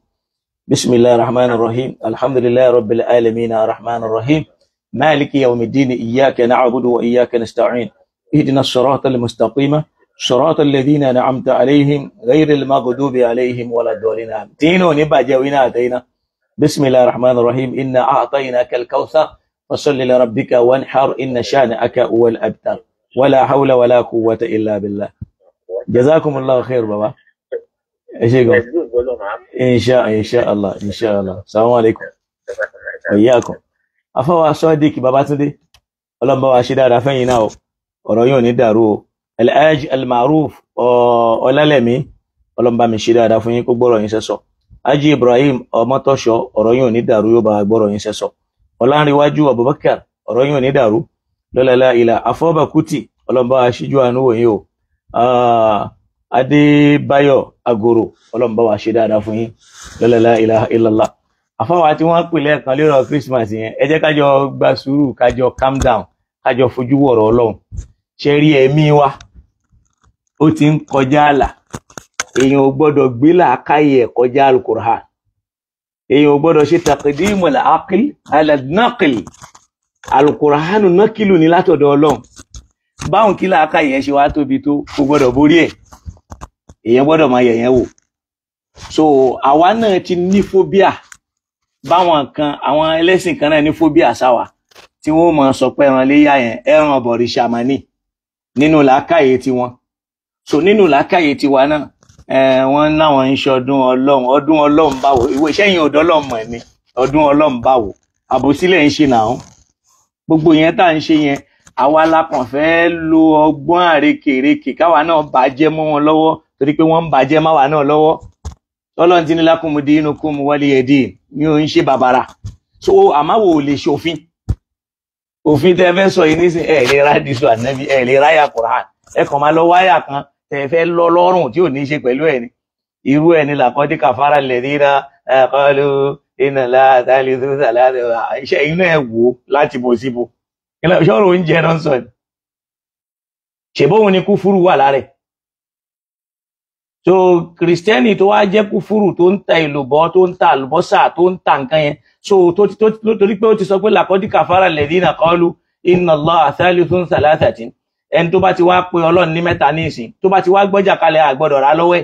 bisimilahi rahman rahim alhamdulilayi rabbil alamin rahman rahim maliki yawmiddin iyyaka na'budu wa iyyaka nasta'in ihdina as-sirata al-mustaqima صراط الذين أنعمت عليهم غير المغضوب عليهم ولا الضالين دينه نبا جوينا دينا bisimilahi rahmanir rahim inna a'tainaka al-kawthar fasalli li rabbika wanhar inna shani'aka huwal abtar wala hawla wala quwwata illa billah jazakumullahu khair baba ẹ ṣé gan insha insha allah insha allah assalamu alaikum wa iyyakum afọwọ sọdík babatunde ọlọmọba wa ṣe dáadáa fẹ̀yìn náà ọ̀rọ̀ yóò ní dàrú o alhaj almaruf ọlálẹmí ọlọmọba mi ṣe dáadáa fún yín kó gbọ́rọ̀ yín sẹsọ Haji Ibrahim Ọmọtọ́ṣọ ọ̀rọ̀ yìí ò ní dàrú yóò bá gbọ́rọ̀ yín sẹ́sọ Ọlánrewájú Abubakar ọ̀rọ̀ yìí ò ní dàrú lọ́lẹ́lá ilà Afọ́bàkútì ọlọ́mọba aṣíjú àánú wòye o Adébáyọ̀ Agoro ọlọ́mọba wa ṣe dáadáa fún yín lọ́lẹ́lá ilà ilàlá àfọwà tí wọ́n pè lẹ́ẹ̀kan lérò Christmas yẹn ẹ jẹ́ kájọ gba sùúrù kájọ calm down kájọ fojú wọ̀rọ̀ Ọlọ́run ṣe rí ẹ̀mí wa ó ti ń kọjá àlà èèyàn ò gbọ́dọ̀ gbé làákàyè ẹ̀ kọjá alukur'an èèyàn ò gbọ́dọ̀ ṣe taqdimu al-aql ala al-naql alukur'anu nakilu ni látọ̀dọ̀ ọlọ́run báwọn kí làákàyè ẹ̀ ṣe wá tóbi tó kò gbọ́dọ̀ borí ẹ̀ èèyàn gbọ́dọ̀ máa yẹ̀yẹ́ wò so àwa náà ti ní fóbíà báwọn kan àwọn ẹlẹ́sìn kan náà ní fóbíà sáwà tí wọ́n mọ̀ sọ pé ẹran léyà yẹn ẹran bọ̀rìṣàmánì nínú làákàyè tiwọn so nínú làákàyè tiwa náà wọ́n láwọn ń ṣe ọdún ọlọ́run ọdún ọlọ́run báwo ìwé sẹ́yìn ọ̀dọ́ ọlọ́mọ ẹ̀ ni ọdún ọlọ́run báwo àbòsílẹ̀ ń ṣe nàá gbogbo yẹn tá à ń ṣe yẹn àwa la kàn fẹ́ lo ọgbọ́n àrekèrèkè káwa náà bàjẹ́ mọ́ wọn lọ́wọ́ torí pé wọ́n ń bàjẹ́ máwa náà lọ́wọ́ ọlọ́run ti ní lákùnmùdí inú kún mu wálé ẹ̀dí ni ò ń ṣe bàbàrà so àmáwò ò lè ṣòfin òfin tẹ fẹ́ sọ yìí nísìnyí ẹ̀ lè ra disu ànábi ẹ̀ lè ráyà kùrán ẹ̀ kàn máa lọ wáyà kan tẹ fẹ́ lọ lọ́rùn tí ò ní í ṣe pẹ̀lú ẹ̀ ni irú ẹni làkọ́dí kàfàrà lẹ́dínà ẹ̀kọ́lù iná látàlí tó sàlàdé iṣẹ́ iná ẹ̀ wò láti bò síbo ìṣọ́rọ̀ oúnjẹ náà ń sọ ni ṣèbóhun ni kúfúrú wà lára so kìrìsìtẹ́nì tó wá jẹ́ kúfúrú tó ń ta ìlùbọ́ tó ń ta àlùbọ́sà tó ń ta nǹkan yẹn so torí pé ó ti sọ pé làkọ́dí kàfàrà lẹ́dínà kọ́lù iná lọ́ àtàlí tó sàlàdé ẹni tó bá ti wá pé ọlọ́run ní mẹ́ta ní ìsìn tó bá ti wá gbọ́jà kalẹ̀ àgbọ́dọ̀ rà lọ́wọ́ ẹ̀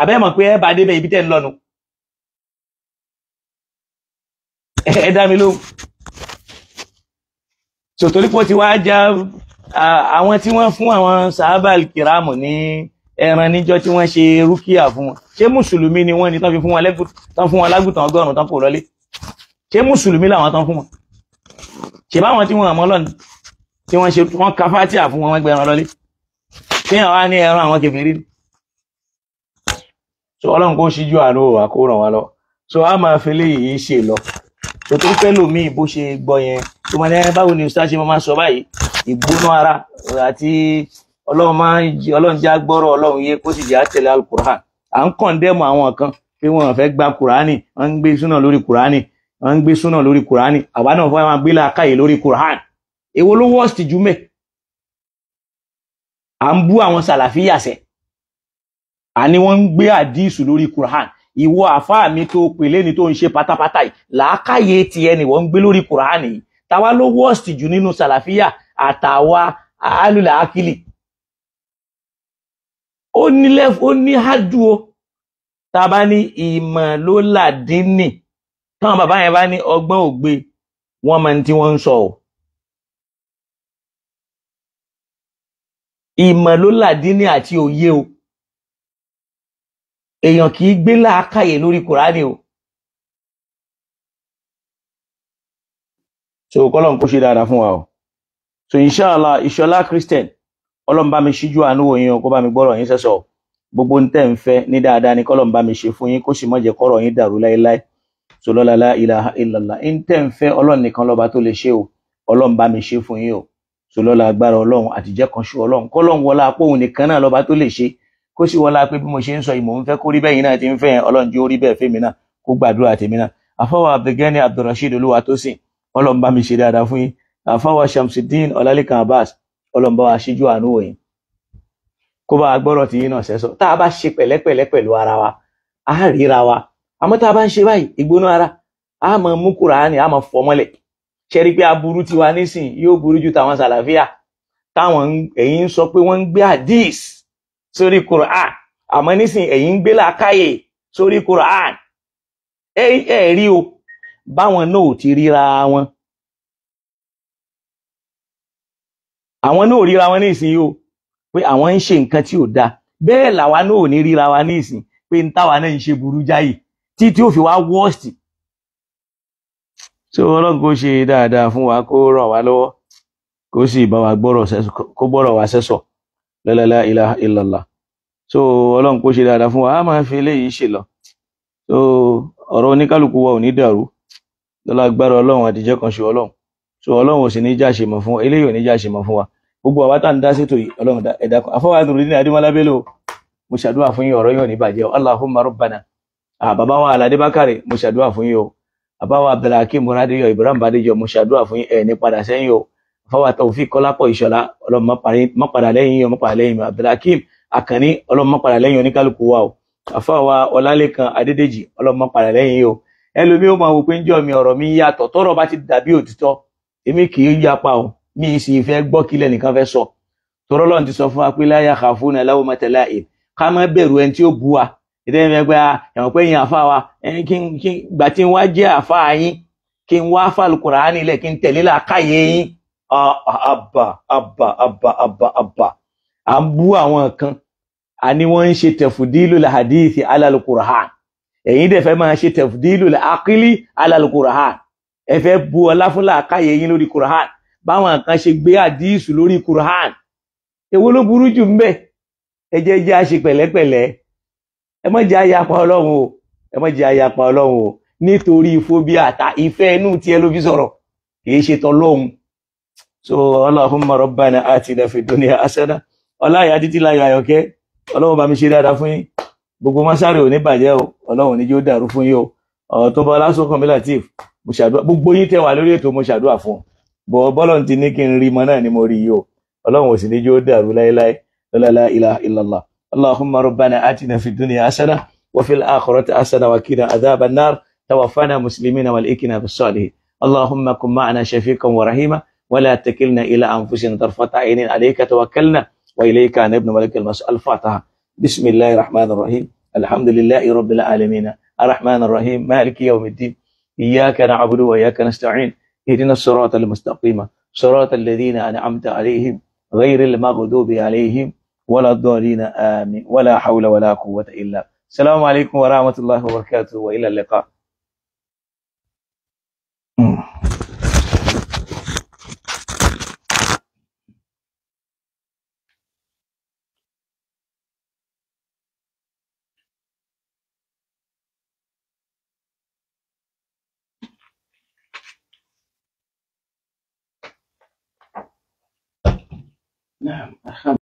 àbẹ́ mọ̀ pé ẹ bá débẹ̀ ibi tẹ́ ń lọ́nu. ẹ dá mi lóhùn. sòtòrí pé ó ti wá já àwọn tí wọ́n fún àwọn sahaba kiramu ní ẹran níjọ́ tí wọ́n ṣe rúkìá fún wọn ṣé mùsùlùmí ni wọ́n ni tán fi fún wọn tán fún wọn lágùtàn ọgọ́rùn-ún tán kò lọlé ṣé mùsùlùmí làwọn tán fún wọn ṣèbáwọn tí wọn àmọ́ lọ́nà tí wọ́n ṣe wọ́n ka fátíà fún wọn gbẹran lọlé téèyàn wá ní ẹran àwọn kèfèrí ni so ọlọ́run kó ṣíjú àánú wa kó ràn wá lọ so a máa fi léyìí ṣe lọ so tó fẹ́ lòmíì bó ṣe gbọ́ yẹn tó máa ní ẹ báwo ni ustaz ṣe máa sọ báyìí ìgbóná ara àti ọlọ́run máa ń ọlọ́run já gbọ́rọ̀ ọlọ́run yé kó sì jẹ́ àtẹ̀lé alukur'an à ń kọ̀ndẹ́mù àwọn kan pé wọn fẹ́ gba kùránì wọ́n ń gbé súnà lórí kùránì wọ́n ń gbé súnà lórí kùránì àwa náà fẹ́ máa gbé làákàyè lórí kùránì èwo ló worst jù mẹ́ à ń bú àwọn sàlàfíà sẹ́ à ní wọ́n ń gbé àdíìsù lórí Quran ìwọ àfáà mi tó pè léni tó ń ṣe pátápátá yìí làákàyè tiẹ̀ ni wọ́n ń gbé lórí Quran yìí táwa ló worst jù nínú sàlàfíà àtàwa àálùlà ákìlì ó ní lẹ́f o tá a bá ní ìmọ̀ ló là dín nì táwọn bàbá yẹn bá ní ọgbọ́n ògbé wọ́n máa ń tí wọ́n ìmọ̀ ló làdínì àti òye o èèyàn kì í gbé làákàyè lórí kùránì o so kọ́lọ́n kó ṣe dáadáa fún wa o so inṣàlá ìṣọlá christian ọlọ́run bá mi ṣíjú àánú wò yín o kó bá mi gbọ́rọ̀ yín sẹ́sọ̀ gbogbo ń tẹ̀ ń fẹ́ ní dáadáa ni kọ́lọ́n bá mi ṣe fún yín kó sì má jẹ́ kọ́rọ̀ yín dàrú láéláé so lọ́lá la ń tẹ̀ ń fẹ́ ọlọ́run nìkan lọ́ba tó lè ṣe o ọlọ́run bá mi ṣe fún yín o so lọ́la agbára ọlọ́run àtijẹ́ kan ṣú ọlọ́run kọ́lọ́run wọlá apóhùn nìkan náà lọ́ba tó lè ṣe kó sì wọlá pé bí mo ṣe ń sọ ìmọ̀ ń fẹ́ kó rí bẹ́yìn náà ti ń fẹ́ yẹn ọlọ́run jẹ́ orí bẹ́ẹ̀ fẹ́mi náà kó gbàdúrà tèmi náà àfáwà abdulgani abdulrasheed olúwatósìn ọlọ́run bá mi ṣe dáadáa fún yín àfáwà shamsuddin ọlálẹ́kan abbas ọlọ́run bá wa ṣíjú àánú wò kó bá gbọ́rọ̀ tí yín náà ṣẹ́ ara wa a ríra wa ṣẹ́rí pé aburú tiwa nísìn yóò burú ju tàwọn sàlàfíà táwọn ẹ̀yin ń sọ pé wọ́n ń gbé hadith sórí Quran àmọ́ nísìn ẹ̀yin ń gbé làákàyè sórí Quran ẹ ẹ rí o báwọn náà ò ti ríra wọn àwọn náà ò ríra wọn nísìn o pé àwọn ń ṣe nǹkan tí ò dáa bẹ́ẹ̀ làwa náà ò ní ríra wa nísìn pé ń táwa náà ń ṣe burú jáì títí ó fi wá wọ́ọ̀sì so ọlọ́run kò ṣe dáadáa fún wa kó ràn wá lọ́wọ́ kó sì bá wa gbọ́rọ̀ kó gbọ́rọ̀ wá sẹ́sọ̀ lálálá ilaha illallah so ọlọ́run kò ṣe dáadáa fún wa a máa fi eléyìí ṣe lọ so ọ̀rọ̀ oníkálukú wa ò ní dàrú lọ́la gbára ọlọ́run àtijọ́ kan ṣe ọlọ́run so ọlọ́run ò sì ní já ṣe mọ̀ fún wa eléyìí ò ní já ṣe mọ̀ fún wa gbogbo àwa tá à ń dá sétò yìí ọlọ́run ẹ̀dá kan afọwádùn ní adémọlá bello mo ṣàdúrà fún yín ọ̀rọ̀ yín ní bàjẹ́ Allahumma rabbana àbàbá wa aládébákàrè mo ṣàdúrà fún yín o àbáwọ abdulhakeem ọládéyọ ibrahim bàdéjọ mo ṣàdúrà fún ẹ ní padà sẹ́yìn o àfáwà taofik kọlápọ ìṣọlá ọlọmọ padà lẹ́yìn yọ mọpadà lẹ́yìn abdulhakeem akànní ọlọmọ padà lẹ́yìn oníkálukú wa o àfáwà ọlálẹkan adédèjì ọlọmọ padà lẹ́yìn o ẹlòmí ó máa wò pé ń jọ mi ọ̀rọ̀ mi yàtọ̀ tọ́rọ̀ bá ti dàbí òtítọ́ èmi kì í yapa o mi sì fẹ́ gbọ́ kílẹ nìkan fẹ́ sọ tọrọlọrun ti sọ fún wa pé láyà kàfún náà láwọn mọtẹlá ẹ ká má bẹ̀rù ẹni tí ó bu wa ìtẹ́yìn mẹ́gbẹ́ ẹ̀wọ̀n pé ah, yín àfa wa gbà tí wọ́n jẹ́ àfa yín kí n wá fàlùkùránì lẹ̀ kí n tẹ̀lé làákàyè yín àbà àbà àbà àbà àbà à ń bú àwọn kan a ní wọ́n ń ṣe tẹ̀fùdílù làhàdíìsì alálùkùránì ẹ̀yin dẹ̀ fẹ́ máa ṣe tẹ̀fùdílù làákìlì alálùkùránì ẹ fẹ́ bu ọlá fún làákàyè yín lórí kùránì báwọn kan ṣe gbé àdíìsù lórí kùránì èwo ló burú jù ń bẹ̀ ẹ jẹ́ jẹ́ àṣe ẹ má jẹ́ ayapa ọlọ́run o ẹ má jẹ́ ayapa ọlọ́run o nítorí fóbíà ta ìfẹ́ inú tí ẹ ló fi sọ̀rọ̀ kìí ṣe tọlọ́hun so Allahumma rabbana atina fid dunya hasana ọláyà títí láyọ̀ àyọ̀kẹ́ ọlọ́run bá mi ṣe dáadáa fún yín gbogbo mọ́sáré ò ní bàjẹ́ o ọlọ́run ní jó dàrú fún yín o ọ̀rọ̀ tó bá lásán kan mílàtíf mo ṣàdúrà gbogbo yín tẹ́ wà lórí ètò mo ṣàdúrà fún bọ̀ bọ́lọ̀ ti ní kí n rí mọ náà ni mo rí yìí o ọlọ́run ò sì ní jó dàrú láéláé lọ́lá ilá ìlàlá اللهم ربنا آتنا في الدنيا حسنة وفي الآخرة حسنة وكنا عذاب النار توفنا مسلمين والإكنا بالصالحين اللهم كن معنا شفيقا ورحيما ولا تكلنا إلى أنفسنا طرفة عين عليك توكلنا وإليك ابن ملك المسألة الفاتحة بسم الله الرحمن الرحيم الحمد لله رب العالمين الرحمن الرحيم مالك يوم الدين إياك نعبد وإياك نستعين اهدنا الصراط المستقيم صراط الذين أنعمت عليهم غير المغضوب عليهم ولا الضالين آمين ولا حول ولا قوة إلا السلام عليكم ورحمة الله وبركاته وإلى اللقاء نعم أخذ